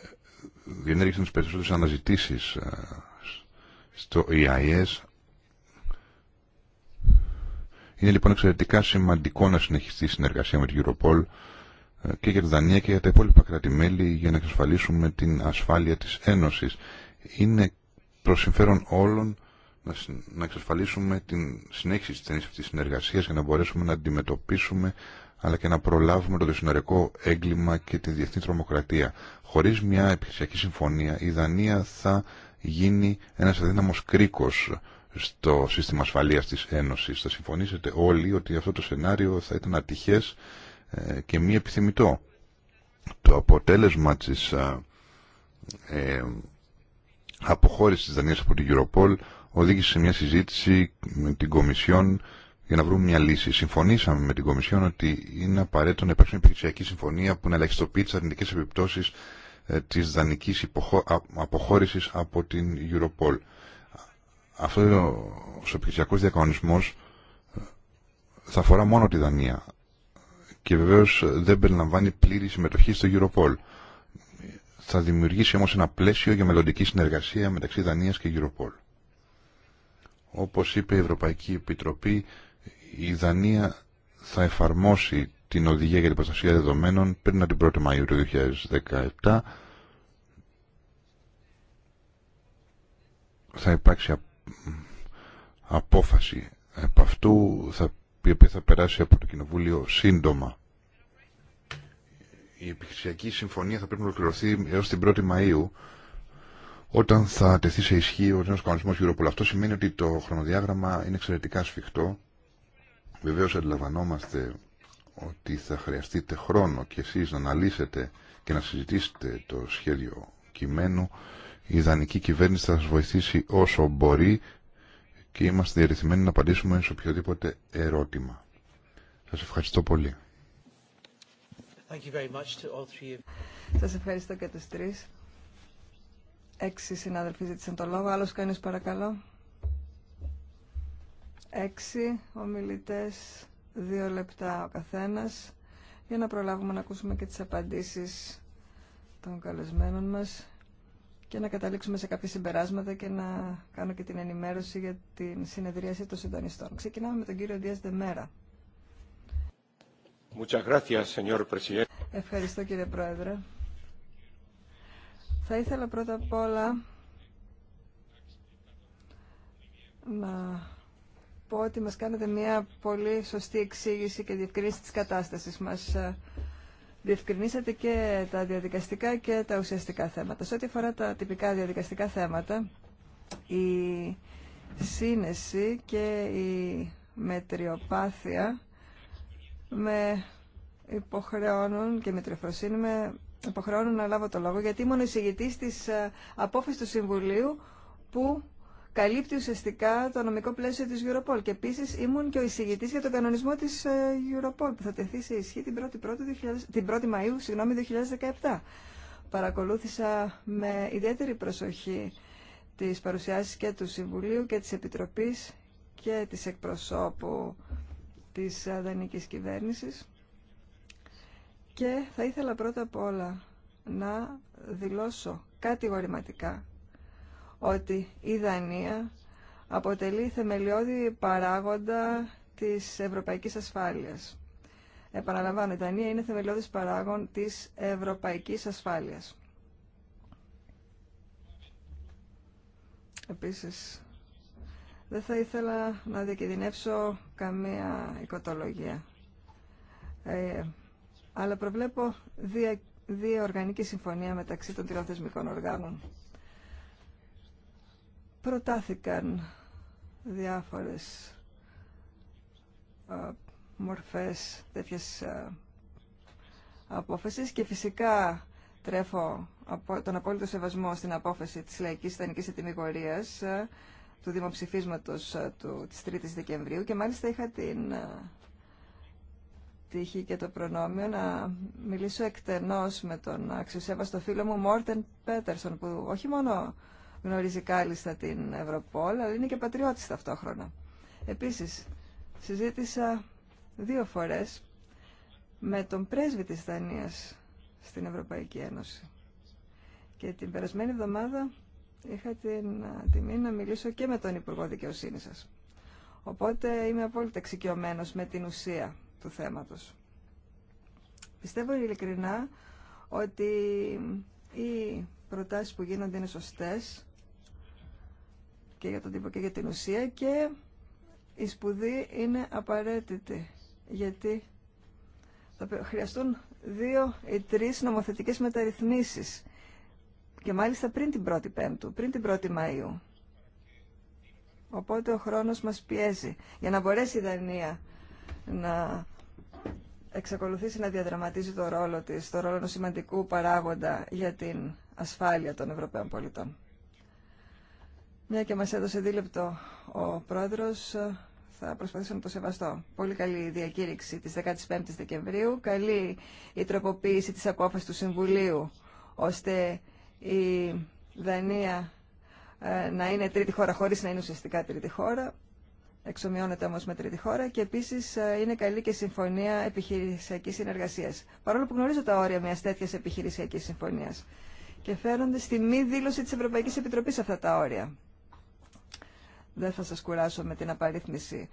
διενέργησαν τις περισσότερες αναζητήσεις ε, στο EIS. Είναι λοιπόν εξαιρετικά σημαντικό να συνεχιστεί η συνεργασία με την Europol και για τη Δανία και για τα υπόλοιπα κράτη-μέλη για να εξασφαλίσουμε την ασφάλεια της Ένωσης. Είναι προς συμφέρον όλων να εξασφαλίσουμε την συνέχιση της ταινής αυτής της συνεργασίας για να μπορέσουμε να αντιμετωπίσουμε αλλά και να προλάβουμε το δυσυνορικό έγκλημα και τη διεθνή τρομοκρατία. Χωρίς μια επιχειρησιακή συμφωνία η Δανία θα γίνει ένας αδύναμος κρίκος στο σύστημα ασφαλείας της Ένωσης. Θα συμφωνήσετε όλοι ότι αυτό το σενάριο θα ήταν ατυχές ε, και μη επιθυμητό. Το αποτέλεσμα της ε, αποχώρησης της Δανίας από την Europol οδήγησε σε μια συζήτηση με την Κομισιόν για να βρούμε μια λύση. Συμφωνήσαμε με την Κομισιόν ότι είναι απαραίτητο να υπάρξει μια επιχειρησιακή συμφωνία που να ελαχιστοποιεί τι αρνητικέ επιπτώσει ε, της τη δανεική αποχώρηση από την Europol. Αυτό ο επιχειρησιακό διακανονισμό ε, θα αφορά μόνο τη Δανία και βεβαίω δεν περιλαμβάνει πλήρη συμμετοχή στο Europol. Θα δημιουργήσει όμως ένα πλαίσιο για μελλοντική συνεργασία μεταξύ Δανίας και Europol. Όπως είπε η Ευρωπαϊκή Επιτροπή, η Δανία θα εφαρμόσει την οδηγία για την προστασία δεδομένων πριν από την 1η Μαΐου του 2017. Θα υπάρξει απόφαση από αυτού, θα η οποία θα περάσει από το Κοινοβούλιο σύντομα. Η επιχειρησιακή συμφωνία θα πρέπει να ολοκληρωθεί έω την 1η Μαου όταν θα τεθεί σε ισχύ ο νέο κανονισμό Europol. Αυτό σημαίνει ότι το χρονοδιάγραμμα είναι εξαιρετικά σφιχτό. Βεβαίω αντιλαμβανόμαστε ότι θα χρειαστείτε χρόνο και εσεί να αναλύσετε και να συζητήσετε το σχέδιο κειμένου. Η ιδανική κυβέρνηση θα σα βοηθήσει όσο μπορεί και είμαστε διαρρυθμένοι να απαντήσουμε σε οποιοδήποτε ερώτημα. Σας ευχαριστώ πολύ. Thank you very much to all three of... Σας ευχαριστώ και τους τρεις. Έξι συνάδελφοι ζήτησαν το λόγο. Άλλος κανείς παρακαλώ. Έξι ομιλητές, δύο λεπτά ο καθένας, για να προλάβουμε να ακούσουμε και τις απαντήσεις των καλεσμένων μας και να καταλήξουμε σε κάποια συμπεράσματα και να κάνω και την ενημέρωση για την συνεδρίαση των συντονιστών. Ξεκινάμε με τον κύριο Δίας Δεμέρα. Ευχαριστώ κύριε Πρόεδρε. Θα ήθελα πρώτα απ' όλα να πω ότι μας κάνετε μια πολύ σωστή εξήγηση και διευκρίνηση της κατάστασης μας διευκρινίσατε και τα διαδικαστικά και τα ουσιαστικά θέματα. Σε ό,τι αφορά τα τυπικά διαδικαστικά θέματα, η σύνεση και η μετριοπάθεια με υποχρεώνουν και μετριοφροσύνη με υποχρεώνουν να λάβω το λόγο γιατί ήμουν εισηγητής της ε, απόφασης του Συμβουλίου που καλύπτει ουσιαστικά το νομικό πλαίσιο της Europol και επίσης ήμουν και ο εισηγητής για τον κανονισμό της ε, Europol που θα τεθεί σε ισχύ την 1η, 1η, την 1η Μαΐου συγγνώμη, 2017. Παρακολούθησα με ιδιαίτερη προσοχή τις παρουσιάσεις και του Συμβουλίου και της Επιτροπής και της εκπροσώπου της ε, δανεικής κυβέρνησης και θα ήθελα πρώτα απ' όλα να δηλώσω κατηγορηματικά ότι η Δανία αποτελεί θεμελιώδη παράγοντα της ευρωπαϊκής ασφάλειας. Επαναλαμβάνω, η Δανία είναι θεμελιώδης παράγον της ευρωπαϊκής ασφάλειας. Επίσης, δεν θα ήθελα να διακινδυνεύσω καμία οικοτολογία. Ε, αλλά προβλέπω δύο οργανική συμφωνία μεταξύ των τριών οργάνων προτάθηκαν διάφορες ε, μορφές τέτοιες ε, απόφασης και φυσικά τρέφω από τον απόλυτο σεβασμό στην απόφαση της Λαϊκής Ιστανικής Ετοιμιγωρίας ε, του δημοψηφίσματος του, της 3ης Δεκεμβρίου και μάλιστα είχα την τύχη και το προνόμιο να μιλήσω εκτενώς με τον αξιοσέβαστο φίλο μου Μόρτεν Πέτερσον που όχι μόνο γνωρίζει κάλλιστα την Ευρωπόλ, αλλά είναι και πατριώτης ταυτόχρονα. Επίσης, συζήτησα δύο φορές με τον πρέσβη της Τανίας στην Ευρωπαϊκή Ένωση. Και την περασμένη εβδομάδα είχα την τιμή να μιλήσω και με τον Υπουργό Δικαιοσύνη σας. Οπότε είμαι απόλυτα εξοικειωμένο με την ουσία του θέματος. Πιστεύω ειλικρινά ότι οι προτάσεις που γίνονται είναι σωστές και για τον τύπο και για την ουσία και η σπουδή είναι απαραίτητη γιατί θα χρειαστούν δύο ή τρεις νομοθετικές μεταρρυθμίσεις και μάλιστα πριν την 1η Πέμπτου, πριν την 1η Μαΐου. Οπότε ο χρόνος μας πιέζει για να μπορέσει η Δανία να εξακολουθήσει να διαδραματίζει το ρόλο της, το ρόλο ενός σημαντικού παράγοντα για την ασφάλεια των Ευρωπαίων πολιτών. Μια ναι, και μας έδωσε δίλεπτο ο πρόεδρος, θα προσπαθήσω να το σεβαστώ. Πολύ καλή η διακήρυξη της 15ης Δεκεμβρίου, καλή η τροποποίηση της απόφασης του Συμβουλίου, ώστε η Δανία ε, να είναι τρίτη χώρα χωρίς να είναι ουσιαστικά τρίτη χώρα. Εξομοιώνεται όμω με τρίτη χώρα και επίση ε, είναι καλή και συμφωνία επιχειρησιακή συνεργασία. Παρόλο που γνωρίζω τα όρια μια τέτοια επιχειρησιακή συμφωνία και φέρονται στη μη δήλωση τη Ευρωπαϊκή Επιτροπή αυτά τα όρια. Δεν θα σας κουράσω με την απαρίθμηση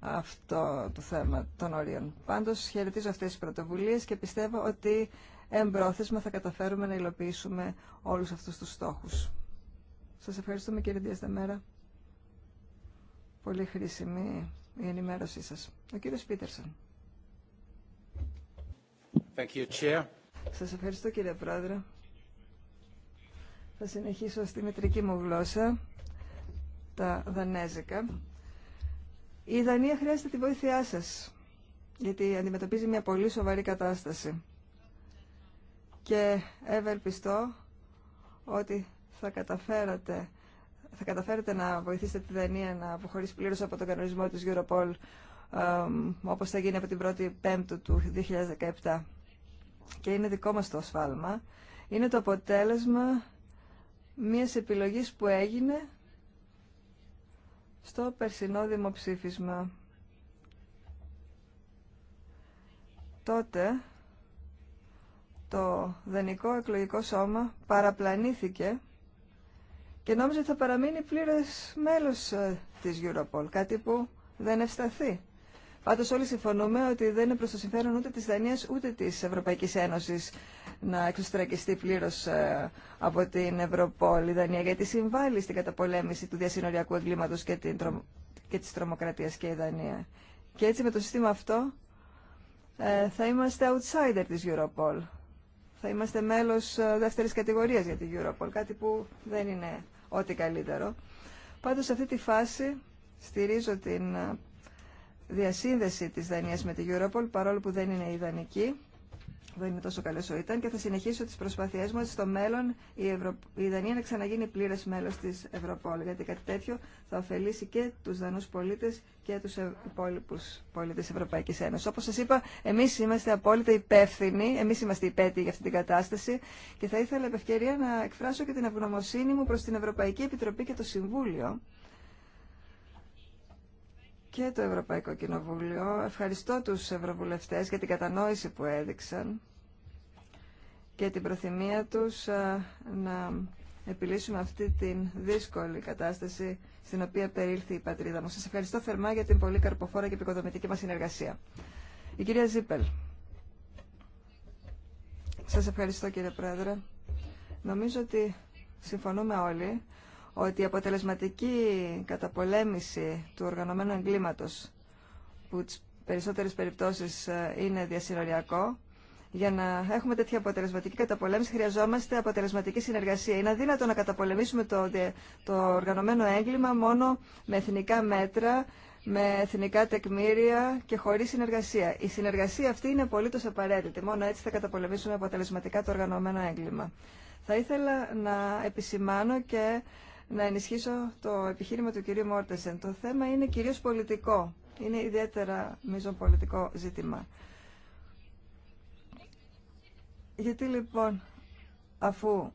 αυτό το θέμα των ορίων. Πάντως χαιρετίζω αυτές τις πρωτοβουλίες και πιστεύω ότι εμπρόθεσμα θα καταφέρουμε να υλοποιήσουμε όλους αυτούς τους στόχους. Σας ευχαριστούμε κύριε Διασταμέρα. Πολύ χρήσιμη η ενημέρωσή σας. Ο κύριος Πίτερσον. Thank Σας ευχαριστώ κύριε Πρόεδρε. Θα συνεχίσω στη μετρική μου γλώσσα τα δανέζικα. Η Δανία χρειάζεται τη βοήθειά σας, γιατί αντιμετωπίζει μια πολύ σοβαρή κατάσταση. Και ευελπιστώ ότι θα καταφέρατε, θα καταφέρετε να βοηθήσετε τη Δανία να αποχωρήσει πλήρως από τον κανονισμό της Europol, όπως θα γίνει από την 1η Πέμπτου του 2017. Και είναι δικό μας το σφάλμα. Είναι το αποτέλεσμα μιας επιλογής που έγινε στο περσινό δημοψήφισμα τότε το δανεικό εκλογικό σώμα παραπλανήθηκε και νόμιζε ότι θα παραμείνει πλήρες μέλος ε, της Europol, κάτι που δεν ευσταθεί. Πάντω όλοι συμφωνούμε ότι δεν είναι προ το συμφέρον ούτε τη Δανία ούτε τη Ευρωπαϊκή Ένωση να εξωστρακιστεί πλήρω ε, από την Ευρωπόλη Δανία, γιατί συμβάλλει στην καταπολέμηση του διασυνοριακού εγκλήματο και, και τη τρομοκρατία και η Δανία. Και έτσι με το σύστημα αυτό ε, θα είμαστε outsider τη Europol. Θα είμαστε μέλος ε, δεύτερη κατηγορία για την Europol, κάτι που δεν είναι ό,τι καλύτερο. Πάντω, σε αυτή τη φάση στηρίζω την διασύνδεση της Δανίας με τη Europol, παρόλο που δεν είναι ιδανική, δεν είναι τόσο καλό όσο ήταν και θα συνεχίσω τις προσπάθειές μας στο μέλλον η, Ευρω... Δανία να ξαναγίνει πλήρες μέλος της Ευρωπόλ, γιατί κάτι τέτοιο θα ωφελήσει και τους Δανούς πολίτες και τους υπόλοιπους πολίτες Ευρωπαϊκής Ένωσης. Όπως σας είπα, εμείς είμαστε απόλυτα υπεύθυνοι, εμείς είμαστε υπέτοιοι για αυτή την κατάσταση και θα ήθελα επευκαιρία να εκφράσω και την ευγνωμοσύνη μου προς την Ευρωπαϊκή Επιτροπή και το Συμβούλιο και το Ευρωπαϊκό Κοινοβούλιο. Ευχαριστώ τους Ευρωβουλευτές για την κατανόηση που έδειξαν και την προθυμία τους ε, να επιλύσουμε αυτή την δύσκολη κατάσταση στην οποία περίλθει η πατρίδα μου. Σας ευχαριστώ θερμά για την πολύ καρποφόρα και επικοδομητική μας συνεργασία. Η κυρία Ζίπελ. Σας ευχαριστώ κύριε Πρόεδρε. Νομίζω ότι συμφωνούμε όλοι ότι η αποτελεσματική καταπολέμηση του οργανωμένου εγκλήματος που τις περισσότερες περιπτώσεις ε, είναι διασυνοριακό για να έχουμε τέτοια αποτελεσματική καταπολέμηση χρειαζόμαστε αποτελεσματική συνεργασία. Είναι αδύνατο να καταπολεμήσουμε το, το οργανωμένο έγκλημα μόνο με εθνικά μέτρα, με εθνικά τεκμήρια και χωρί συνεργασία. Η συνεργασία αυτή είναι απολύτω απαραίτητη. Μόνο έτσι θα καταπολεμήσουμε αποτελεσματικά το οργανωμένο έγκλημα. Θα ήθελα να επισημάνω και να ενισχύσω το επιχείρημα του κυρίου Μόρτεσεν. Το θέμα είναι κυρίως πολιτικό. Είναι ιδιαίτερα μείζον πολιτικό ζήτημα. Γιατί λοιπόν, αφού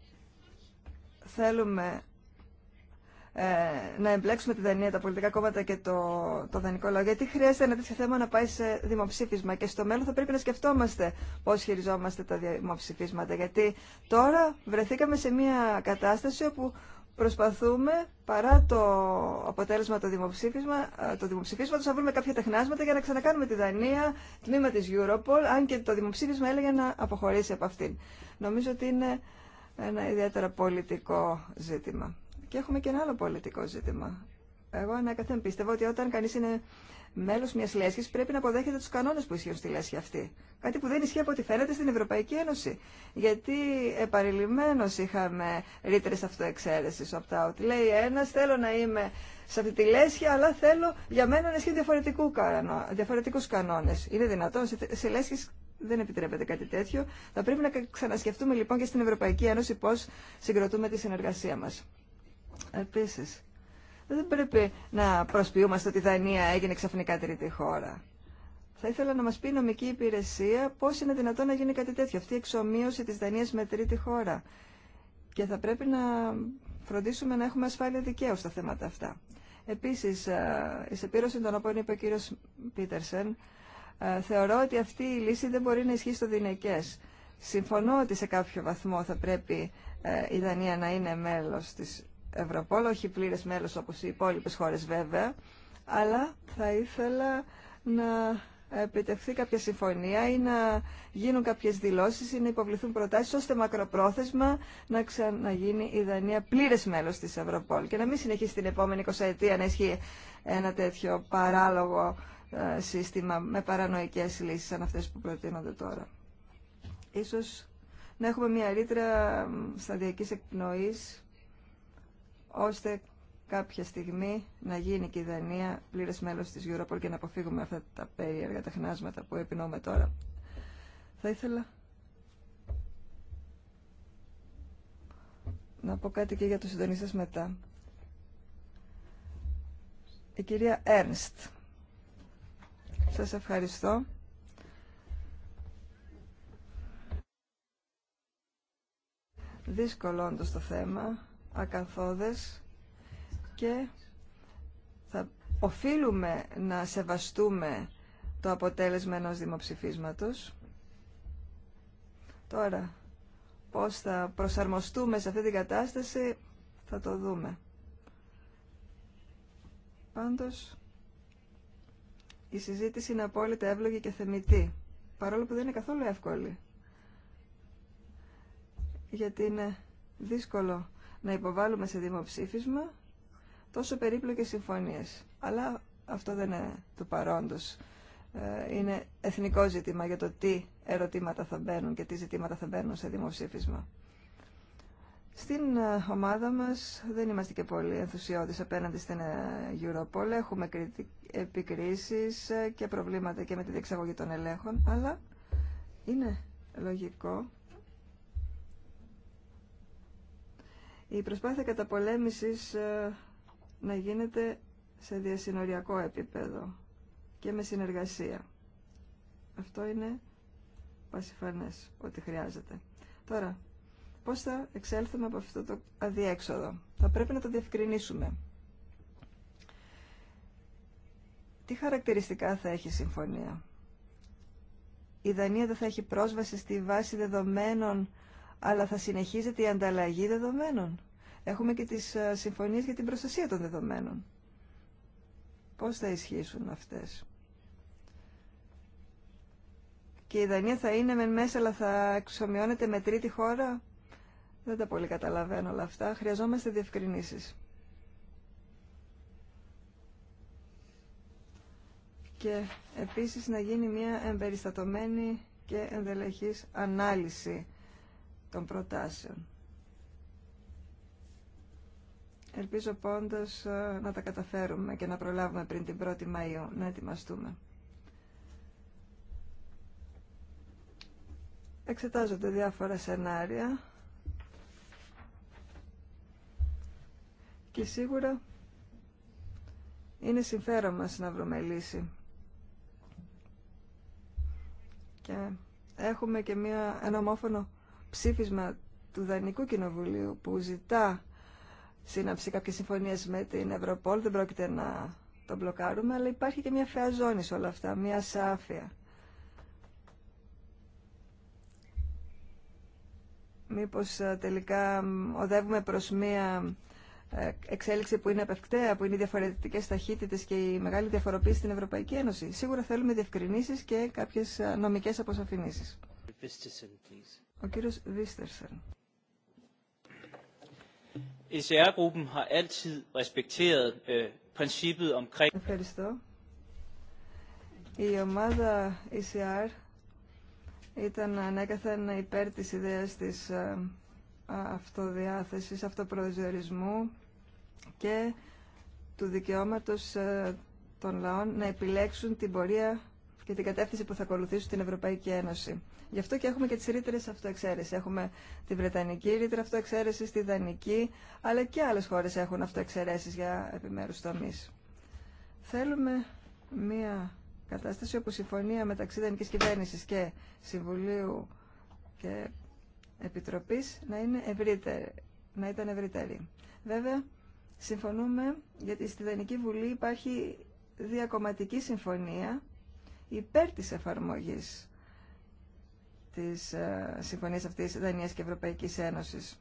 θέλουμε ε, να εμπλέξουμε τη Δανία, τα πολιτικά κόμματα και το, το δανεικό λαό, γιατί χρειάζεται ένα τέτοιο θέμα να πάει σε δημοψήφισμα και στο μέλλον θα πρέπει να σκεφτόμαστε πώ χειριζόμαστε τα δημοψηφίσματα. Γιατί τώρα βρεθήκαμε σε μια κατάσταση όπου προσπαθούμε παρά το αποτέλεσμα του δημοψήφισμα, ε, το δημοψηφίσματος να βρούμε κάποια τεχνάσματα για να ξανακάνουμε τη Δανία τμήμα της Europol, αν και το δημοψήφισμα έλεγε να αποχωρήσει από αυτήν. Νομίζω ότι είναι ένα ιδιαίτερα πολιτικό ζήτημα. Και έχουμε και ένα άλλο πολιτικό ζήτημα. Εγώ ανακαθεν πίστευα ότι όταν κανείς είναι μέλο μια λέσχη πρέπει να αποδέχεται του κανόνε που ισχύουν στη λέσχη αυτή. Κάτι που δεν ισχύει από ό,τι φαίνεται στην Ευρωπαϊκή Ένωση. Γιατί επαριλημμένω είχαμε ρήτρε αυτοεξαίρεση opt-out. Λέει ένα, θέλω να είμαι σε αυτή τη λέσχη, αλλά θέλω για μένα να ισχύουν διαφορετικού κανόνε. Είναι δυνατόν σε λέσχε δεν επιτρέπεται κάτι τέτοιο. Θα πρέπει να ξανασκεφτούμε λοιπόν και στην Ευρωπαϊκή Ένωση πώ συγκροτούμε τη συνεργασία μα. Επίση, δεν πρέπει να προσποιούμαστε ότι η Δανία έγινε ξαφνικά τρίτη χώρα. Θα ήθελα να μας πει η νομική υπηρεσία πώς είναι δυνατόν να γίνει κάτι τέτοιο, αυτή η εξομοίωση της Δανίας με τρίτη χώρα. Και θα πρέπει να φροντίσουμε να έχουμε ασφάλεια δικαίου στα θέματα αυτά. Επίσης, ε, η σεπήρωση των οποίων είπε ο κύριος Πίτερσεν, ε, θεωρώ ότι αυτή η λύση δεν μπορεί να ισχύει στο δυναικές. Συμφωνώ ότι σε κάποιο βαθμό θα πρέπει ε, η Δανία να είναι μέλος τη. Ευρωπόλ, όχι πλήρες μέλος όπως οι υπόλοιπες χώρες βέβαια, αλλά θα ήθελα να επιτευχθεί κάποια συμφωνία ή να γίνουν κάποιες δηλώσεις ή να υποβληθούν προτάσεις ώστε μακροπρόθεσμα να ξαναγίνει η Δανία πλήρες μέλος της Ευρωπόλ και να μην συνεχίσει την επόμενη 20 ετία να ισχύει ένα τέτοιο παράλογο ε, σύστημα με παρανοϊκές λύσεις σαν αυτές που προτείνονται τώρα. Ίσως να έχουμε μια ρήτρα σταδιακής εκπνοής ώστε κάποια στιγμή να γίνει και η Δανία πλήρες μέλος της Europol και να αποφύγουμε αυτά τα περίεργα τεχνάσματα που επινοούμε τώρα. Θα ήθελα να πω κάτι και για τους συντονίστες μετά. Η κυρία Έρνστ. Σας ευχαριστώ. Δύσκολο όντως το θέμα ακαθόδες και θα οφείλουμε να σεβαστούμε το αποτέλεσμα ενός δημοψηφίσματος. Τώρα, πώς θα προσαρμοστούμε σε αυτή την κατάσταση θα το δούμε. Πάντως, η συζήτηση είναι απόλυτα εύλογη και θεμητή, παρόλο που δεν είναι καθόλου εύκολη. Γιατί είναι δύσκολο να υποβάλουμε σε δημοψήφισμα τόσο περίπλοκες συμφωνίες. Αλλά αυτό δεν είναι του παρόντος. Ε, είναι εθνικό ζήτημα για το τι ερωτήματα θα μπαίνουν και τι ζητήματα θα μπαίνουν σε δημοψήφισμα. Στην ε, ομάδα μας δεν είμαστε και πολύ ενθουσιώδεις απέναντι στην ε, Europol. Έχουμε επικρίσεις και προβλήματα και με τη διεξαγωγή των ελέγχων, αλλά είναι λογικό η προσπάθεια καταπολέμησης ε, να γίνεται σε διασυνοριακό επίπεδο και με συνεργασία. Αυτό είναι πασιφανές ότι χρειάζεται. Τώρα, πώς θα εξέλθουμε από αυτό το αδιέξοδο. Θα πρέπει να το διευκρινίσουμε. Τι χαρακτηριστικά θα έχει η συμφωνία. Η Δανία δεν θα έχει πρόσβαση στη βάση δεδομένων αλλά θα συνεχίζεται η ανταλλαγή δεδομένων. Έχουμε και τις ε, συμφωνίες για την προστασία των δεδομένων. Πώς θα ισχύσουν αυτές. Και η Δανία θα είναι μεν μέσα, αλλά θα εξομοιώνεται με τρίτη χώρα. Δεν τα πολύ καταλαβαίνω όλα αυτά. Χρειαζόμαστε διευκρινήσεις. Και επίσης να γίνει μια εμπεριστατωμένη και ενδελεχής ανάλυση των προτάσεων. Ελπίζω πόντως ε, να τα καταφέρουμε και να προλάβουμε πριν την 1η Μαΐου να ετοιμαστούμε. Εξετάζονται διάφορα σενάρια και σίγουρα είναι συμφέρον μας να βρούμε λύση. Και έχουμε και μια, ένα ομόφωνο ψήφισμα του Δανικού Κοινοβουλίου που ζητά σύναψη κάποιε συμφωνίες με την Ευρωπόλ, δεν πρόκειται να τον μπλοκάρουμε, αλλά υπάρχει και μια φαιά σε όλα αυτά, μια σάφια. Μήπως ε, τελικά οδεύουμε προς μια ε, εξέλιξη που είναι απευκταία, που είναι οι διαφορετικέ ταχύτητε και η μεγάλη διαφοροποίηση στην Ευρωπαϊκή Ένωση. Σίγουρα θέλουμε διευκρινήσει και κάποιε νομικέ αποσαφηνήσει. Ο κύριος ECR-gruppen har altid respekteret øh, princippet omkring... Ευχαριστώ. Η ομάδα ECR ήταν ανέκαθεν υπέρ της ιδέας της ε, αυτοδιάθεσης, αυτοπροσδιορισμού και του δικαιώματος ε, των λαών να επιλέξουν την πορεία και την κατεύθυνση που θα ακολουθήσουν την Ευρωπαϊκή Ένωση. Γι' αυτό και έχουμε και τι ρήτρε αυτοεξαίρεση. Έχουμε τη Βρετανική ρήτρα αυτοεξαίρεση, τη Δανική, αλλά και άλλε χώρε έχουν αυτοεξαιρέσει για επιμέρου τομεί. Θέλουμε μία κατάσταση όπου συμφωνία μεταξύ Δανική κυβέρνηση και Συμβουλίου και Επιτροπής να, να ήταν ευρύτερη. Βέβαια, συμφωνούμε γιατί στη Δανική Βουλή υπάρχει διακομματική συμφωνία υπέρ της εφαρμογής της ε, συμφωνίας αυτής Δανίας και Ευρωπαϊκής Ένωσης.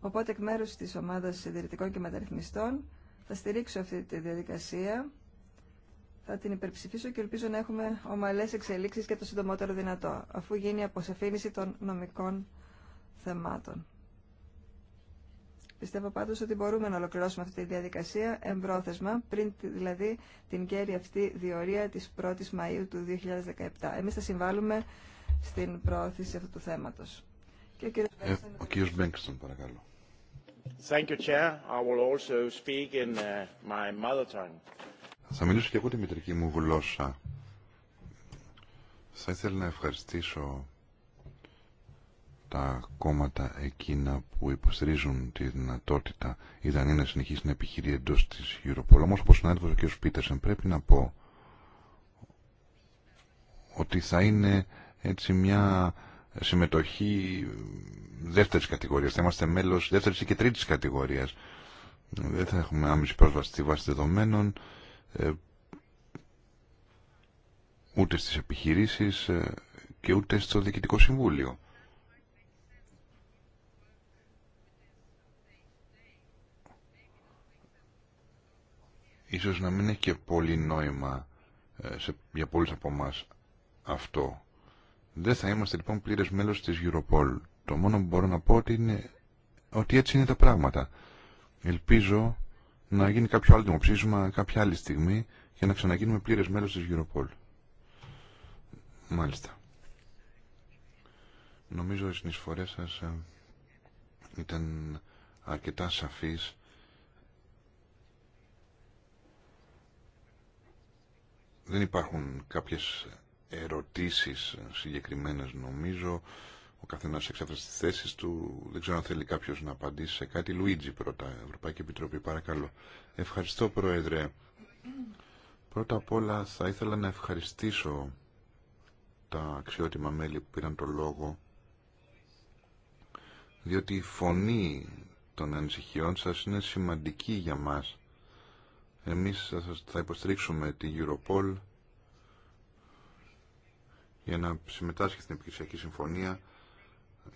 Οπότε εκ μέρους της ομάδας συντηρητικών και μεταρρυθμιστών θα στηρίξω αυτή τη διαδικασία, θα την υπερψηφίσω και ελπίζω να έχουμε ομαλές εξελίξεις και το συντομότερο δυνατό, αφού γίνει η αποσαφήνιση των νομικών θεμάτων. Πιστεύω πάντως ότι μπορούμε να ολοκληρώσουμε αυτή τη διαδικασία εμπρόθεσμα, πριν δηλαδή την κέρια αυτή διορία της 1ης Μαΐου του 2017. Εμείς θα συμβάλλουμε στην προώθηση αυτού του θέματος. Και ο κύριος, ε, ο κύριος Μπέγκστον, παρακαλώ. Thank you, Chair. I will also speak in uh, my mother tongue. Θα μιλήσω και εγώ τη μητρική μου γλώσσα. Θα ήθελα να ευχαριστήσω τα κόμματα εκείνα που υποστηρίζουν τη δυνατότητα η Δανία να συνεχίσει να επιχειρεί εντό τη Europol. Όμω, όπω συνάδελφο ο κ. Πίτερσεν, πρέπει να πω ότι θα είναι έτσι μια συμμετοχή δεύτερη κατηγορία. Θα είμαστε μέλο δεύτερη και τρίτη κατηγορία. Δεν θα έχουμε άμεση πρόσβαση στη βάση δεδομένων, ε, ούτε στις επιχειρήσεις ε, και ούτε στο Διοικητικό Συμβούλιο. Ίσως να μην έχει και πολύ νόημα ε, σε, για πολλούς από εμά αυτό. Δεν θα είμαστε λοιπόν πλήρες μέλος της Europol. Το μόνο που μπορώ να πω ότι είναι ότι έτσι είναι τα πράγματα. Ελπίζω να γίνει κάποιο άλλο δημοψήφισμα κάποια άλλη στιγμή για να ξαναγίνουμε πλήρες μέλος της Europol. Μάλιστα. Νομίζω οι συνεισφορές σας ε, ήταν αρκετά σαφείς Δεν υπάρχουν κάποιες ερωτήσεις συγκεκριμένες νομίζω. Ο καθένας εξέφρασε τις θέσεις του. Δεν ξέρω αν θέλει κάποιος να απαντήσει σε κάτι. Λουίτζι πρώτα, Ευρωπαϊκή Επιτροπή, παρακαλώ. Ευχαριστώ Πρόεδρε. Πρώτα απ' όλα θα ήθελα να ευχαριστήσω τα αξιότιμα μέλη που πήραν το λόγο διότι η φωνή των ανησυχιών σας είναι σημαντική για μας εμείς θα υποστηρίξουμε την Europol για να συμμετάσχει στην επικοινωνιακή συμφωνία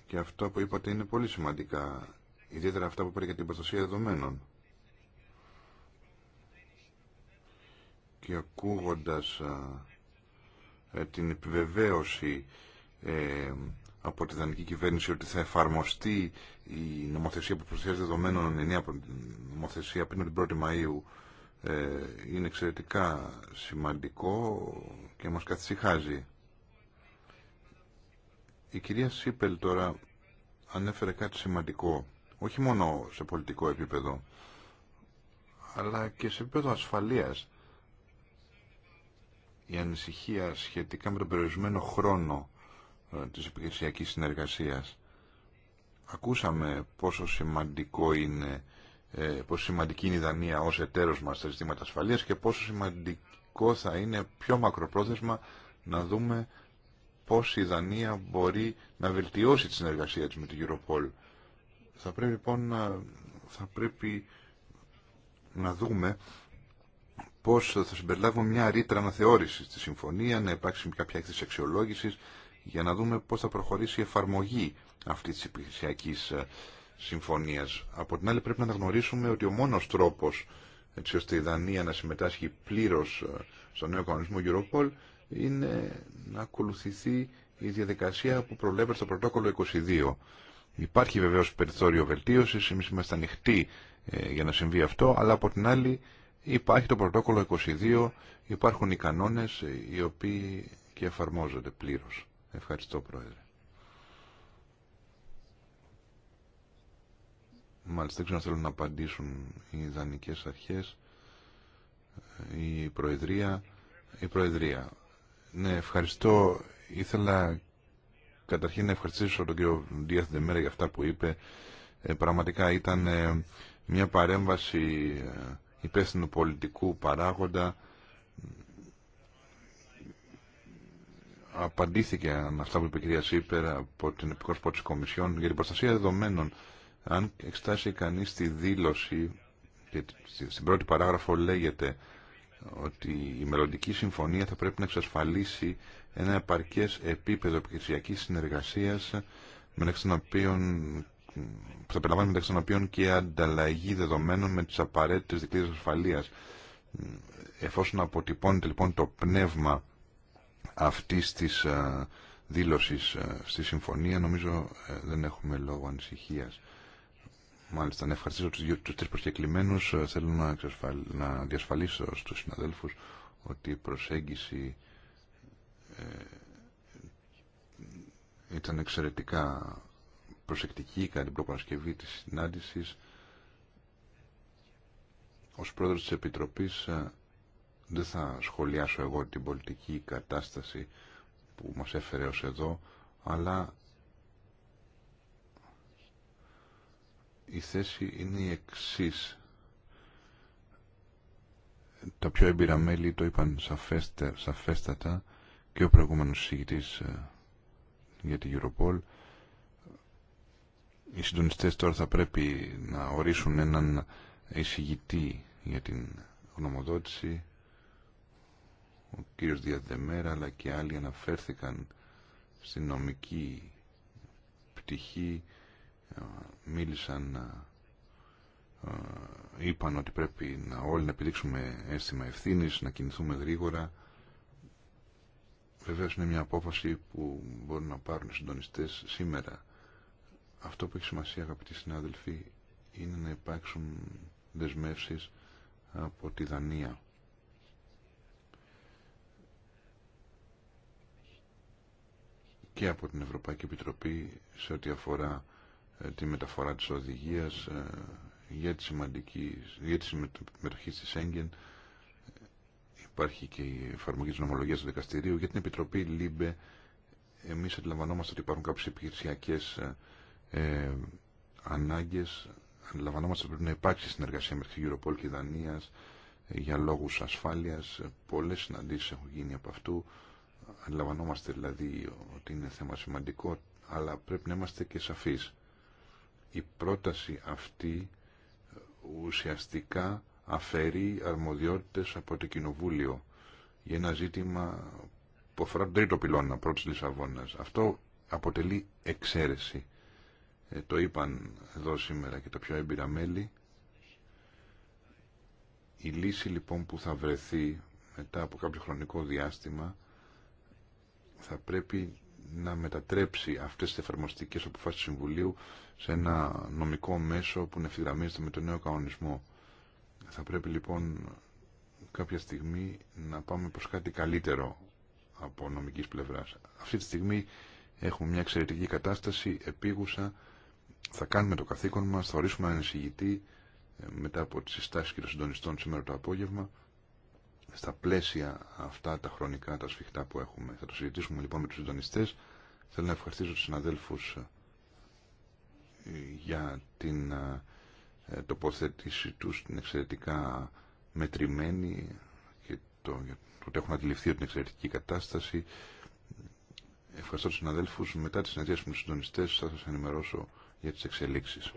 και αυτό που είπατε είναι πολύ σημαντικά, ιδιαίτερα αυτά που πρέπει για την προστασία δεδομένων. Και ακούγοντας ε, την επιβεβαίωση ε, από τη δανεική κυβέρνηση ότι θα εφαρμοστεί η νομοθεσία που προστασίας δεδομένων, από την νομοθεσία πριν την 1η Μαΐου, ε, είναι εξαιρετικά σημαντικό και μας καθυσυχάζει. Η κυρία Σίπελ τώρα ανέφερε κάτι σημαντικό, όχι μόνο σε πολιτικό επίπεδο, αλλά και σε επίπεδο ασφαλείας. Η ανησυχία σχετικά με τον περιορισμένο χρόνο ε, της υπηρεσιακής συνεργασίας. Ακούσαμε πόσο σημαντικό είναι ε, πόσο σημαντική είναι η Δανία ως εταίρος μας στα ζητήματα ασφαλείας και πόσο σημαντικό θα είναι πιο μακροπρόθεσμα να δούμε πώς η Δανία μπορεί να βελτιώσει τη συνεργασία της με την Europol. Θα πρέπει λοιπόν να, θα πρέπει να δούμε πώς θα συμπεριλάβουμε μια ρήτρα αναθεώρηση στη συμφωνία, να υπάρξει κάποια έκθεση αξιολόγηση για να δούμε πώς θα προχωρήσει η εφαρμογή αυτής της υπηρεσιακής ε, συμφωνίας. Από την άλλη πρέπει να αναγνωρίσουμε ότι ο μόνος τρόπος έτσι ώστε η Δανία να συμμετάσχει πλήρως ε, στο νέο κανονισμό Europol είναι να ακολουθηθεί η διαδικασία που προβλέπεται στο πρωτόκολλο 22. Υπάρχει βεβαίως περιθώριο βελτίωσης, εμείς είμαστε ανοιχτοί ε, για να συμβεί αυτό, αλλά από την άλλη υπάρχει το πρωτόκολλο 22, υπάρχουν οι κανόνες ε, οι οποίοι και εφαρμόζονται πλήρως. Ευχαριστώ Πρόεδρε. Μάλιστα δεν ξέρω αν θέλουν να απαντήσουν οι ιδανικέ αρχέ, η Προεδρία. Η Προεδρία. Ναι, ευχαριστώ. Ήθελα καταρχήν να ευχαριστήσω τον κύριο Δίας Δεμέρα για αυτά που είπε. Ε, πραγματικά ήταν ε, μια παρέμβαση ε, υπεύθυνου πολιτικού παράγοντα. Απαντήθηκε αυτά που είπε η κυρία Σίπερ από την Επικόσπο τη Κομισιόν για την προστασία δεδομένων αν εξτάσει κανείς τη δήλωση, και στην πρώτη παράγραφο λέγεται ότι η μελλοντική συμφωνία θα πρέπει να εξασφαλίσει ένα επαρκές επίπεδο επικοινωνιακής συνεργασίας των οποίων που θα περιλαμβάνει μεταξύ των οποίων και ανταλλαγή δεδομένων με τις απαραίτητες δικλείδες ασφαλείας. Εφόσον αποτυπώνεται λοιπόν το πνεύμα αυτής της ε, δήλωσης ε, στη συμφωνία, νομίζω ε, δεν έχουμε λόγο ανησυχίας. Μάλιστα, να ευχαριστήσω τους τρεις προσκεκλημένους. Ε, θέλω να, διασφαλίσω στους συναδέλφους ότι η προσέγγιση ε, ήταν εξαιρετικά προσεκτική κατά την προπαρασκευή της συνάντησης. Ως πρόεδρος της Επιτροπής ε, δεν θα σχολιάσω εγώ την πολιτική κατάσταση που μας έφερε ως εδώ, αλλά η θέση είναι η εξής. Τα πιο έμπειρα μέλη το είπαν σαφέστατα και ο προηγούμενος συζητητής ε, για την Europol. Οι συντονιστές τώρα θα πρέπει να ορίσουν έναν εισηγητή για την γνωμοδότηση. Ο κύριος Διαδεμέρα αλλά και άλλοι αναφέρθηκαν στην νομική πτυχή μίλησαν είπαν ότι πρέπει να όλοι να επιδείξουμε αίσθημα ευθύνης, να κινηθούμε γρήγορα. Βεβαίως είναι μια απόφαση που μπορούν να πάρουν οι συντονιστές σήμερα. Αυτό που έχει σημασία αγαπητοί συνάδελφοι είναι να υπάρξουν δεσμεύσεις από τη Δανία. και από την Ευρωπαϊκή Επιτροπή σε ό,τι αφορά ε, τη μεταφορά της οδηγίας ε, για τη, σημαντική, για τη συμμετοχή στη Σέγγεν υπάρχει και η εφαρμογή της νομολογίας του δικαστηρίου για την Επιτροπή ΛΥΜΠΕ εμείς αντιλαμβανόμαστε ότι υπάρχουν κάποιες επιχειρησιακές ε, ε, ανάγκες αντιλαμβανόμαστε ότι πρέπει να υπάρξει συνεργασία μεταξύ Europol και Δανίας για λόγους ασφάλειας πολλές συναντήσεις έχουν γίνει από αυτού αντιλαμβανόμαστε δηλαδή ότι είναι θέμα σημαντικό αλλά πρέπει να είμαστε και σαφείς η πρόταση αυτή ουσιαστικά αφαιρεί αρμοδιότητες από το Κοινοβούλιο για ένα ζήτημα που αφορά τον τρίτο πυλώνα πρώτης Λισαβόνας. Αυτό αποτελεί εξαίρεση. Ε, το είπαν εδώ σήμερα και τα πιο έμπειρα μέλη. Η λύση λοιπόν που θα βρεθεί μετά από κάποιο χρονικό διάστημα θα πρέπει να μετατρέψει αυτές τις εφαρμοστικές αποφάσεις του Συμβουλίου σε ένα νομικό μέσο που να ευθυγραμμίζεται με τον νέο κανονισμό. Θα πρέπει λοιπόν κάποια στιγμή να πάμε προς κάτι καλύτερο από νομικής πλευράς. Αυτή τη στιγμή έχουμε μια εξαιρετική κατάσταση, επίγουσα, θα κάνουμε το καθήκον μας, θα ορίσουμε έναν εισηγητή ε, μετά από τις συστάσεις και των συντονιστών σήμερα το απόγευμα στα πλαίσια αυτά τα χρονικά, τα σφιχτά που έχουμε. Θα το συζητήσουμε λοιπόν με τους συντονιστές. Θέλω να ευχαριστήσω τους συναδέλφους ε, για την ε, τοποθέτηση τους την εξαιρετικά μετρημένη και το, το ότι έχουν αντιληφθεί την εξαιρετική κατάσταση. Ευχαριστώ τους συναδέλφους. Μετά τις συναντήσει με τους συντονιστές θα σας ενημερώσω για τις εξελίξεις.